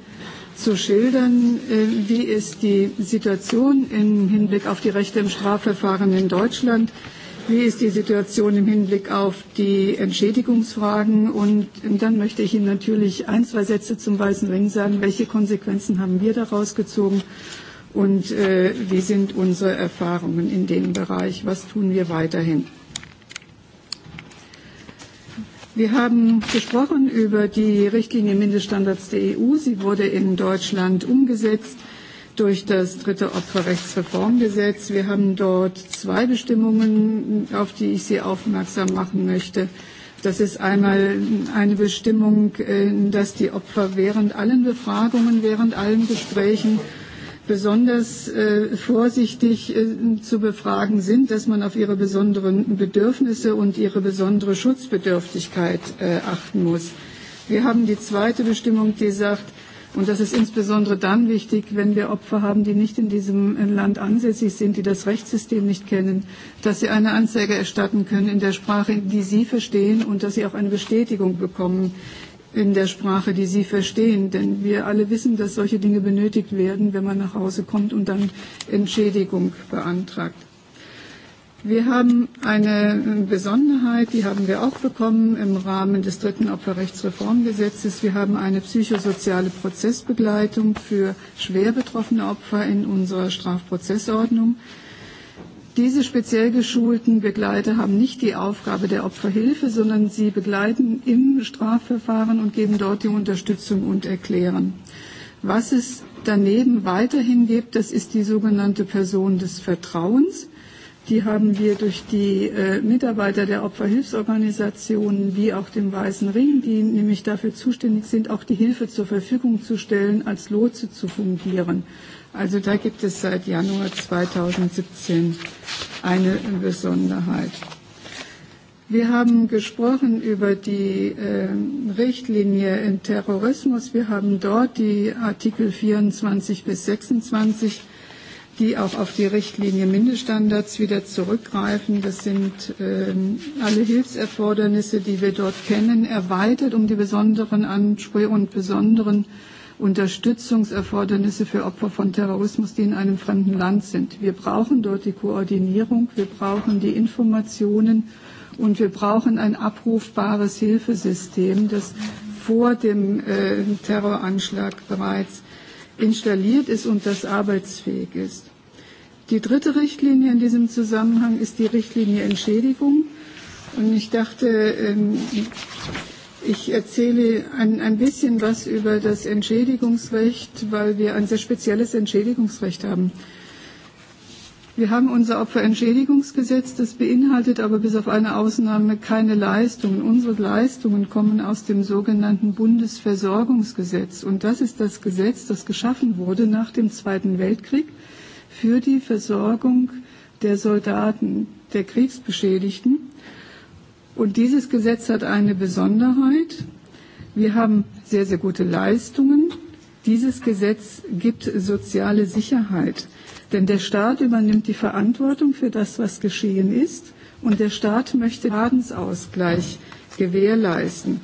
Speaker 13: zu schildern, wie ist die Situation im Hinblick auf die Rechte im Strafverfahren in Deutschland Wie ist die Situation im Hinblick auf die Entschädigungsfragen? Und dann möchte ich Ihnen natürlich ein, zwei Sätze zum Weißen Ring sagen. Welche Konsequenzen haben wir daraus gezogen? Und wie sind unsere Erfahrungen in dem Bereich? Was tun wir weiterhin? Wir haben gesprochen über die Richtlinie Mindeststandards der EU. Sie wurde in Deutschland umgesetzt durch das dritte Opferrechtsreformgesetz. Wir haben dort zwei Bestimmungen, auf die ich Sie aufmerksam machen möchte. Das ist einmal eine Bestimmung, dass die Opfer während allen Befragungen, während allen Gesprächen besonders vorsichtig zu befragen sind, dass man auf ihre besonderen Bedürfnisse und ihre besondere Schutzbedürftigkeit achten muss. Wir haben die zweite Bestimmung, die sagt, Und das ist insbesondere dann wichtig, wenn wir Opfer haben, die nicht in diesem Land ansässig sind, die das Rechtssystem nicht kennen, dass sie eine Anzeige erstatten können in der Sprache, die sie verstehen und dass sie auch eine Bestätigung bekommen in der Sprache, die sie verstehen. Denn wir alle wissen, dass solche Dinge benötigt werden, wenn man nach Hause kommt und dann Entschädigung beantragt. Wir haben eine Besonderheit, die haben wir auch bekommen im Rahmen des dritten Opferrechtsreformgesetzes. Wir haben eine psychosoziale Prozessbegleitung für schwer betroffene Opfer in unserer Strafprozessordnung. Diese speziell geschulten Begleiter haben nicht die Aufgabe der Opferhilfe, sondern sie begleiten im Strafverfahren und geben dort die Unterstützung und erklären. Was es daneben weiterhin gibt, das ist die sogenannte Person des Vertrauens. Die haben wir durch die Mitarbeiter der Opferhilfsorganisationen wie auch dem Weißen Ring, die nämlich dafür zuständig sind, auch die Hilfe zur Verfügung zu stellen, als Lotse zu fungieren. Also da gibt es seit Januar 2017 eine Besonderheit. Wir haben gesprochen über die Richtlinie im Terrorismus. Wir haben dort die Artikel 24 bis 26 die auch auf die Richtlinie Mindeststandards wieder zurückgreifen. Das sind alle Hilfserfordernisse, die wir dort kennen, erweitert um die besonderen Ansprüche und besonderen Unterstützungserfordernisse für Opfer von Terrorismus, die in einem fremden Land sind. Wir brauchen dort die Koordinierung, wir brauchen die Informationen und wir brauchen ein abrufbares Hilfesystem, das vor dem Terroranschlag bereits installiert ist und das arbeitsfähig ist. Die dritte Richtlinie in diesem Zusammenhang ist die Richtlinie Entschädigung. Und ich dachte, ich erzähle ein bisschen was über das Entschädigungsrecht, weil wir ein sehr spezielles Entschädigungsrecht haben. Wir haben unser Opferentschädigungsgesetz, das beinhaltet aber bis auf eine Ausnahme keine Leistungen. Unsere Leistungen kommen aus dem sogenannten Bundesversorgungsgesetz. Und das ist das Gesetz, das geschaffen wurde nach dem Zweiten Weltkrieg für die Versorgung der Soldaten, der Kriegsbeschädigten. Und dieses Gesetz hat eine Besonderheit. Wir haben sehr, sehr gute Leistungen. Dieses Gesetz gibt soziale Sicherheit. Denn der Staat übernimmt die Verantwortung für das, was geschehen ist, und der Staat möchte Schadensausgleich gewährleisten.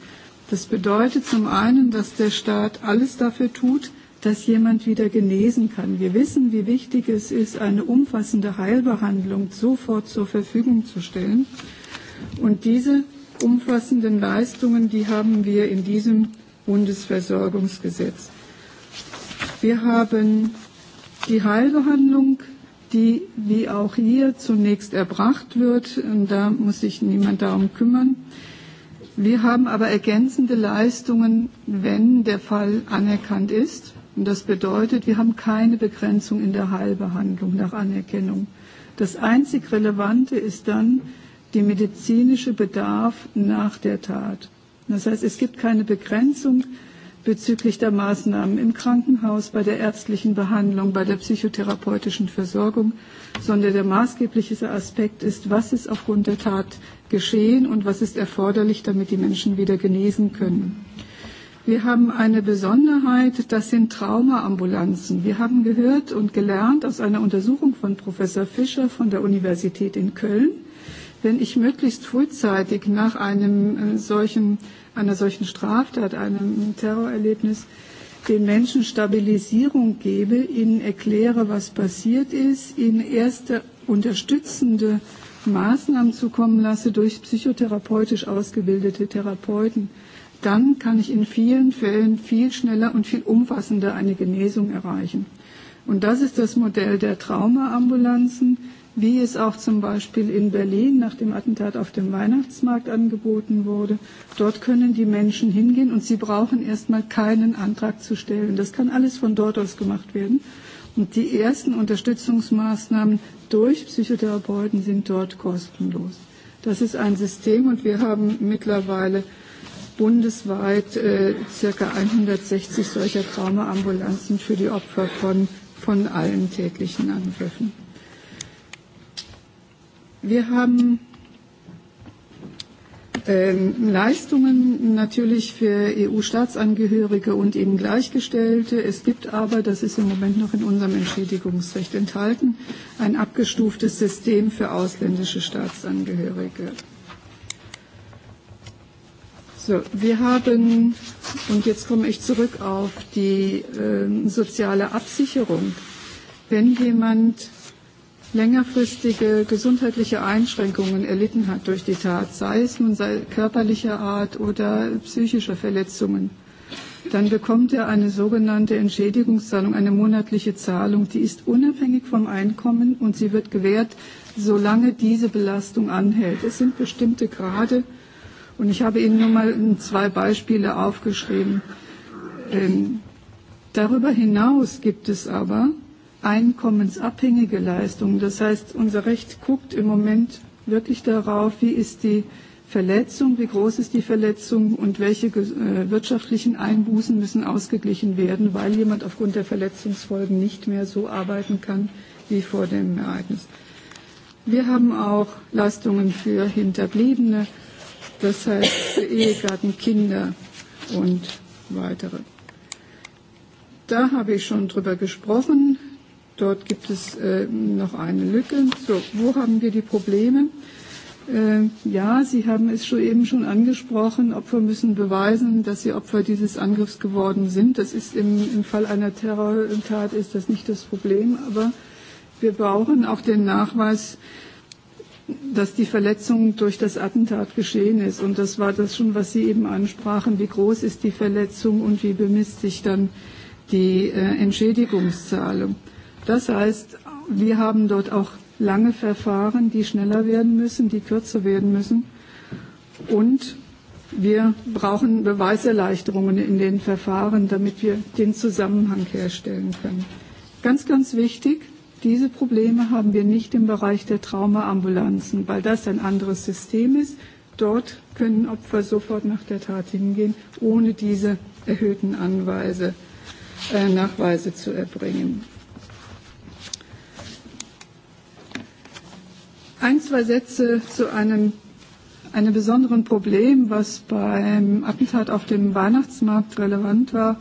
Speaker 13: Das bedeutet zum einen, dass der Staat alles dafür tut, dass jemand wieder genesen kann. Wir wissen, wie wichtig es ist, eine umfassende Heilbehandlung sofort zur Verfügung zu stellen. Und diese umfassenden Leistungen, die haben wir in diesem Bundesversorgungsgesetz. Wir haben Die Heilbehandlung, die wie auch hier zunächst erbracht wird, und da muss sich niemand darum kümmern. Wir haben aber ergänzende Leistungen, wenn der Fall anerkannt ist. Und das bedeutet, wir haben keine Begrenzung in der Heilbehandlung nach Anerkennung. Das einzig Relevante ist dann der medizinische Bedarf nach der Tat. Das heißt, es gibt keine Begrenzung bezüglich der Maßnahmen im Krankenhaus, bei der ärztlichen Behandlung, bei der psychotherapeutischen Versorgung, sondern der maßgebliche Aspekt ist, was ist aufgrund der Tat geschehen und was ist erforderlich, damit die Menschen wieder genesen können. Wir haben eine Besonderheit, das sind Traumaambulanzen. Wir haben gehört und gelernt aus einer Untersuchung von Professor Fischer von der Universität in Köln, wenn ich möglichst frühzeitig nach einem solchen einer solchen Straftat, einem Terrorerlebnis, den Menschen Stabilisierung gebe, ihnen erkläre, was passiert ist, ihnen erste unterstützende Maßnahmen zukommen lasse durch psychotherapeutisch ausgebildete Therapeuten, dann kann ich in vielen Fällen viel schneller und viel umfassender eine Genesung erreichen. Und das ist das Modell der Traumaambulanzen, wie es auch zum Beispiel in Berlin nach dem Attentat auf dem Weihnachtsmarkt angeboten wurde. Dort können die Menschen hingehen und sie brauchen erstmal keinen Antrag zu stellen. Das kann alles von dort aus gemacht werden. Und die ersten Unterstützungsmaßnahmen durch Psychotherapeuten sind dort kostenlos. Das ist ein System und wir haben mittlerweile bundesweit ca. 160 solcher Traumaambulanzen für die Opfer von von allen täglichen Angriffen. Wir haben Leistungen natürlich für EU-Staatsangehörige und eben Gleichgestellte. Es gibt aber, das ist im Moment noch in unserem Entschädigungsrecht enthalten, ein abgestuftes System für ausländische Staatsangehörige. So, wir haben, und jetzt komme ich zurück auf die soziale Absicherung. Wenn jemand längerfristige gesundheitliche Einschränkungen erlitten hat durch die Tat, sei es nun körperlicher Art oder psychischer Verletzungen, dann bekommt er eine sogenannte Entschädigungszahlung, eine monatliche Zahlung. Die ist unabhängig vom Einkommen und sie wird gewährt, solange diese Belastung anhält. Es sind bestimmte Grade und ich habe Ihnen nur mal zwei Beispiele aufgeschrieben. Darüber hinaus gibt es aber einkommensabhängige Leistungen. Das heißt, unser Recht guckt im Moment wirklich darauf, wie ist die Verletzung, wie groß ist die Verletzung und welche wirtschaftlichen Einbußen müssen ausgeglichen werden, weil jemand aufgrund der Verletzungsfolgen nicht mehr so arbeiten kann wie vor dem Ereignis. Wir haben auch Leistungen für Hinterbliebene, das heißt für Ehegatten, Kinder und weitere. Da habe ich schon drüber gesprochen. Dort gibt es noch eine Lücke. So, wo haben wir die Probleme? Ja, Sie haben es schon eben schon angesprochen, Opfer müssen beweisen, dass sie Opfer dieses Angriffs geworden sind. Das ist im Fall einer Terrortat ist das nicht das Problem, aber wir brauchen auch den Nachweis, dass die Verletzung durch das Attentat geschehen ist. Und das war das schon, was Sie eben ansprachen, wie groß ist die Verletzung und wie bemisst sich dann die Entschädigungszahlung. Das heißt, wir haben dort auch lange Verfahren, die schneller werden müssen, die kürzer werden müssen. Und wir brauchen Beweiserleichterungen in den Verfahren, damit wir den Zusammenhang herstellen können. Ganz, ganz wichtig, diese Probleme haben wir nicht im Bereich der Traumaambulanzen, weil das ein anderes System ist. Dort können Opfer sofort nach der Tat hingehen, ohne diese erhöhten Anweise, Nachweise zu erbringen. ein, zwei Sätze zu einem, einem besonderen Problem, was beim Attentat auf dem Weihnachtsmarkt relevant war.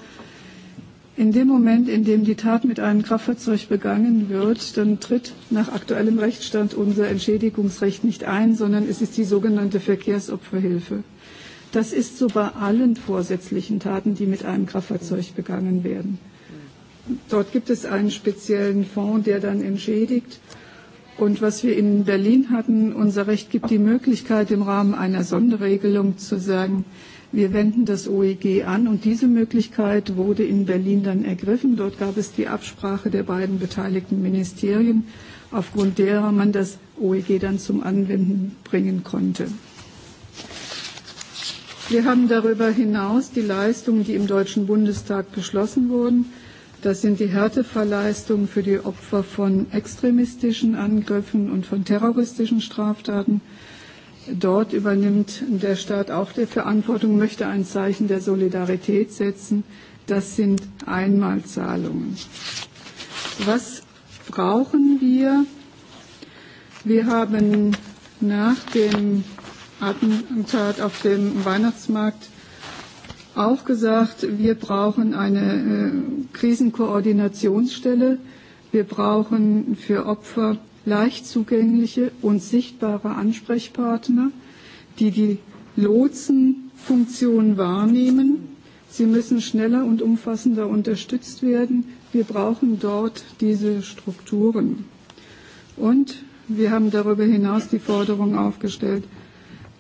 Speaker 13: In dem Moment, in dem die Tat mit einem Kraftfahrzeug begangen wird, dann tritt nach aktuellem Rechtsstand unser Entschädigungsrecht nicht ein, sondern es ist die sogenannte Verkehrsopferhilfe. Das ist so bei allen vorsätzlichen Taten, die mit einem Kraftfahrzeug begangen werden. Dort gibt es einen speziellen Fonds, der dann entschädigt. Und was wir in Berlin hatten, unser Recht gibt die Möglichkeit, im Rahmen einer Sonderregelung zu sagen, wir wenden das OEG an. Und diese Möglichkeit wurde in Berlin dann ergriffen. Dort gab es die Absprache der beiden beteiligten Ministerien, aufgrund derer man das OEG dann zum Anwenden bringen konnte. Wir haben darüber hinaus die Leistungen, die im Deutschen Bundestag beschlossen wurden, Das sind die Härteverleistungen für die Opfer von extremistischen Angriffen und von terroristischen Straftaten. Dort übernimmt der Staat auch die Verantwortung, möchte ein Zeichen der Solidarität setzen. Das sind Einmalzahlungen. Was brauchen wir? Wir haben nach dem Attentat auf dem Weihnachtsmarkt auch gesagt, wir brauchen eine Krisenkoordinationsstelle. Wir brauchen für Opfer leicht zugängliche und sichtbare Ansprechpartner, die die Lotsenfunktion wahrnehmen. Sie müssen schneller und umfassender unterstützt werden. Wir brauchen dort diese Strukturen. Und wir haben darüber hinaus die Forderung aufgestellt,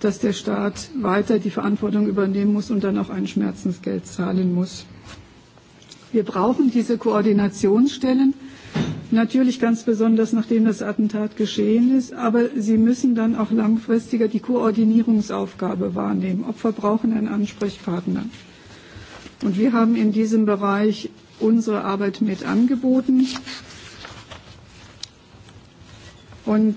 Speaker 13: dass der Staat weiter die Verantwortung übernehmen muss und dann auch ein Schmerzensgeld zahlen muss. Wir brauchen diese Koordinationsstellen, natürlich ganz besonders nachdem das Attentat geschehen ist, aber sie müssen dann auch langfristiger die Koordinierungsaufgabe wahrnehmen. Opfer brauchen einen Ansprechpartner. Und wir haben in diesem Bereich unsere Arbeit mit angeboten. Und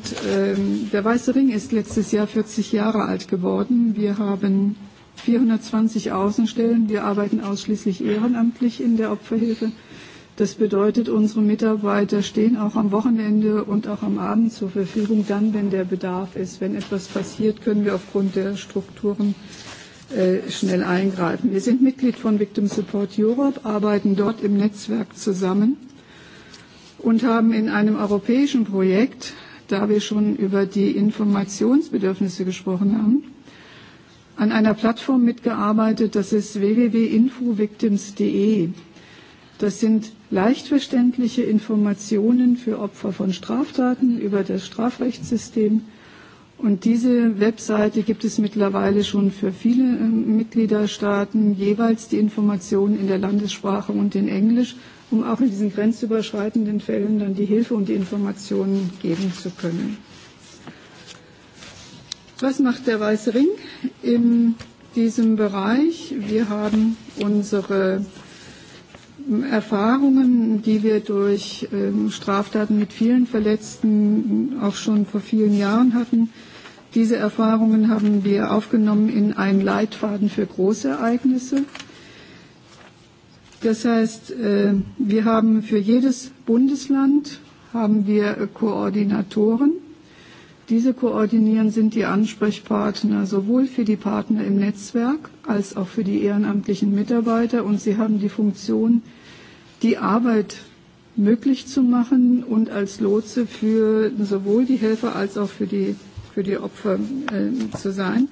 Speaker 13: der Weiße Ring ist letztes Jahr 40 Jahre alt geworden. Wir haben 420 Außenstellen. Wir arbeiten ausschließlich ehrenamtlich in der Opferhilfe. Das bedeutet, unsere Mitarbeiter stehen auch am Wochenende und auch am Abend zur Verfügung, dann, wenn der Bedarf ist. Wenn etwas passiert, können wir aufgrund der Strukturen schnell eingreifen. Wir sind Mitglied von Victim Support Europe, arbeiten dort im Netzwerk zusammen und haben in einem europäischen Projekt da wir schon über die Informationsbedürfnisse gesprochen haben, an einer Plattform mitgearbeitet, das ist www.infovictims.de. Das sind leicht verständliche Informationen für Opfer von Straftaten über das Strafrechtssystem. Und diese Webseite gibt es mittlerweile schon für viele Mitgliederstaaten jeweils die Informationen in der Landessprache und in Englisch um auch in diesen grenzüberschreitenden Fällen dann die Hilfe und die Informationen geben zu können. Was macht der Weiße Ring in diesem Bereich? Wir haben unsere Erfahrungen, die wir durch Straftaten mit vielen Verletzten auch schon vor vielen Jahren hatten. Diese Erfahrungen haben wir aufgenommen in einen Leitfaden für Großereignisse. Das heißt, wir haben für jedes Bundesland haben wir Koordinatoren. Diese Koordinieren sind die Ansprechpartner sowohl für die Partner im Netzwerk als auch für die ehrenamtlichen Mitarbeiter. Und sie haben die Funktion, die Arbeit möglich zu machen und als Lotse für sowohl die Helfer als auch für die Opfer zu sein.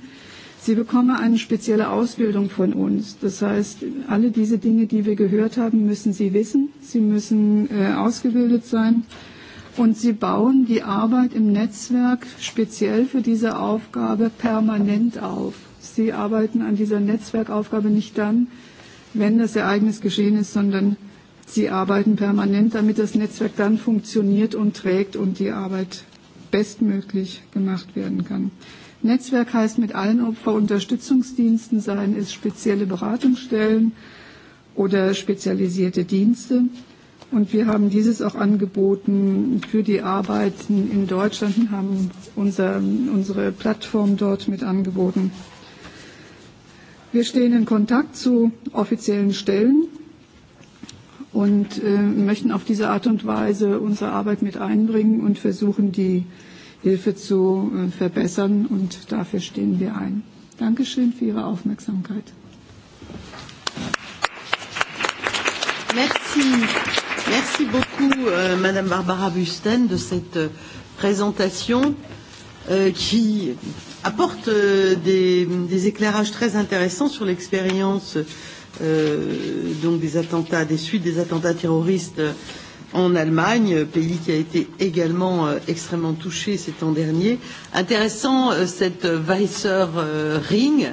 Speaker 13: Sie bekommen eine spezielle Ausbildung von uns. Das heißt, alle diese Dinge, die wir gehört haben, müssen Sie wissen. Sie müssen ausgebildet sein. Und Sie bauen die Arbeit im Netzwerk speziell für diese Aufgabe permanent auf. Sie arbeiten an dieser Netzwerkaufgabe nicht dann, wenn das Ereignis geschehen ist, sondern Sie arbeiten permanent, damit das Netzwerk dann funktioniert und trägt und die Arbeit bestmöglich gemacht werden kann. Netzwerk heißt mit allen Opfer Unterstützungsdiensten, seien es spezielle Beratungsstellen oder spezialisierte Dienste. Und wir haben dieses auch angeboten für die Arbeiten in Deutschland und haben unsere Plattform dort mit angeboten. Wir stehen in Kontakt zu offiziellen Stellen und möchten auf diese Art und Weise unsere Arbeit mit einbringen und versuchen, die Hilfe zu verbessern. Und dafür stehen wir ein. Dankeschön für Ihre Aufmerksamkeit.
Speaker 1: Merci. Merci beaucoup, Madame Barbara Busten, de cette présentation qui apporte des, des éclairages très intéressants sur l'expérience donc des attentats, des suites des attentats terroristes en Allemagne, pays qui a été également extrêmement touché cet an dernier. Intéressant cette Weisser Ring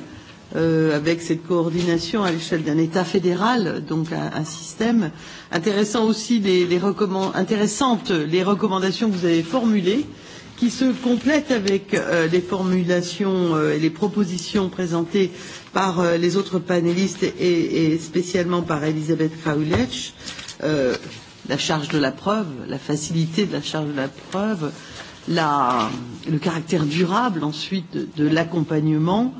Speaker 1: avec cette coordination à l'échelle d'un État fédéral, donc un système. Intéressant aussi les intéressantes les recommandations que vous avez formulées, qui se complètent avec les formulations et les propositions présentées par les autres panélistes et spécialement par Elisabeth Kraulich la charge de la preuve, la facilité de la charge de la preuve, la, le caractère durable ensuite de, l'accompagnement,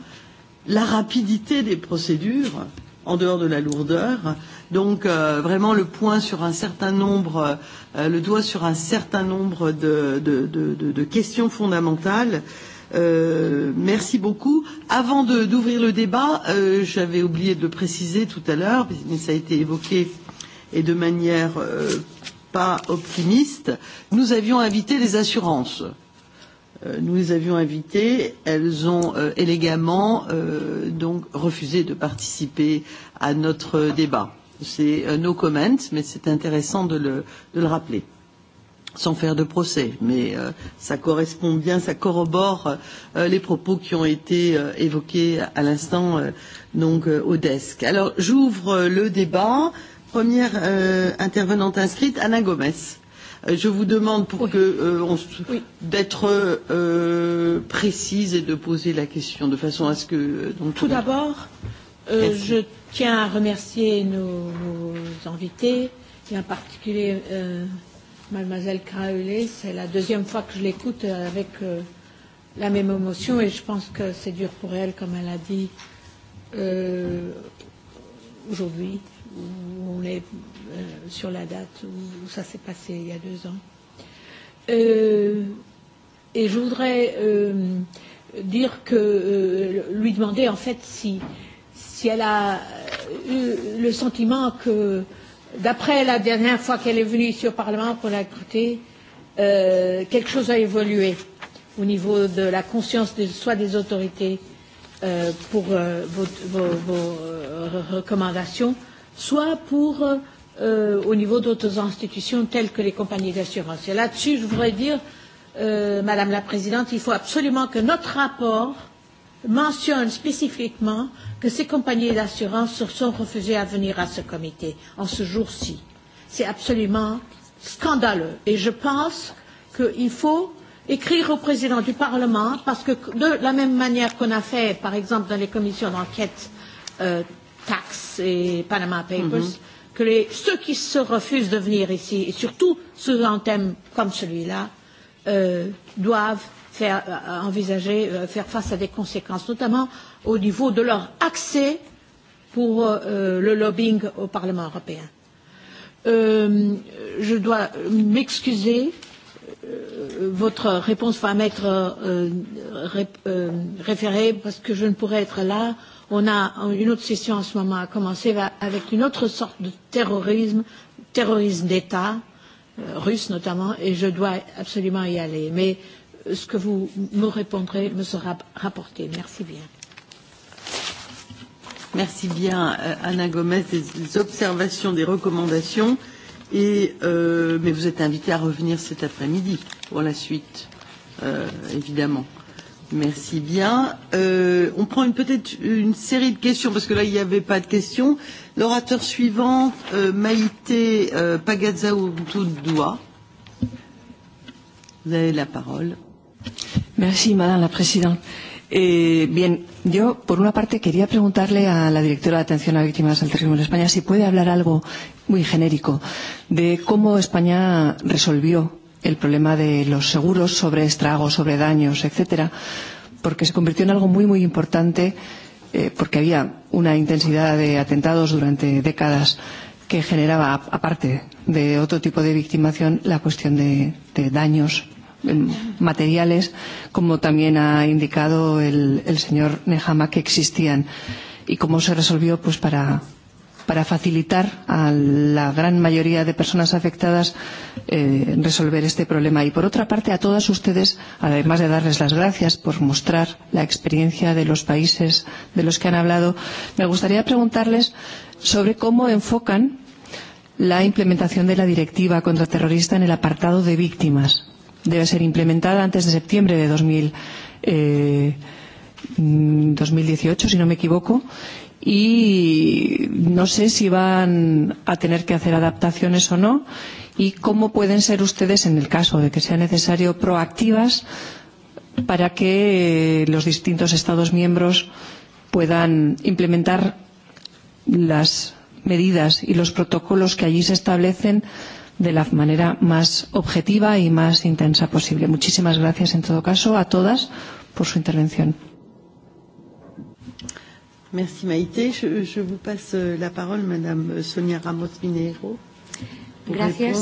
Speaker 1: la rapidité des procédures en dehors de la lourdeur. Donc vraiment le point sur un certain nombre, le doigt sur un certain nombre de, de, de, de, questions fondamentales. Euh, merci beaucoup. Avant d'ouvrir le débat, j'avais oublié de le préciser tout à l'heure, mais ça a été évoqué et de manière pas optimiste, nous avions invité les assurances. Nous les avions invitées, elles ont élégamment donc refusé de participer à notre débat. C'est no comment, mais c'est intéressant de le, de le rappeler sans faire de procès, mais ça correspond bien, ça corrobore les propos qui ont été évoqués à l'instant donc au desk. Alors j'ouvre le débat Première intervenante inscrite, Anna Gomez. Je vous demande pour que on, d'être précise et de poser la question de façon à ce que. Donc, Tout d'abord, je
Speaker 5: tiens à remercier nos, invités et en particulier euh, Mademoiselle Craulé. C'est la deuxième fois que je l'écoute avec la même émotion et je pense que c'est dur pour elle, comme elle a dit aujourd'hui où on est sur la date où ça s'est passé il y a deux ans. Et je voudrais dire que lui demander en fait si si elle a eu le sentiment que d'après la dernière fois qu'elle est venue ici au Parlement pour la euh, quelque chose a évolué au niveau de la conscience soit des autorités pour vos recommandations soit pour au niveau d'autres institutions telles que les compagnies d'assurance. Et là-dessus, je voudrais dire, Madame la Présidente, il faut absolument que notre rapport mentionne spécifiquement que ces compagnies d'assurance se sont refusées à venir à ce comité en ce jour-ci. C'est absolument scandaleux. Et je pense qu'il faut écrire au président du Parlement, parce que de la même manière qu'on a fait, par exemple, dans les commissions d'enquête tax et Panama Papers, que ceux qui se refusent de venir ici, et surtout sous un thème comme celui-là, doivent faire, envisager, faire face à des conséquences, notamment au niveau de leur accès pour le lobbying au Parlement européen. Je dois m'excuser, votre réponse va m'être référée parce que je ne pourrai être là on a une autre session en ce moment à commencer avec une autre sorte de terrorisme, terrorisme d'État, russe notamment, et je dois absolument y aller. Mais ce que vous me répondrez me sera rapporté. Merci bien.
Speaker 1: Merci bien, Anna Gomez, des observations, des recommandations. Et, mais vous êtes invité à revenir cet après-midi pour la suite, évidemment. Merci bien. Euh, on prend peut-être une série de questions, parce que là, il n'y avait pas de questions. L'orateur suivant, euh, Maïté euh, Vous avez la parole.
Speaker 7: Merci, Madame la Présidente. Eh, bien, yo, por una parte, quería preguntarle a la directora de Atención a Víctimas del Terrorismo en España si puede hablar algo muy genérico de cómo España resolvió el problema de los seguros sobre estragos, sobre daños, etcétera, porque se convirtió en algo muy, muy importante, porque había una intensidad de atentados durante décadas que generaba, aparte de otro tipo de victimación, la cuestión de daños materiales, como también ha indicado el señor Nehama, que existían y cómo se resolvió pues para para facilitar a la gran mayoría de personas afectadas resolver este problema. Y por otra parte, a todas ustedes, además de darles las gracias por mostrar la experiencia de los países de los que han hablado, me gustaría preguntarles sobre cómo enfocan la implementación de la directiva contra terrorista en el apartado de víctimas. Debe ser implementada antes de septiembre de 2018, si no me equivoco y no sé si van a tener que hacer adaptaciones o no y cómo pueden ser ustedes en el caso de que sea necesario proactivas para que los distintos estados miembros puedan implementar las medidas y los protocolos que allí se establecen de la manera más objetiva y más intensa posible. Muchísimas gracias en todo caso a todas por su intervención.
Speaker 1: Merci Maite. Je, je vous passe la parole, Madame Sonia Ramos Mineiro. Gracias.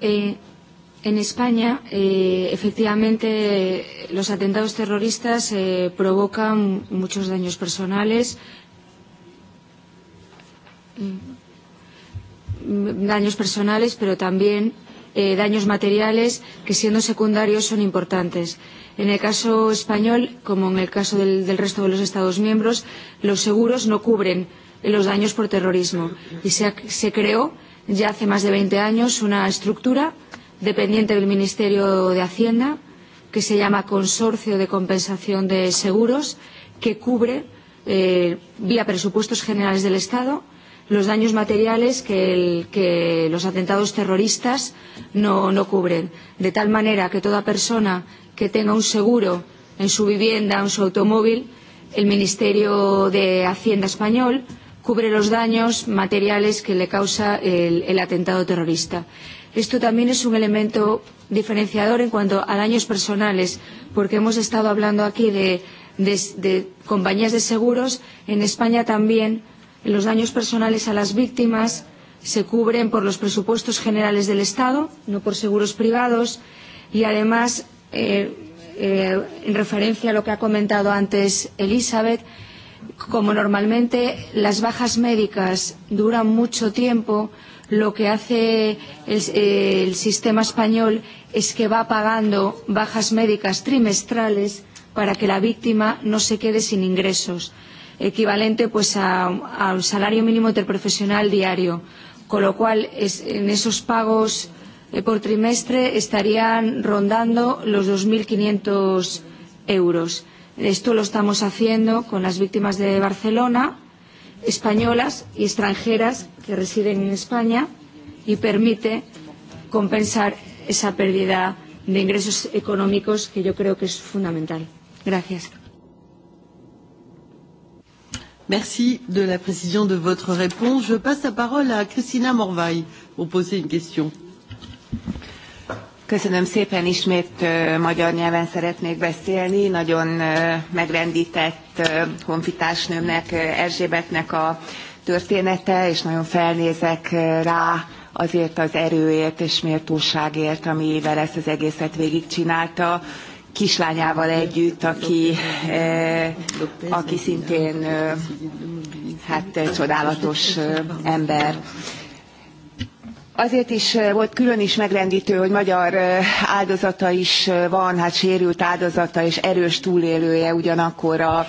Speaker 11: Eh, en España, eh, efectivamente, los atentados terroristas eh, provocan muchos daños personales, daños personales, pero también eh, daños materiales que siendo secundarios son importantes. En el caso español, como en el caso del resto de los Estados miembros, los seguros no cubren los daños por terrorismo y se creó ya hace más de 20 años una estructura dependiente del Ministerio de Hacienda que se llama Consorcio de Compensación de Seguros que cubre vía presupuestos generales del Estado los daños materiales que, el, que los atentados terroristas no, no cubren. De tal manera que toda persona que tenga un seguro en su vivienda, en su automóvil, el Ministerio de Hacienda español cubre los daños materiales que le causa el, el atentado terrorista. Esto también es un elemento diferenciador en cuanto a daños personales, porque hemos estado hablando aquí de, de, de compañías de seguros. En España también los daños personales a las víctimas se cubren por los presupuestos generales del Estado, no por seguros privados, y además, en referencia a lo que ha comentado antes Elizabeth, como normalmente las bajas médicas duran mucho tiempo, lo que hace el sistema español es que va pagando bajas médicas trimestrales para que la víctima no se quede sin ingresos equivalente pues a, un salario mínimo interprofesional diario, con lo cual en esos pagos por trimestre estarían rondando los 2.500 euros. Esto lo estamos haciendo con las víctimas de Barcelona, españolas y extranjeras que residen en España y permite compensar esa pérdida de ingresos económicos que yo creo que es fundamental. Gracias.
Speaker 1: Merci de la précision de votre réponse. Je passe la parole à Christina Morvai pour poser une question.
Speaker 8: Köszönöm szépen, ismét magyar nyelven szeretnék beszélni. Nagyon megrendített honfitársnőmnek, Erzsébetnek a története, és nagyon felnézek rá azért az erőért és méltóságért, amivel ezt az egészet végigcsinálta kislányával együtt, aki, aki szintén hát csodálatos ember. Azért is volt külön is megrendítő, hogy magyar áldozata is van, hát sérült áldozata és erős túlélője ugyanakkor a,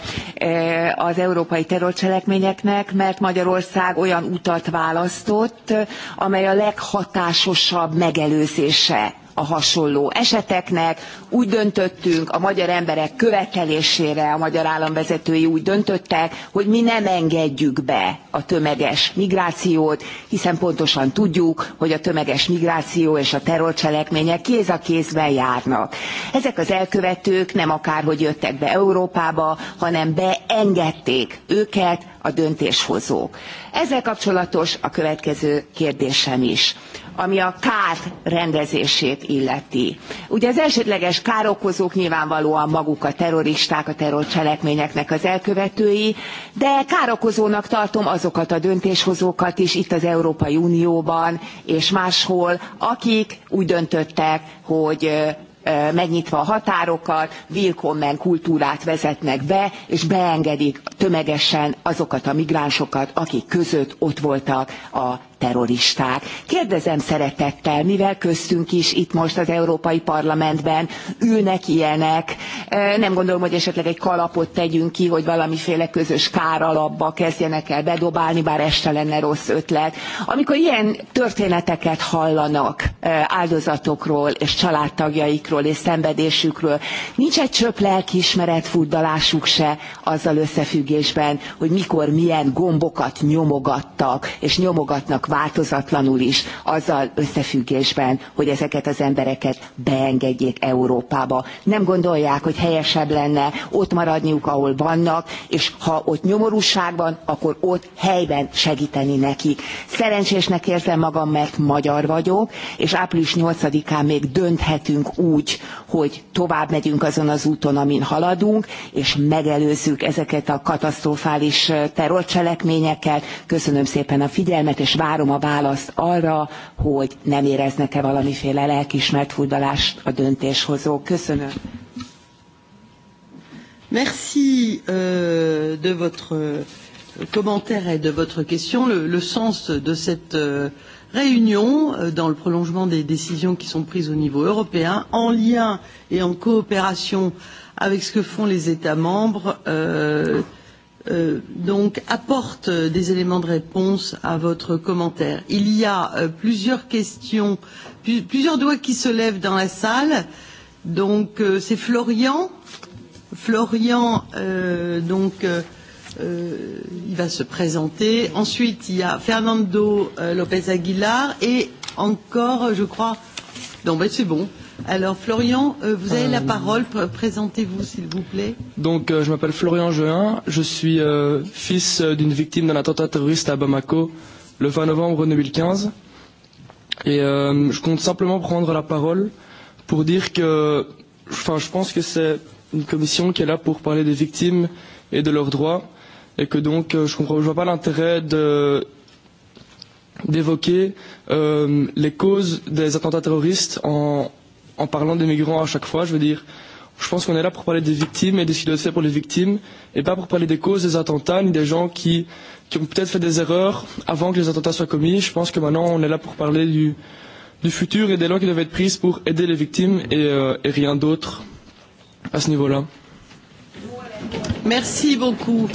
Speaker 8: az európai terrorcselekményeknek, mert Magyarország olyan utat választott, amely a leghatásosabb megelőzése a hasonló eseteknek. Úgy döntöttünk, a magyar emberek követelésére a magyar államvezetői úgy döntöttek, hogy mi nem engedjük be a tömeges migrációt, hiszen pontosan tudjuk, hogy a tömeges migráció és a terrorcselekmények kéz a kézben járnak. Ezek az elkövetők nem akárhogy jöttek be Európába, hanem beengedték őket a döntéshozók. Ezzel kapcsolatos a következő kérdésem is ami a kár rendezését illeti. Ugye az elsődleges károkozók nyilvánvalóan maguk a terroristák, a terrorcselekményeknek az elkövetői, de károkozónak tartom azokat a döntéshozókat is itt az Európai Unióban és máshol, akik úgy döntöttek, hogy megnyitva a határokat willkommen kultúrát vezetnek be és beengedik tömegesen azokat a migránsokat akik között ott voltak a terroristák. Kérdezem szeretettel, mivel köztünk is itt most az Európai Parlamentben ülnek ilyenek, nem gondolom, hogy esetleg egy kalapot tegyünk ki, hogy valamiféle közös alapba kezdjenek el bedobálni, bár este lenne rossz ötlet. Amikor ilyen történeteket hallanak áldozatokról és családtagjaikról és szenvedésükről, nincs egy csöpp lelkiismeret fuddalásuk se azzal összefüggésben, hogy mikor milyen gombokat nyomogattak és nyomogatnak változatlanul is azzal összefüggésben, hogy ezeket az embereket beengedjék Európába. Nem gondolják, hogy helyesebb lenne ott maradniuk, ahol vannak, és ha ott nyomorúságban, akkor ott helyben segíteni nekik. Szerencsésnek érzem magam, mert magyar vagyok, és április 8-án még dönthetünk úgy, hogy tovább megyünk azon az úton, amin haladunk, és megelőzzük ezeket a katasztrofális terrorcselekményeket. Köszönöm szépen a figyelmet, és várom várom a választ arra, hogy nem éreznek-e valamiféle lelkismert a döntéshozó. Köszönöm.
Speaker 1: Merci de votre commentaire et de votre question. Le sens de cette réunion, dans le prolongement des décisions qui sont prises au niveau européen, en lien et en coopération avec ce que font les États membres, donc apporte des éléments de réponse à votre commentaire. Il y a plusieurs questions, plusieurs doigts qui se lèvent dans la salle. Donc c'est Florian. Florian, donc il va se présenter. Ensuite, il y a Fernando López Aguilar et encore, je crois. Non, ben c'est bon. Alors Florian, vous avez la parole, présentez-vous s'il vous plaît.
Speaker 14: Donc je m'appelle Florian Jeun, je suis fils d'une victime d'un attentat terroriste à Bamako le 20 novembre 2015 et je compte simplement prendre la parole pour dire que je pense que c'est une commission qui est là pour parler des victimes et de leurs droits et que donc je ne je vois pas l'intérêt de d'évoquer les causes des attentats terroristes en en parlant des migrants à chaque fois. Je veux dire, je pense qu'on est là pour parler des victimes et de ce qui doit fait pour les victimes, et pas pour parler des causes des attentats, ni des gens qui, qui ont peut-être fait des erreurs avant que les attentats soient commis. Je pense que maintenant, on est là pour parler du, du futur et des lois qui doivent être prises pour aider les victimes et, et rien d'autre à ce niveau-là.
Speaker 1: Merci beaucoup.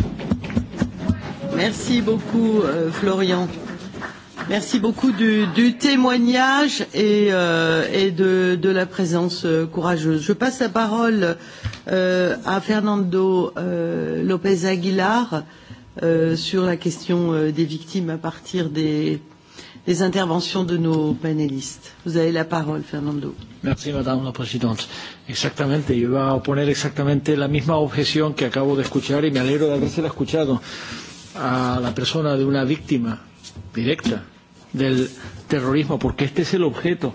Speaker 1: Merci beaucoup, Florian. Merci beaucoup du, du témoignage et, euh, et de, de la présence courageuse. Je passe la parole euh, à Fernando euh, López Aguilar euh, sur la question des victimes à partir des, des interventions de nos panélistes. Vous avez la parole,
Speaker 14: Fernando. Merci, Madame la Présidente. Exactement, je vais a exactement la même objection que acabo de escuchar et me alegro de la escuchado a la personne d'une victime directe del terrorismo, porque este es el objeto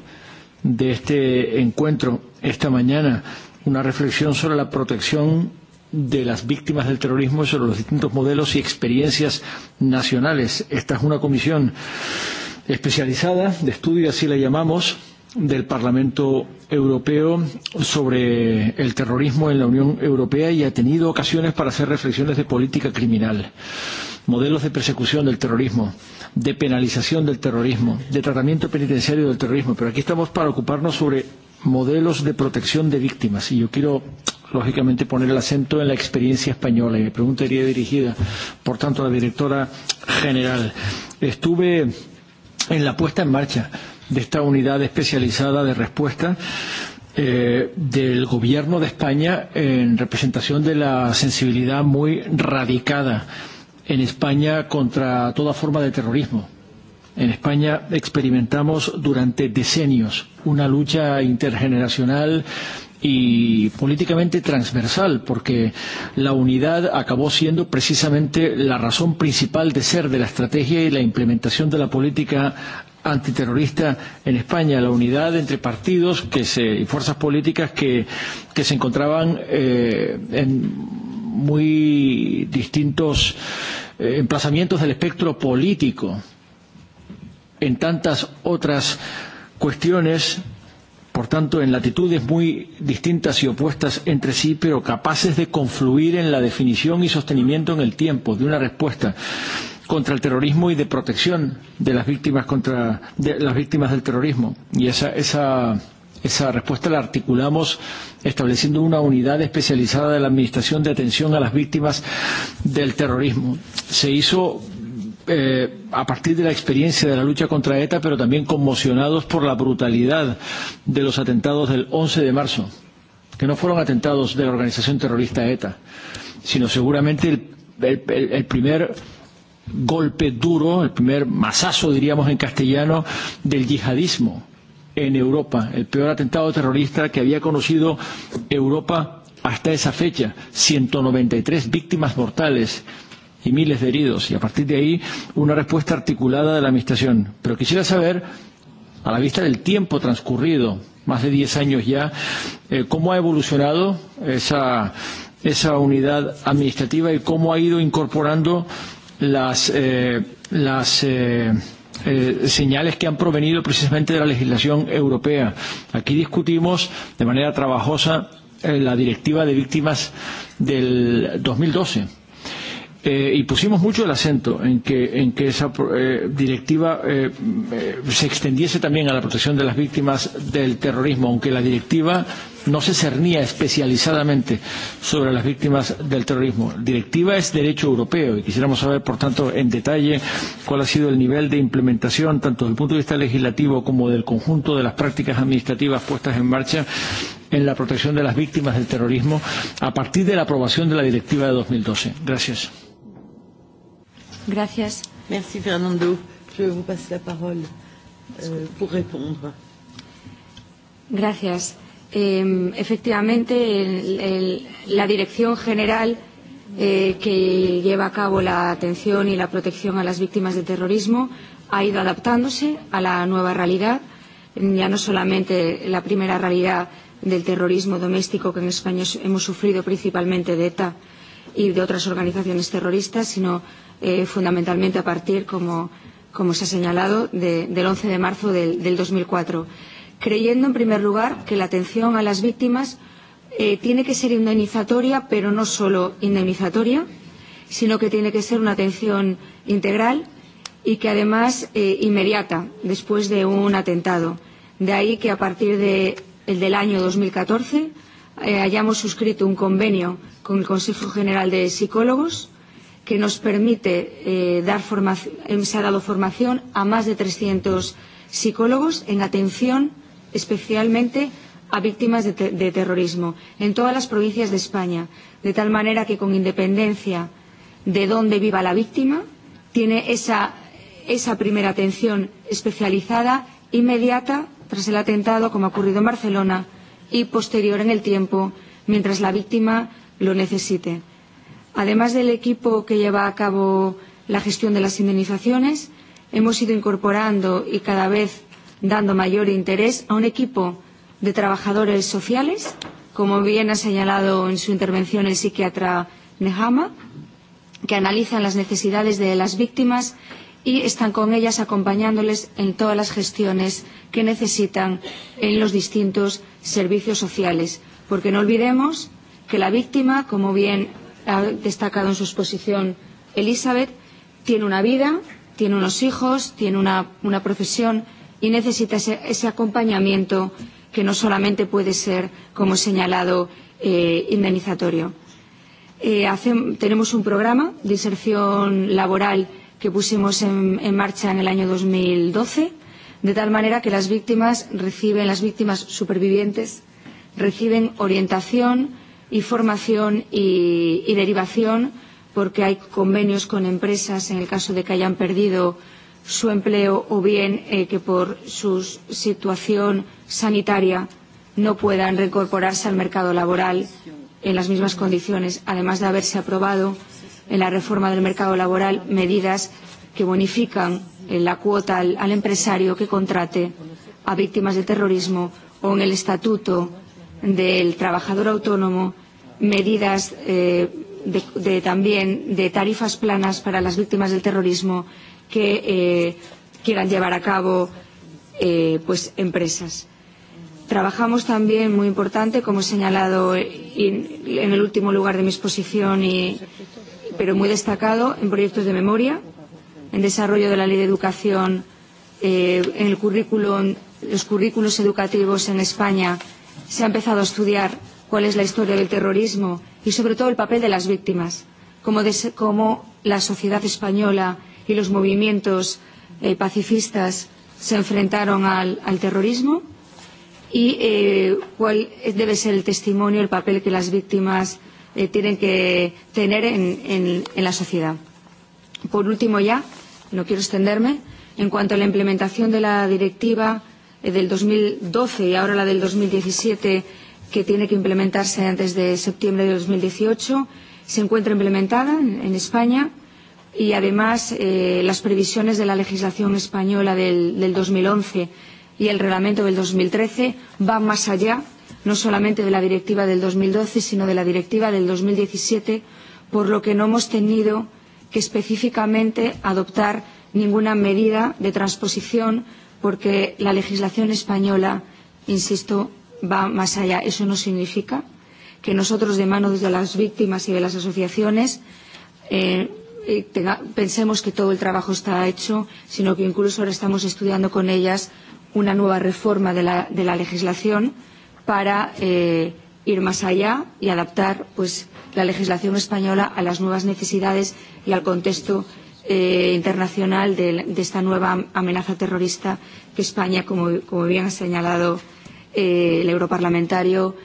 Speaker 14: de este encuentro esta mañana, una reflexión sobre la protección de las víctimas del terrorismo y sobre los distintos modelos y experiencias nacionales. Esta es una comisión especializada de estudio, así la llamamos, del Parlamento Europeo sobre el terrorismo en la Unión Europea y ha tenido ocasiones para hacer reflexiones de política criminal, modelos de persecución del terrorismo de penalización del terrorismo, de tratamiento penitenciario del terrorismo, pero aquí estamos para ocuparnos sobre modelos de protección de víctimas y yo quiero lógicamente poner el acento en la experiencia española y mi pregunta iría dirigida por tanto a la directora general. Estuve en la puesta en marcha de esta unidad especializada de respuesta del gobierno de España en representación de la sensibilidad muy radicada en España contra toda forma de terrorismo. En España experimentamos durante decenios una lucha intergeneracional y políticamente transversal, porque la unidad acabó siendo precisamente la razón principal de ser de la estrategia y la implementación de la política antiterrorista en España, la unidad entre partidos que se, y fuerzas políticas que, que se encontraban en muy distintos emplazamientos del espectro político en tantas otras cuestiones por tanto en latitudes muy distintas y opuestas entre sí pero capaces de confluir en la definición y sostenimiento en el tiempo de una respuesta contra el terrorismo y de protección de las víctimas contra de las víctimas del terrorismo y esa esa Esa respuesta la articulamos estableciendo una unidad especializada de la Administración de Atención a las Víctimas del Terrorismo. Se hizo a partir de la experiencia de la lucha contra ETA, pero también conmocionados por la brutalidad de los atentados del 11 de marzo, que no fueron atentados de la organización terrorista ETA, sino seguramente el primer golpe duro, el primer masazo, diríamos en castellano, del yihadismo en Europa, el peor atentado terrorista que había conocido Europa hasta esa fecha, 193 víctimas mortales y miles de heridos, y a partir de ahí una respuesta articulada de la Administración. Pero quisiera saber, a la vista del tiempo transcurrido, más de 10 años ya, cómo ha evolucionado esa unidad administrativa y cómo ha ido incorporando las señales que han provenido precisamente de la legislación europea. Aquí discutimos de manera trabajosa la directiva de víctimas del 2012 y pusimos mucho el acento en que en que esa directiva se extendiese también a la protección de las víctimas del terrorismo aunque la directiva no se cernía especializadamente sobre las víctimas del terrorismo. Directiva es derecho europeo y quisiéramos saber, por tanto, en detalle cuál ha sido el nivel de implementación, tanto desde el punto de vista legislativo como del conjunto de las prácticas administrativas puestas en marcha en la protección de las víctimas del terrorismo a partir de la aprobación de la Directiva de 2012. Gracias.
Speaker 1: Gracias.
Speaker 11: Gracias efectivamente, la Dirección General que lleva a cabo la atención y la protección a las víctimas de terrorismo ha ido adaptándose a la nueva realidad, ya no solamente la primera realidad del terrorismo doméstico que en España hemos sufrido principalmente de ETA y de otras organizaciones terroristas, sino fundamentalmente a partir, como se ha señalado, del 11 de marzo del 2004 creyendo en primer lugar que la atención a las víctimas tiene que ser indemnizatoria, pero no solo indemnizatoria, sino que tiene que ser una atención integral y que además inmediata, después de un atentado. De ahí que a partir del año 2014 hayamos suscrito un convenio con el Consejo General de Psicólogos que nos permite dar formación, se ha dado formación a más de 300 psicólogos en atención especialmente a víctimas de terrorismo en todas las provincias de España, de tal manera que con independencia de dónde viva la víctima, tiene esa primera atención especializada inmediata tras el atentado como ha ocurrido en Barcelona y posterior en el tiempo mientras la víctima lo necesite. Además del equipo que lleva a cabo la gestión de las indemnizaciones, hemos ido incorporando y cada vez dando mayor interés a un equipo de trabajadores sociales, como bien ha señalado en su intervención el psiquiatra Nehama, que analizan las necesidades de las víctimas y están con ellas acompañándoles en todas las gestiones que necesitan en los distintos servicios sociales. Porque no olvidemos que la víctima, como bien ha destacado en su exposición Elizabeth, tiene una vida, tiene unos hijos, tiene una profesión y necesita ese acompañamiento que no solamente puede ser, como he señalado, indemnizatorio. Tenemos un programa de inserción laboral que pusimos en marcha en el año 2012, de tal manera que las víctimas reciben, las víctimas supervivientes reciben orientación y formación y derivación porque hay convenios con empresas en el caso de que hayan perdido su empleo o bien que por su situación sanitaria no puedan reincorporarse al mercado laboral en las mismas condiciones, además de haberse aprobado en la reforma del mercado laboral medidas que bonifican la cuota al empresario que contrate a víctimas de terrorismo o en el estatuto del trabajador autónomo medidas también de tarifas planas para las víctimas del terrorismo que quieran llevar a cabo empresas. Trabajamos también, muy importante, como he señalado en el último lugar de mi exposición, pero muy destacado, en proyectos de memoria, en desarrollo de la ley de educación, en los currículos educativos en España. Se ha empezado a estudiar cuál es la historia del terrorismo y, sobre todo, el papel de las víctimas, cómo la sociedad española y los movimientos pacifistas se enfrentaron al terrorismo y cuál debe ser el testimonio, el papel que las víctimas tienen que tener en la sociedad. Por último, ya, no quiero extenderme, en cuanto a la implementación de la directiva del 2012 y ahora la del 2017, que tiene que implementarse antes de septiembre de 2018, se encuentra implementada en España y además las previsiones de la legislación española del 2011 y el reglamento del 2013 van más allá no solamente de la directiva del 2012 sino de la directiva del 2017 por lo que no hemos tenido que específicamente adoptar ninguna medida de transposición porque la legislación española insisto va más allá eso no significa que nosotros de manos de las víctimas y de las asociaciones pensemos que todo el trabajo está hecho, sino que incluso ahora estamos estudiando con ellas una nueva reforma de la legislación para ir más allá y adaptar la legislación española a las nuevas necesidades y al contexto internacional de esta nueva amenaza terrorista que España, como bien ha señalado el europarlamentario,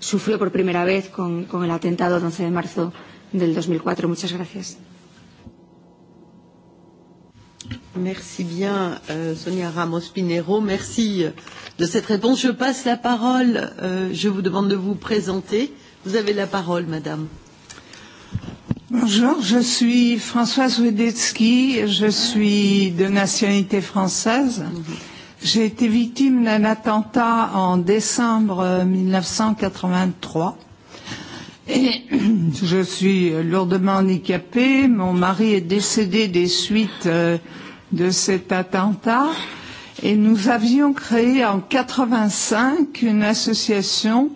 Speaker 11: sufrió por primera vez con el atentado del
Speaker 1: 11 de marzo del 2004. Muchas gracias. Merci bien, Sonia Ramos-Pinero. Merci de cette réponse. Je passe la parole. Je vous demande de vous présenter. Vous avez la parole, madame.
Speaker 15: Bonjour, je suis Françoise Wedetsky. Je suis de nationalité française. J'ai été victime d'un attentat en décembre 1983 Je suis lourdement handicapée. Mon mari est décédé des suites de cet attentat. Et nous avions créé en 85 une association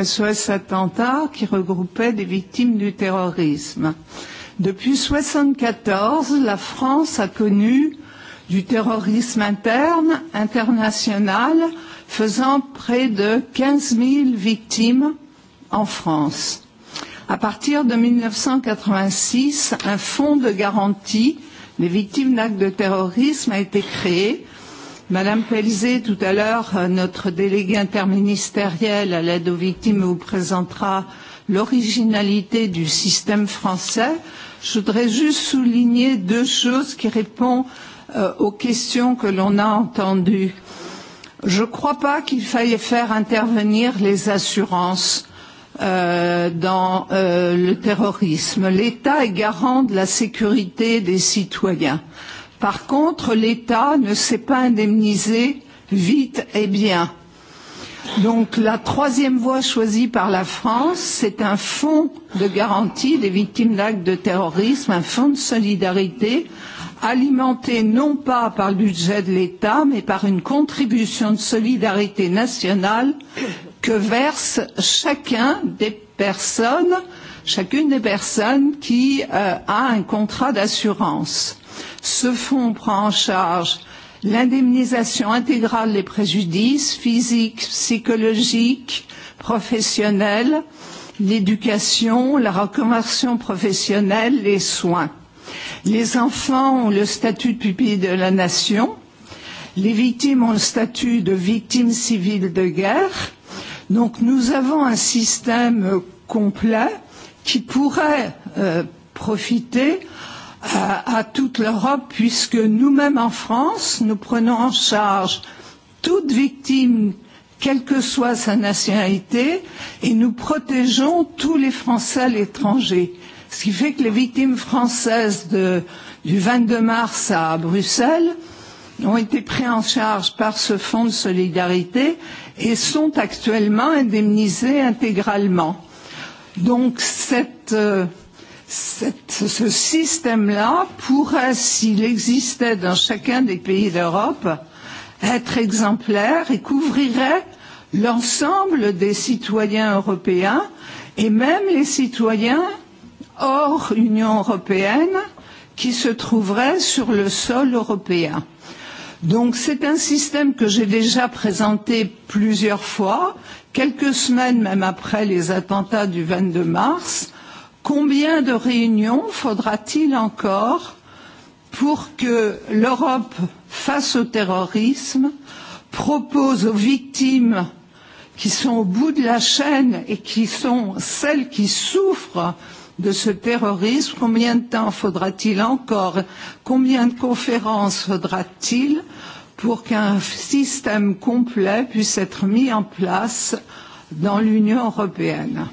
Speaker 15: SOS Attentat qui regroupait des victimes du terrorisme. Depuis 1974, la France a connu du terrorisme interne, international, faisant près de 15 000 victimes en France. À partir de 1986, un fonds de garantie des victimes d'actes de terrorisme a été créé. Madame Pelzé, tout à l'heure, notre déléguée interministérielle à l'aide aux victimes vous présentera l'originalité du système français. Je voudrais juste souligner deux choses qui répondent aux questions que l'on a entendues. Je ne crois pas qu'il faille faire intervenir les assurances dans le terrorisme. L'État est garant de la sécurité des citoyens. Par contre, l'État ne s'est pas indemnisé vite et bien. Donc la troisième voie choisie par la France, c'est un fonds de garantie des victimes d'actes de terrorisme, un fonds de solidarité alimenté non pas par le budget de l'État, mais par une contribution de solidarité nationale que verse chacun des personnes, chacune des personnes qui a un contrat d'assurance. Ce fonds prend en charge l'indemnisation intégrale des préjudices physiques, psychologiques, professionnels, l'éducation, la reconversion professionnelle, les soins. Les enfants ont le statut de pupille de la nation, les victimes ont le statut de victimes civiles de guerre, Donc nous avons un système complet qui pourrait profiter à toute l'Europe puisque nous-mêmes en France, nous prenons en charge toute victime, quelle que soit sa nationalité, et nous protégeons tous les Français à l'étranger. Ce qui fait que les victimes françaises du 22 mars à Bruxelles ont été pris en charge par ce fonds de solidarité et sont actuellement indemnisés intégralement. Donc cette ce système-là pourrait, s'il existait dans chacun des pays d'Europe, être exemplaire et couvrirait l'ensemble des citoyens européens et même les citoyens hors Union européenne qui se trouveraient sur le sol européen. Donc c'est un système que j'ai déjà présenté plusieurs fois, quelques semaines même après les attentats du 22 mars. Combien de réunions faudra-t-il encore pour que l'Europe face au terrorisme propose aux victimes qui sont au bout de la chaîne et qui sont celles qui souffrent de ce terrorisme combien de temps faudra-t-il encore combien de conférences faudra-t-il pour qu'un système complet puisse être mis en place dans l'Union
Speaker 1: européenne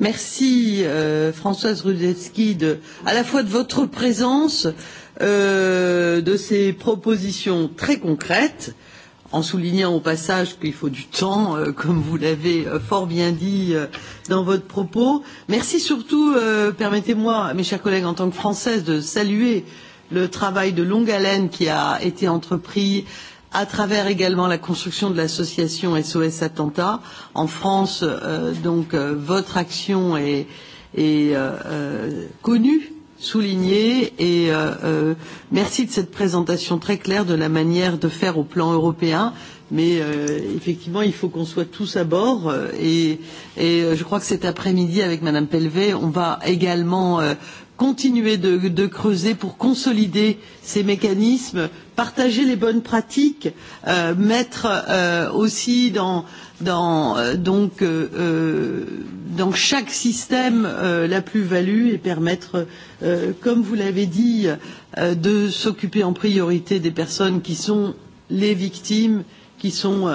Speaker 1: Merci Françoise Rudetsky à la fois de votre présence de ces propositions très concrètes en soulignant au passage qu'il faut du temps, comme vous l'avez fort bien dit dans votre propos. Merci surtout, permettez-moi, mes chers collègues, en tant que Française, de saluer le travail de longue haleine qui a été entrepris à travers également la construction de l'association SOS Attentat. En France, donc, votre action est connue souligner et merci de cette présentation très claire de la manière de faire au plan européen mais effectivement il faut qu'on soit tous à bord et je crois que cet après-midi avec madame Pelvet on va également continuer de creuser pour consolider ces mécanismes partager les bonnes pratiques mettre aussi dans dans chaque système la plus-value et permettre comme vous l'avez dit de s'occuper en priorité des personnes qui sont les victimes qui sont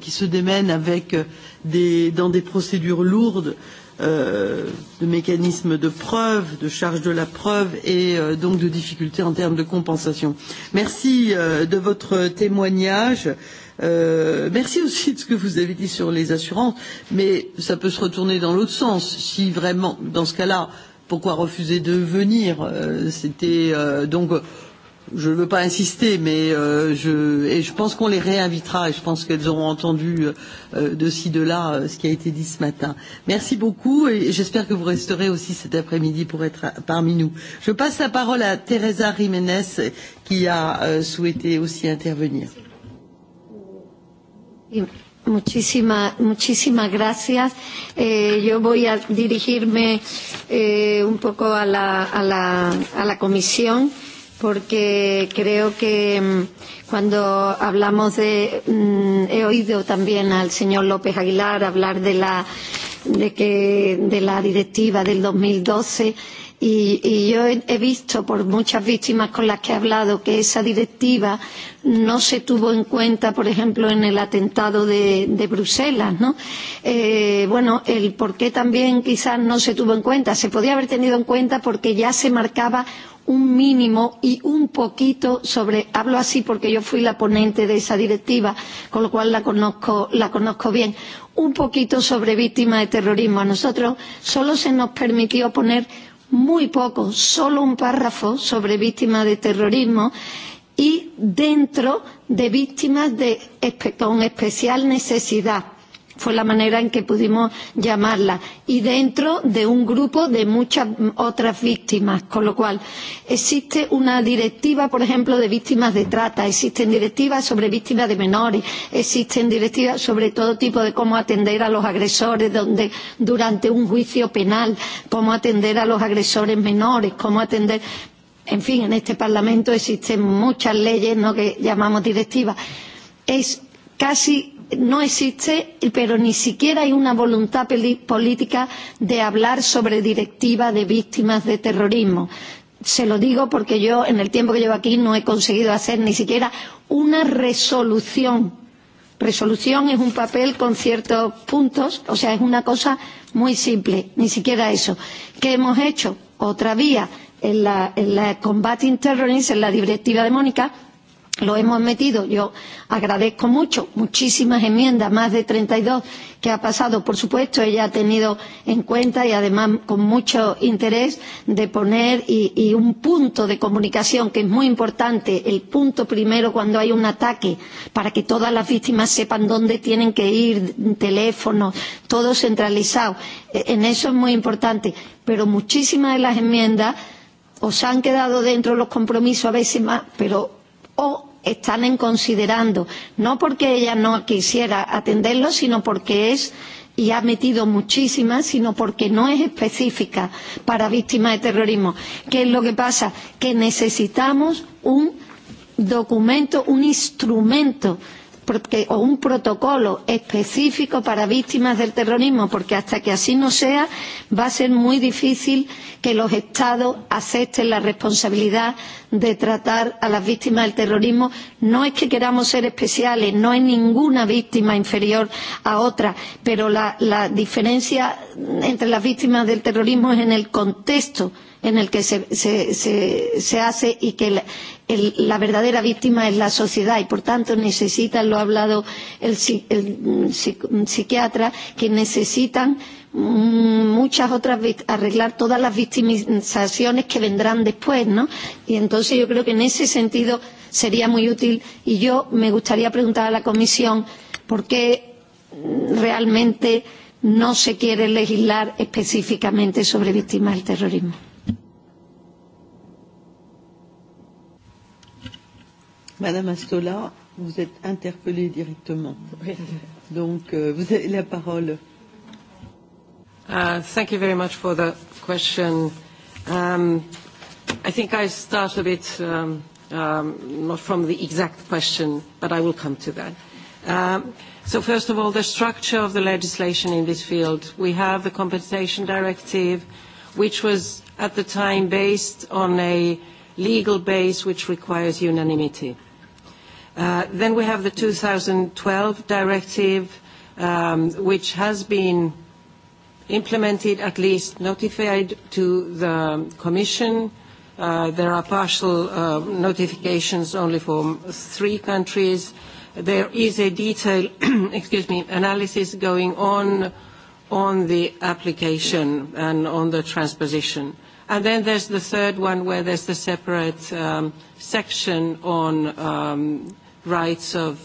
Speaker 1: qui se démènent avec des dans des procédures lourdes de mécanismes de preuve, de charge de la preuve et donc de difficultés en termes de compensation. Merci de votre témoignage. Merci aussi de ce que vous avez dit sur les assurances, mais ça peut se retourner dans l'autre sens. Si vraiment, dans ce cas-là, pourquoi refuser de venir C'était donc, je ne veux pas insister, mais je et je pense qu'on les réinvitera et je pense qu'elles auront entendu de ci de là ce qui a été dit ce matin. Merci beaucoup et j'espère que vous resterez aussi cet après-midi pour être parmi nous. Je passe la parole à Teresa Jiménez qui a souhaité aussi intervenir.
Speaker 3: Muchísimas gracias. Yo voy a dirigirme un poco a la comisión porque creo que cuando hablamos de he oído también al señor López Aguilar hablar de la de que de la directiva del 2012 Y yo he visto por muchas víctimas con las que he hablado que esa directiva no se tuvo en cuenta, por ejemplo, en el atentado de Bruselas. ¿no? Bueno, el por qué también quizás no se tuvo en cuenta. Se podía haber tenido en cuenta porque ya se marcaba un mínimo y un poquito sobre hablo así porque yo fui la ponente de esa directiva con lo cual la conozco la conozco bien un poquito sobre víctimas de terrorismo a nosotros solo se nos permitió poner muy poco, solo un párrafo sobre víctimas de terrorismo y dentro de víctimas de, con especial necesidad fue la manera en que pudimos llamarla y dentro de un grupo de muchas otras víctimas con lo cual existe una directiva por ejemplo de víctimas de trata existen directivas sobre víctimas de menores existen directivas sobre todo tipo de cómo atender a los agresores donde durante un juicio penal cómo atender a los agresores menores cómo atender en fin en este parlamento existen muchas leyes no que llamamos directivas es casi no existe, pero ni siquiera hay una voluntad política de hablar sobre directiva de víctimas de terrorismo. Se lo digo porque yo, en el tiempo que llevo aquí, no he conseguido hacer ni siquiera una resolución. Resolución es un papel con ciertos puntos, o sea, es una cosa muy simple, ni siquiera eso. ¿Qué hemos hecho? Otra vía, en la Combating Terrorism, en la directiva de Mónica, lo hemos metido. Yo agradezco mucho, muchísimas enmiendas, más de 32 que ha pasado. Por supuesto, ella ha tenido en cuenta y además con mucho interés de poner y, y un punto de comunicación que es muy importante, el punto primero cuando hay un ataque, para que todas las víctimas sepan dónde tienen que ir, teléfonos, todo centralizado. En eso es muy importante. Pero muchísimas de las enmiendas os han quedado dentro los compromisos a veces más, pero o están en considerando, no porque ella no quisiera atenderlo, sino porque es y ha metido muchísimas, sino porque no es específica para víctimas de terrorismo. ¿Qué es lo que pasa? Que necesitamos un documento, un instrumento o un protocolo específico para víctimas del terrorismo porque hasta que así no sea va a ser muy difícil que los estados acepten la responsabilidad de tratar a las víctimas del terrorismo no es que queramos ser especiales no hay ninguna víctima inferior a otra pero la diferencia entre las víctimas del terrorismo es en el contexto en el que se, hace y que la, verdadera víctima es la sociedad y por tanto necesitan, lo ha hablado el, el psiquiatra, que necesitan muchas otras arreglar todas las victimizaciones que vendrán después no y entonces yo creo que en ese sentido sería muy útil y yo me gustaría preguntar a la comisión por qué realmente no se quiere legislar específicamente sobre víctimas del terrorismo
Speaker 1: Madame Astola, vous êtes interpellée directement. Donc, vous avez la parole. Thank you very much for the question. I think I
Speaker 10: start a bit, not from the exact question, but I will come to that. So first of all, the structure of the legislation in this field. We have the Compensation Directive, which was at the time based on a legal base which requires unanimity. Then we have the 2012 directive, which has been implemented, at least notified to the Commission. There are partial notifications only for three countries. There is a detailed excuse me, analysis going on on the application and on the transposition. And then there's the third one where there's the separate section on rights of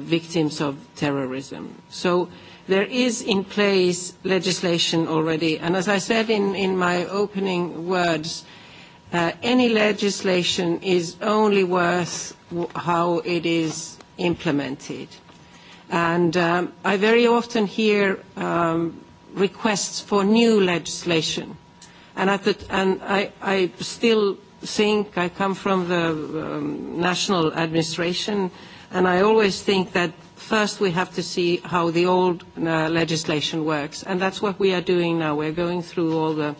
Speaker 10: victims of terrorism. So there is in place legislation already. And as I said in my opening words, any legislation is only worth how it is implemented. And I very often hear requests for new legislation. And I still think I come from the national administration, and I always think that first we have to see how the old legislation works, and that's what we are doing now. We're going through all the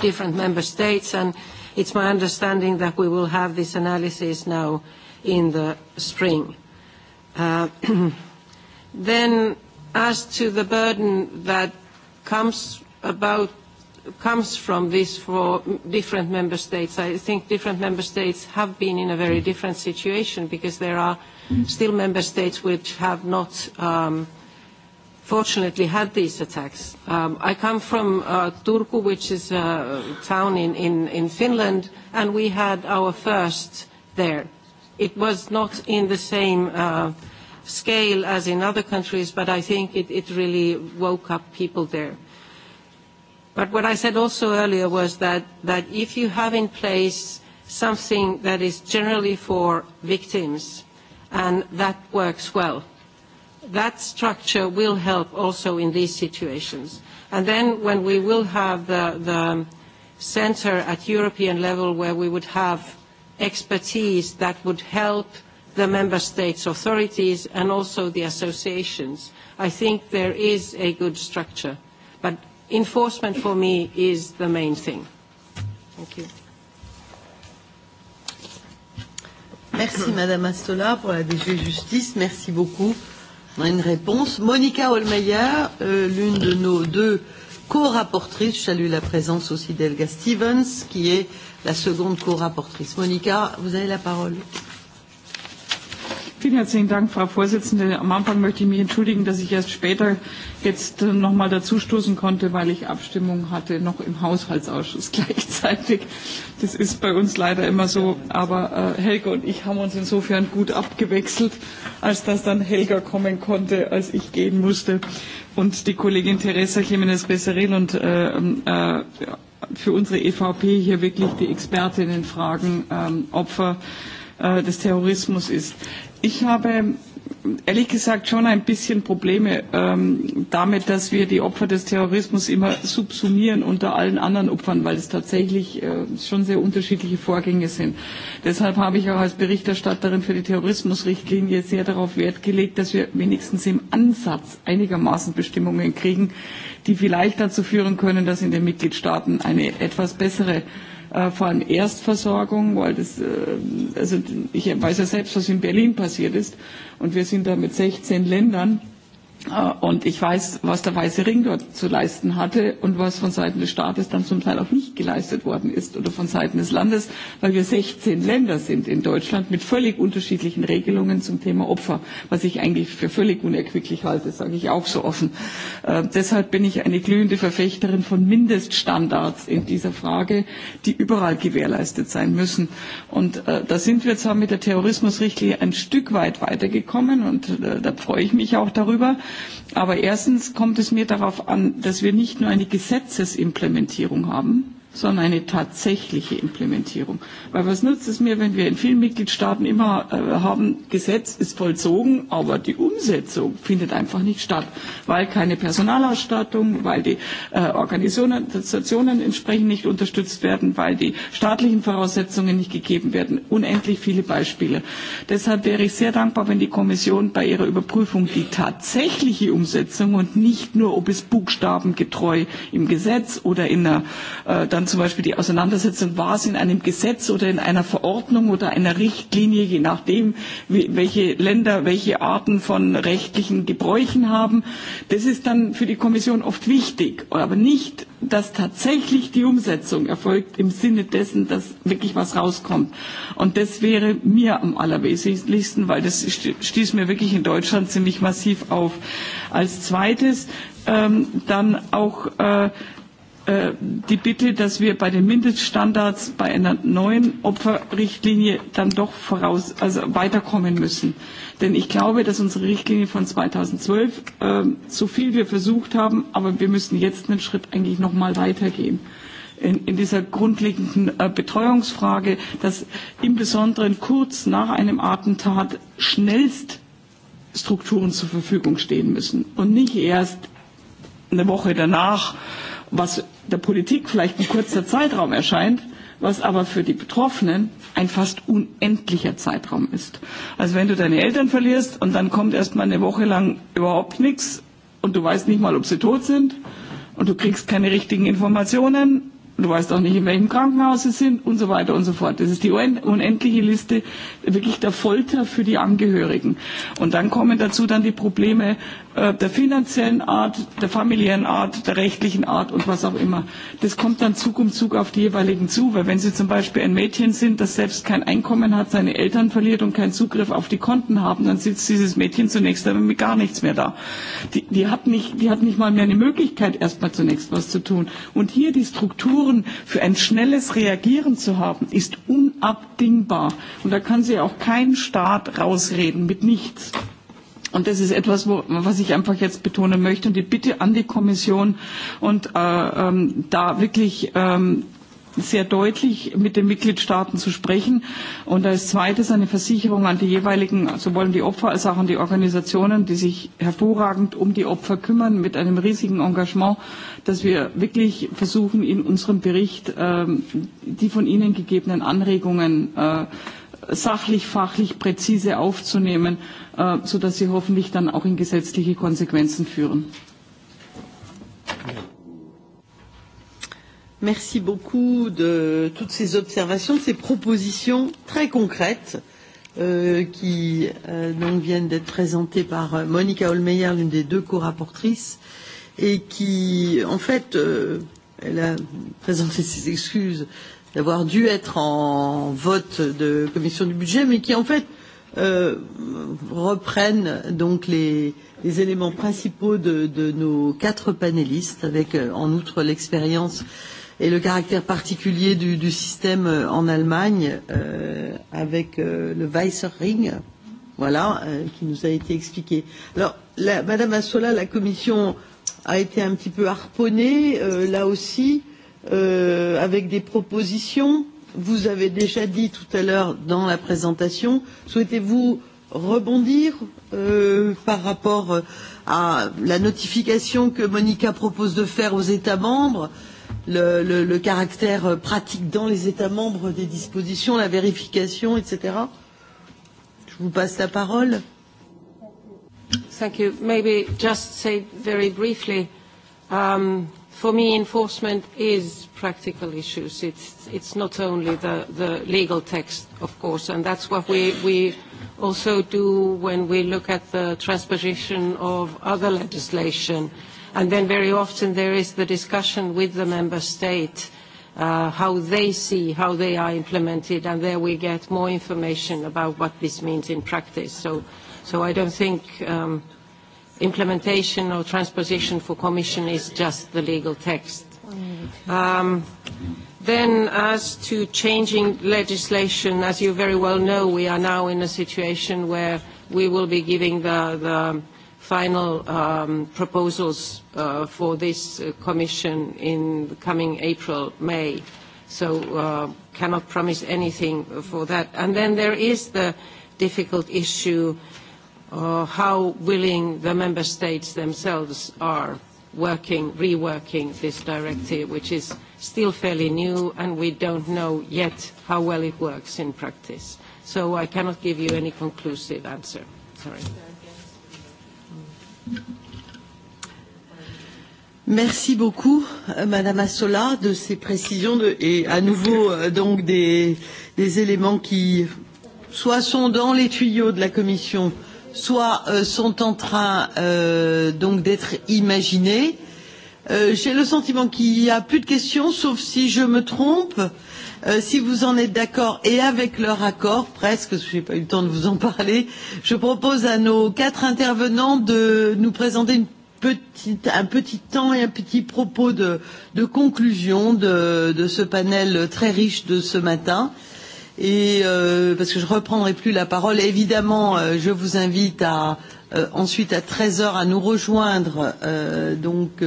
Speaker 10: different member states, and it's my understanding that we will have this analysis now in the spring. Then, as to the burden that comes about comes from this for different member states. I think different member states have been in a very different situation because there are still member states which have not fortunately had these attacks. I come from Turku, which is a town in Finland, and we had our first there. It was not in the same scale as in other countries, but I think it really woke up people there. But what I said also earlier was that if you have in place something that is generally for victims and that works well, that structure will help also in these situations. And then when we will have the center at European level where we would have expertise that would help the member states' authorities and also the associations, I think there is a good structure. But enforcement for me is the main thing. Thank you.
Speaker 1: Merci Madame Astola pour la DG Justice. Merci beaucoup. On a une réponse. Monica Holmeyer, l'une de nos deux co-rapportrices, je salue la présence aussi d'Elga Stevens, qui est la seconde co-rapportrice. Monica, vous avez la parole. Vielen
Speaker 9: herzlichen Dank, Frau Vorsitzende. Am Anfang möchte ich mich entschuldigen, dass ich erst später jetzt noch mal dazustoßen konnte, weil ich Abstimmung hatte, noch im Haushaltsausschuss gleichzeitig. Das ist bei uns leider immer so. Aber Helga und ich haben uns insofern gut abgewechselt, als dass dann Helga kommen konnte, als ich gehen musste. Und die Kollegin Teresa Jiménez besseril und für unsere EVP hier wirklich die Expertin in Fragen Opfer des Terrorismus ist. Ich habe ehrlich gesagt schon ein bisschen Probleme damit, dass wir die Opfer des Terrorismus immer subsumieren unter allen anderen Opfern, weil es tatsächlich schon sehr unterschiedliche Vorgänge sind. Deshalb habe ich auch als Berichterstatterin für die Terrorismusrichtlinie sehr darauf Wert gelegt, dass wir wenigstens im Ansatz einigermaßen Bestimmungen kriegen, die vielleicht dazu führen können, dass in den Mitgliedstaaten eine etwas bessere vor allem Erstversorgung, weil das, also ich weiß ja selbst, was in Berlin passiert ist, und wir sind da mit 16 Ländern Und ich weiß, was der Weiße Ring dort zu leisten hatte und was von Seiten des Staates dann zum Teil auch nicht geleistet worden ist oder von Seiten des Landes, weil wir 16 Länder sind in Deutschland mit völlig unterschiedlichen Regelungen zum Thema Opfer, was ich eigentlich für völlig unerquicklich halte, sage ich auch so offen. Deshalb bin ich eine glühende Verfechterin von Mindeststandards in dieser Frage, die überall gewährleistet sein müssen. Und da sind wir zwar mit der Terrorismusrichtlinie ein Stück weit weitergekommen und da freue ich mich auch darüber, Aber erstens kommt es mir darauf an, dass wir nicht nur eine Gesetzesimplementierung haben, sondern eine tatsächliche Implementierung. Weil was nutzt es mir, wenn wir in vielen Mitgliedstaaten immer haben, Gesetz ist vollzogen, aber die Umsetzung findet einfach nicht statt, weil keine Personalausstattung, weil die Organisationen entsprechend nicht unterstützt werden, weil die staatlichen Voraussetzungen nicht gegeben werden. Unendlich viele Beispiele. Deshalb wäre ich sehr dankbar, wenn die Kommission bei ihrer Überprüfung die tatsächliche Umsetzung und nicht nur, ob es buchstabengetreu im Gesetz oder in der dann zum Beispiel die Auseinandersetzung war es in einem Gesetz oder in einer Verordnung oder einer Richtlinie, je nachdem, welche Länder welche Arten von rechtlichen Gebräuchen haben. Das ist dann für die Kommission oft wichtig, aber nicht, dass tatsächlich die Umsetzung erfolgt im Sinne dessen, dass wirklich was rauskommt. Und das wäre mir am allerwesentlichsten, weil das stieß mir wirklich in Deutschland ziemlich massiv auf. Als zweites dann auch die Bitte, dass wir bei den Mindeststandards bei einer neuen Opferrichtlinie dann doch weiterkommen müssen. Denn ich glaube, dass unsere Richtlinie von 2012 so viel wir versucht haben, aber wir müssen jetzt einen Schritt eigentlich noch mal weitergehen in dieser grundlegenden Betreuungsfrage, dass im Besonderen kurz nach einem Attentat schnellst Strukturen zur Verfügung stehen müssen und nicht erst eine Woche danach was der Politik vielleicht ein kurzer Zeitraum erscheint, was aber für die Betroffenen ein fast unendlicher Zeitraum ist. Also wenn du deine Eltern verlierst und dann kommt erst eine Woche lang überhaupt nichts und du weißt nicht mal, ob sie tot sind und du kriegst keine richtigen Informationen, du weißt auch nicht, in welchem Krankenhaus sie sind und so weiter und so fort. Das ist die unendliche Liste wirklich der Folter für die Angehörigen. Und dann kommen dazu dann die Probleme der finanziellen Art, der familiären Art, der rechtlichen Art und was auch immer. Das kommt dann Zug um Zug auf die jeweiligen zu, weil wenn Sie zum Beispiel ein Mädchen sind, das selbst kein Einkommen hat, seine Eltern verliert und keinen Zugriff auf die Konten haben, dann sitzt dieses Mädchen zunächst einmal mit gar nichts mehr da. Die hat nicht mal mehr eine Möglichkeit, erst mal zunächst was zu tun. Und hier die Strukturen für ein schnelles Reagieren zu haben, ist unabdingbar. Und da kann sich auch kein Staat rausreden mit nichts. Und das ist etwas, was ich einfach jetzt betonen möchte und die Bitte an die Kommission und da wirklich sehr deutlich mit den Mitgliedstaaten zu sprechen. Und als zweites eine Versicherung an die jeweiligen, sowohl an die Opfer als auch an die Organisationen, die sich hervorragend um die Opfer kümmern, mit einem riesigen Engagement, dass wir wirklich versuchen, in unserem Bericht die von Ihnen gegebenen Anregungen sachlich, fachlich, präzise aufzunehmen, sodass sie hoffentlich dann auch in gesetzliche Konsequenzen führen.
Speaker 1: Merci beaucoup de toutes ces observations, de ces propositions très concrètes qui donc viennent d'être présentées par Monica Holmeyer, l'une des deux co-rapportrices, et qui, en fait, elle a présenté ses excuses d'avoir dû être en vote de commission du budget, mais qui en fait reprennent donc les éléments principaux de nos quatre panélistes, avec en outre l'expérience et le caractère particulier du système en Allemagne, avec le Weissering, voilà, qui nous a été expliqué. Alors, Madame Assola, la Commission a été un petit peu harponnée, là aussi avec des propositions. Vous avez déjà dit tout à l'heure dans la présentation. Souhaitez-vous rebondir par rapport à la notification que Monica propose de faire aux États membres, le caractère pratique dans les États membres des dispositions, la vérification, etc. Je vous passe la parole. Thank you. Maybe just say very briefly.
Speaker 10: Um, For me, enforcement is practical issues. It's not only the legal text, of course, and that's what we also do when we look at the transposition of other legislation. And then very often there is the discussion with the member state, how they see, how they are implemented, and there we get more information about what this means in practice. So I don't think implementation or transposition for Commission is just the legal text. Then as to changing legislation, as you very well know, we are now in a situation where we will be giving the final proposals for this Commission in the coming April, May. So cannot promise anything for that. And then there is the difficult issue how willing the member states themselves are working, reworking this directive, which is still fairly new and we don't know yet how well it works in practice. So I cannot give you any conclusive answer.
Speaker 1: Sorry. Merci beaucoup, Madame Assola, de ces précisions et à nouveau donc des éléments qui soit sont dans les tuyaux de la Commission soit sont en train donc d'être imaginés. J'ai le sentiment qu'il n'y a plus de questions, sauf si je me trompe, si vous en êtes d'accord et avec leur accord presque, je n'ai pas eu le temps de vous en parler, je propose à nos quatre intervenants de nous présenter une un petit temps et un petit propos de conclusion de ce panel très riche de ce matin et parce que je ne reprendrai plus la parole. Évidemment, je vous invite à ensuite à 13h à nous rejoindre donc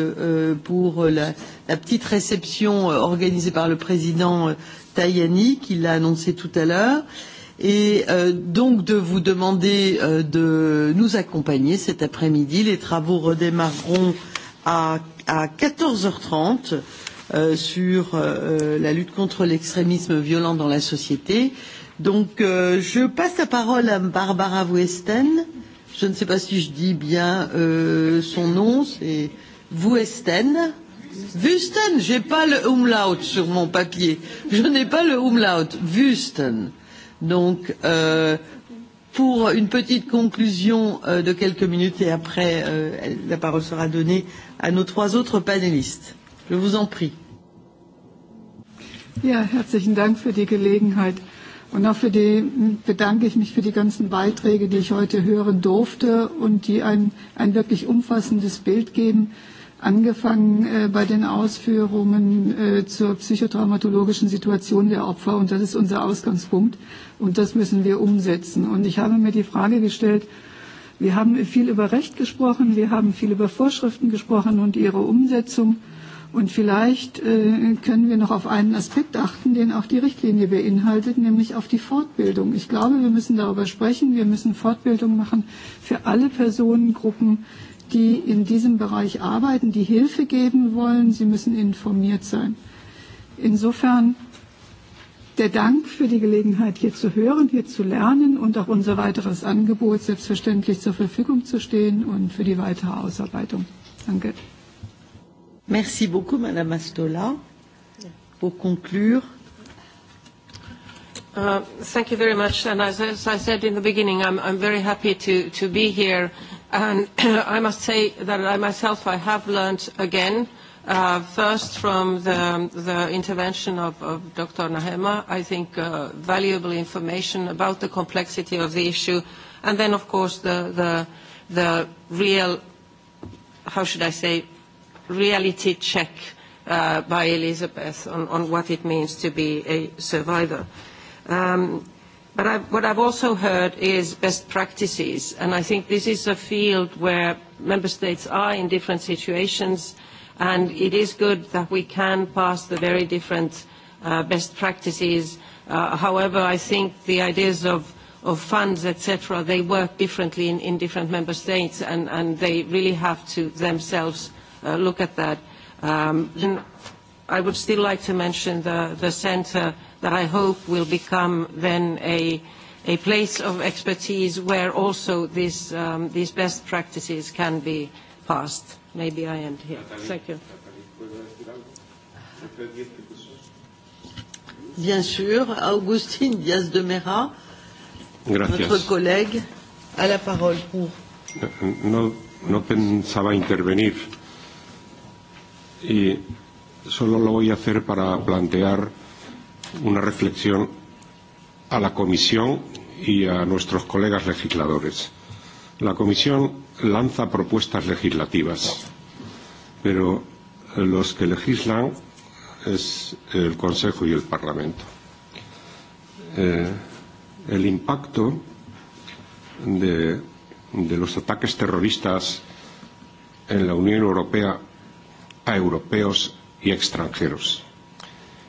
Speaker 1: pour la petite réception organisée par le président Tajani qui l'a annoncé tout à l'heure et donc de vous demander de nous accompagner cet après-midi. Les travaux redémarreront à 14h30 sur la lutte contre l'extrémisme violent dans la société. Donc, je passe la parole à Barbara Wuesten. Je ne sais pas si je dis bien son nom, c'est Wuesten. je j'ai pas le umlaut sur mon papier. Je n'ai pas le umlaut. Wusten. Donc, pour une petite conclusion de quelques minutes et après, la parole sera donnée à nos trois autres panélistes. Je vous en prie.
Speaker 13: Ja, herzlichen Dank für die Gelegenheit. Und auch für die bedanke ich mich für die ganzen Beiträge, die ich heute hören durfte und die ein, ein wirklich umfassendes Bild geben, angefangen bei den Ausführungen zur psychotraumatologischen Situation der Opfer. Und das ist unser Ausgangspunkt. Und das müssen wir umsetzen. Und ich habe mir die Frage gestellt, wir haben viel über Recht gesprochen, wir haben viel über Vorschriften gesprochen und ihre Umsetzung. Und vielleicht können wir noch auf einen Aspekt achten, den auch die Richtlinie beinhaltet, nämlich auf die Fortbildung. Ich glaube, wir müssen darüber sprechen. Wir müssen Fortbildung machen für alle Personengruppen, die in diesem Bereich arbeiten, die Hilfe geben wollen. Sie müssen informiert sein. Insofern der Dank für die Gelegenheit, hier zu hören, hier zu lernen und auch unser weiteres Angebot selbstverständlich zur Verfügung zu stehen und für die weitere Ausarbeitung. Danke.
Speaker 1: Merci beaucoup, Madame Astola. Pour conclure.
Speaker 10: Thank you very much. And as I said in the beginning, I'm very happy to be here. And I must say that I myself, I have learned again, first from the intervention of Dr. Nahema, I think valuable information about the complexity of the issue. And then, of course, the the the real, how should I say, reality check by Elizabeth on what it means to be a survivor. But what I've also heard is best practices, and I think this is a field where member states are in different situations, and it is good that we can pass the very different best practices. However, I think the ideas of funds, etc., they work differently in different member states, and they really have to themselves look at that. I would still like to mention the center that I hope will become then a a place of expertise where also these best practices can be passed. Maybe I end here. Thank you.
Speaker 1: Bien sûr, Augustine Diaz de Mera, notre collègue, a la parole pour.
Speaker 16: No, no pensaba intervenir, y solo lo voy a hacer para plantear una reflexión a la Comisión y a nuestros colegas legisladores. La Comisión lanza propuestas legislativas, pero los que legislan es el Consejo y el Parlamento. El impacto de los ataques terroristas en la Unión Europea a europeos y extranjeros.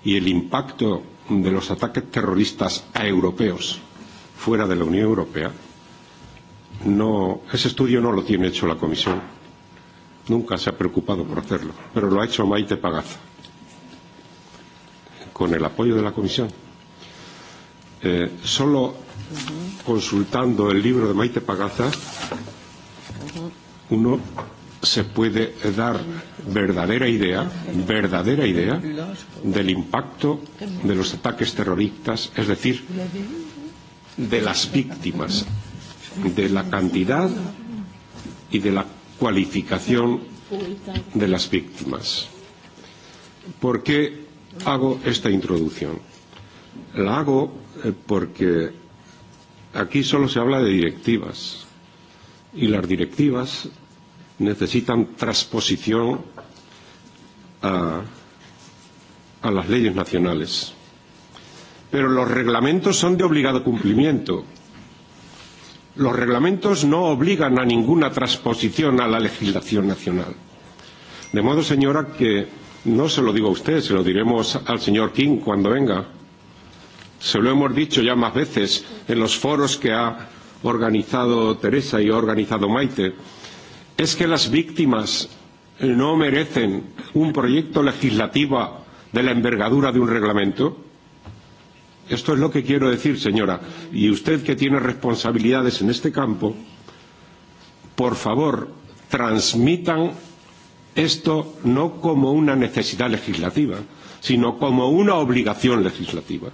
Speaker 16: Y el impacto de los ataques terroristas a europeos fuera de la Unión Europea, no, ese estudio no lo tiene hecho la Comisión. Nunca se ha preocupado por hacerlo, pero lo ha hecho Maite Pagaza, con el apoyo de la Comisión. solo consultando el libro de Maite Pagaza, uno se puede dar verdadera idea, verdadera idea del impacto de los ataques terroristas, es decir, de las víctimas, de la cantidad y de la cualificación de las víctimas. ¿Por qué hago esta introducción? La hago porque aquí solo se habla de directivas y las directivas necesitan transposición a, las leyes nacionales. Pero los reglamentos son de obligado cumplimiento. Los reglamentos no obligan a ninguna transposición a la legislación nacional. De modo, señora, que no se lo digo a usted, se lo diremos al señor King cuando venga. Se lo hemos dicho ya más veces en los foros que ha organizado Teresa y ha organizado Maite es que las víctimas no merecen un proyecto legislativo de la envergadura de un reglamento? Esto es lo que quiero decir, señora. Y usted que tiene responsabilidades en este campo, por favor, transmitan esto no como una necesidad legislativa, sino como una obligación legislativa.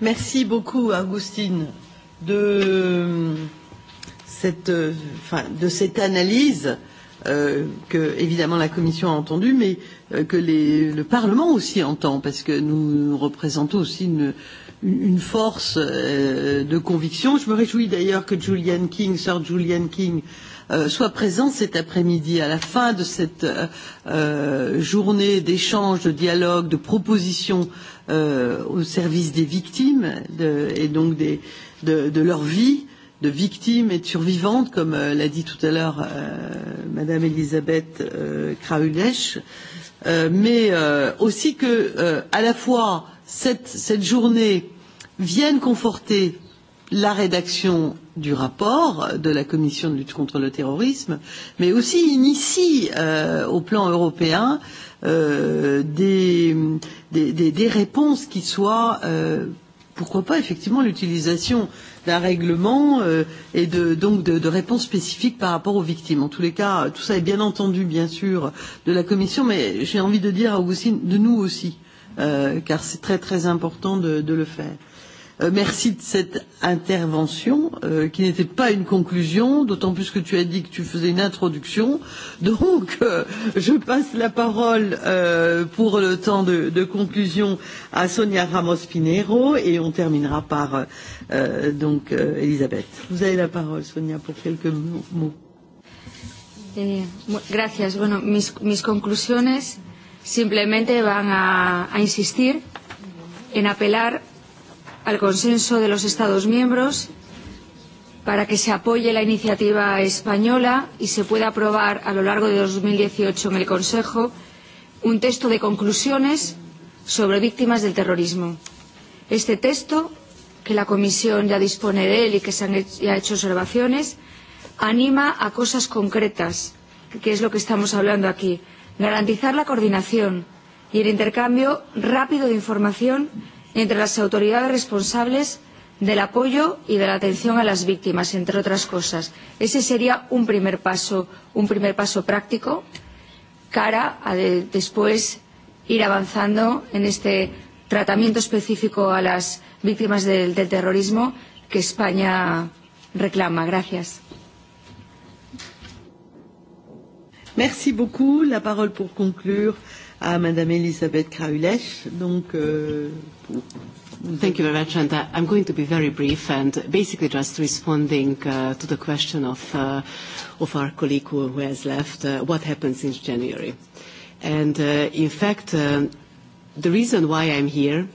Speaker 1: Merci de cette, enfin, de cette analyse que évidemment la Commission a entendue, mais que les, le Parlement aussi entend, parce que nous représentons aussi une, une force de conviction. Je me réjouis d'ailleurs que Julian King, Sir Julian King, soit présent cet après-midi à la fin de cette journée d'échange, de dialogue, de propositions au service des victimes et donc des de leur vie de victimes et de survivantes, comme l'a dit tout à l'heure Madame Elisabeth euh, mais aussi que, à la fois, cette journée vienne conforter la rédaction du rapport de la Commission de lutte contre le terrorisme, mais aussi initie au plan européen des réponses qui soient pourquoi pas effectivement l'utilisation d'un règlement et de, donc de, de réponses spécifiques par rapport aux victimes. En tous les cas, tout ça est bien entendu, bien sûr, de la Commission, mais j'ai envie de dire à Augustine, de nous aussi, car c'est très très important de, de le faire. Merci de cette intervention qui n'était pas une conclusion, d'autant plus que tu as dit que tu faisais une introduction. Donc, je passe la parole pour le temps de conclusion à Sonia ramos Pinero et on terminera par donc Elisabeth. Vous avez la parole, Sonia, pour quelques mots.
Speaker 11: Gracias. Bueno, mis a en apelar al consenso de los Estados miembros para que se apoye la iniciativa española y se pueda aprobar a lo largo de 2018 en el Consejo un texto de conclusiones sobre víctimas del terrorismo. Este texto, que la Comisión ya dispone de él y que se han hecho observaciones, anima a cosas concretas, que es lo que estamos hablando aquí. Garantizar la coordinación y el intercambio rápido de información entre las autoridades responsables del apoyo y de la atención a las víctimas, entre otras cosas. Ese sería un primer paso, un primer paso práctico cara a después ir avanzando en este tratamiento específico a las víctimas del terrorismo que España reclama. Gracias.
Speaker 1: Merci beaucoup. La parole pour conclure à Madame Elisabeth Kraulech. Donc, Thank you very much, and I'm going to be
Speaker 12: very brief and basically just responding to the question of of our colleague who has left. What happens in January? And in fact, the reason why I'm here,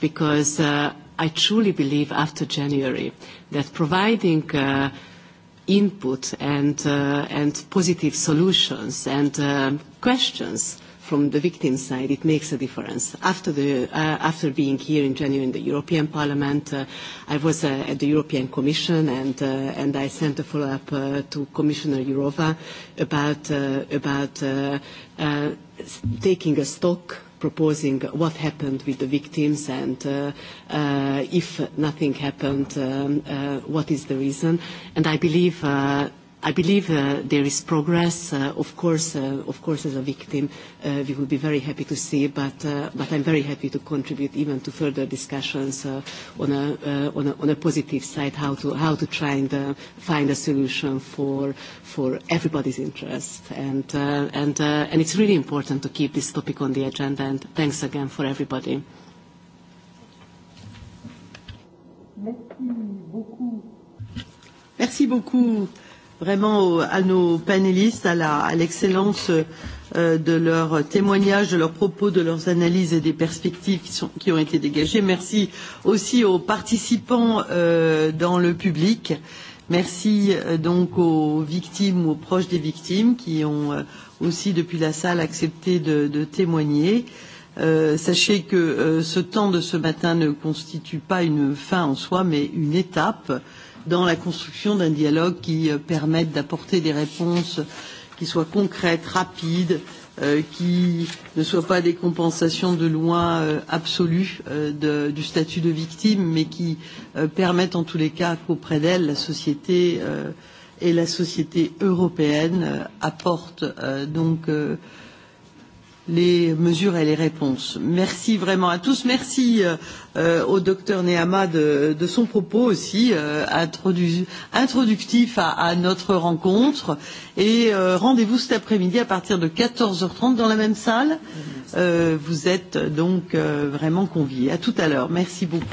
Speaker 12: because I truly believe after January that providing input and and positive solutions and questions from the victim side, it makes a difference. After the after being here in January in the European Parliament, I was at the European Commission and and I sent a follow-up to Commissioner Jourova about about taking a stock proposing what happened with the victims and if nothing happened, what is the reason. And I believe I believe there is progress. Of course, of course, as a victim, we will be very happy to see, but but I'm very happy to contribute even to further discussions on a on a positive side, how to how to try and find a solution for everybody's interest. And and and it's really important to keep this topic on the agenda. And thanks again for everybody.
Speaker 1: Merci beaucoup. Merci beaucoup vraiment à nos panélistes, à l'excellence de leurs témoignages, de leurs propos, de leurs analyses et des perspectives qui ont été dégagées. Merci aussi aux participants dans le public. Merci donc aux victimes, ou aux proches des victimes qui ont aussi depuis la salle accepté de témoigner. Sachez que ce temps de ce matin ne constitue pas une fin en soi, mais une étape dans la construction d'un dialogue qui permette d'apporter des réponses qui soient concrètes, rapides, qui ne soient pas des compensations de loin absolues du statut de victime, mais qui permettent en tous les cas qu'auprès d'elle, la société et la société européenne apportent donc les mesures et les réponses. Merci vraiment à tous. Merci au docteur Nehama de son propos aussi introductif à notre rencontre. Et rendez-vous cet après-midi à partir de 14h30 dans la même salle. Vous êtes donc vraiment conviés. À tout à l'heure. Merci beaucoup.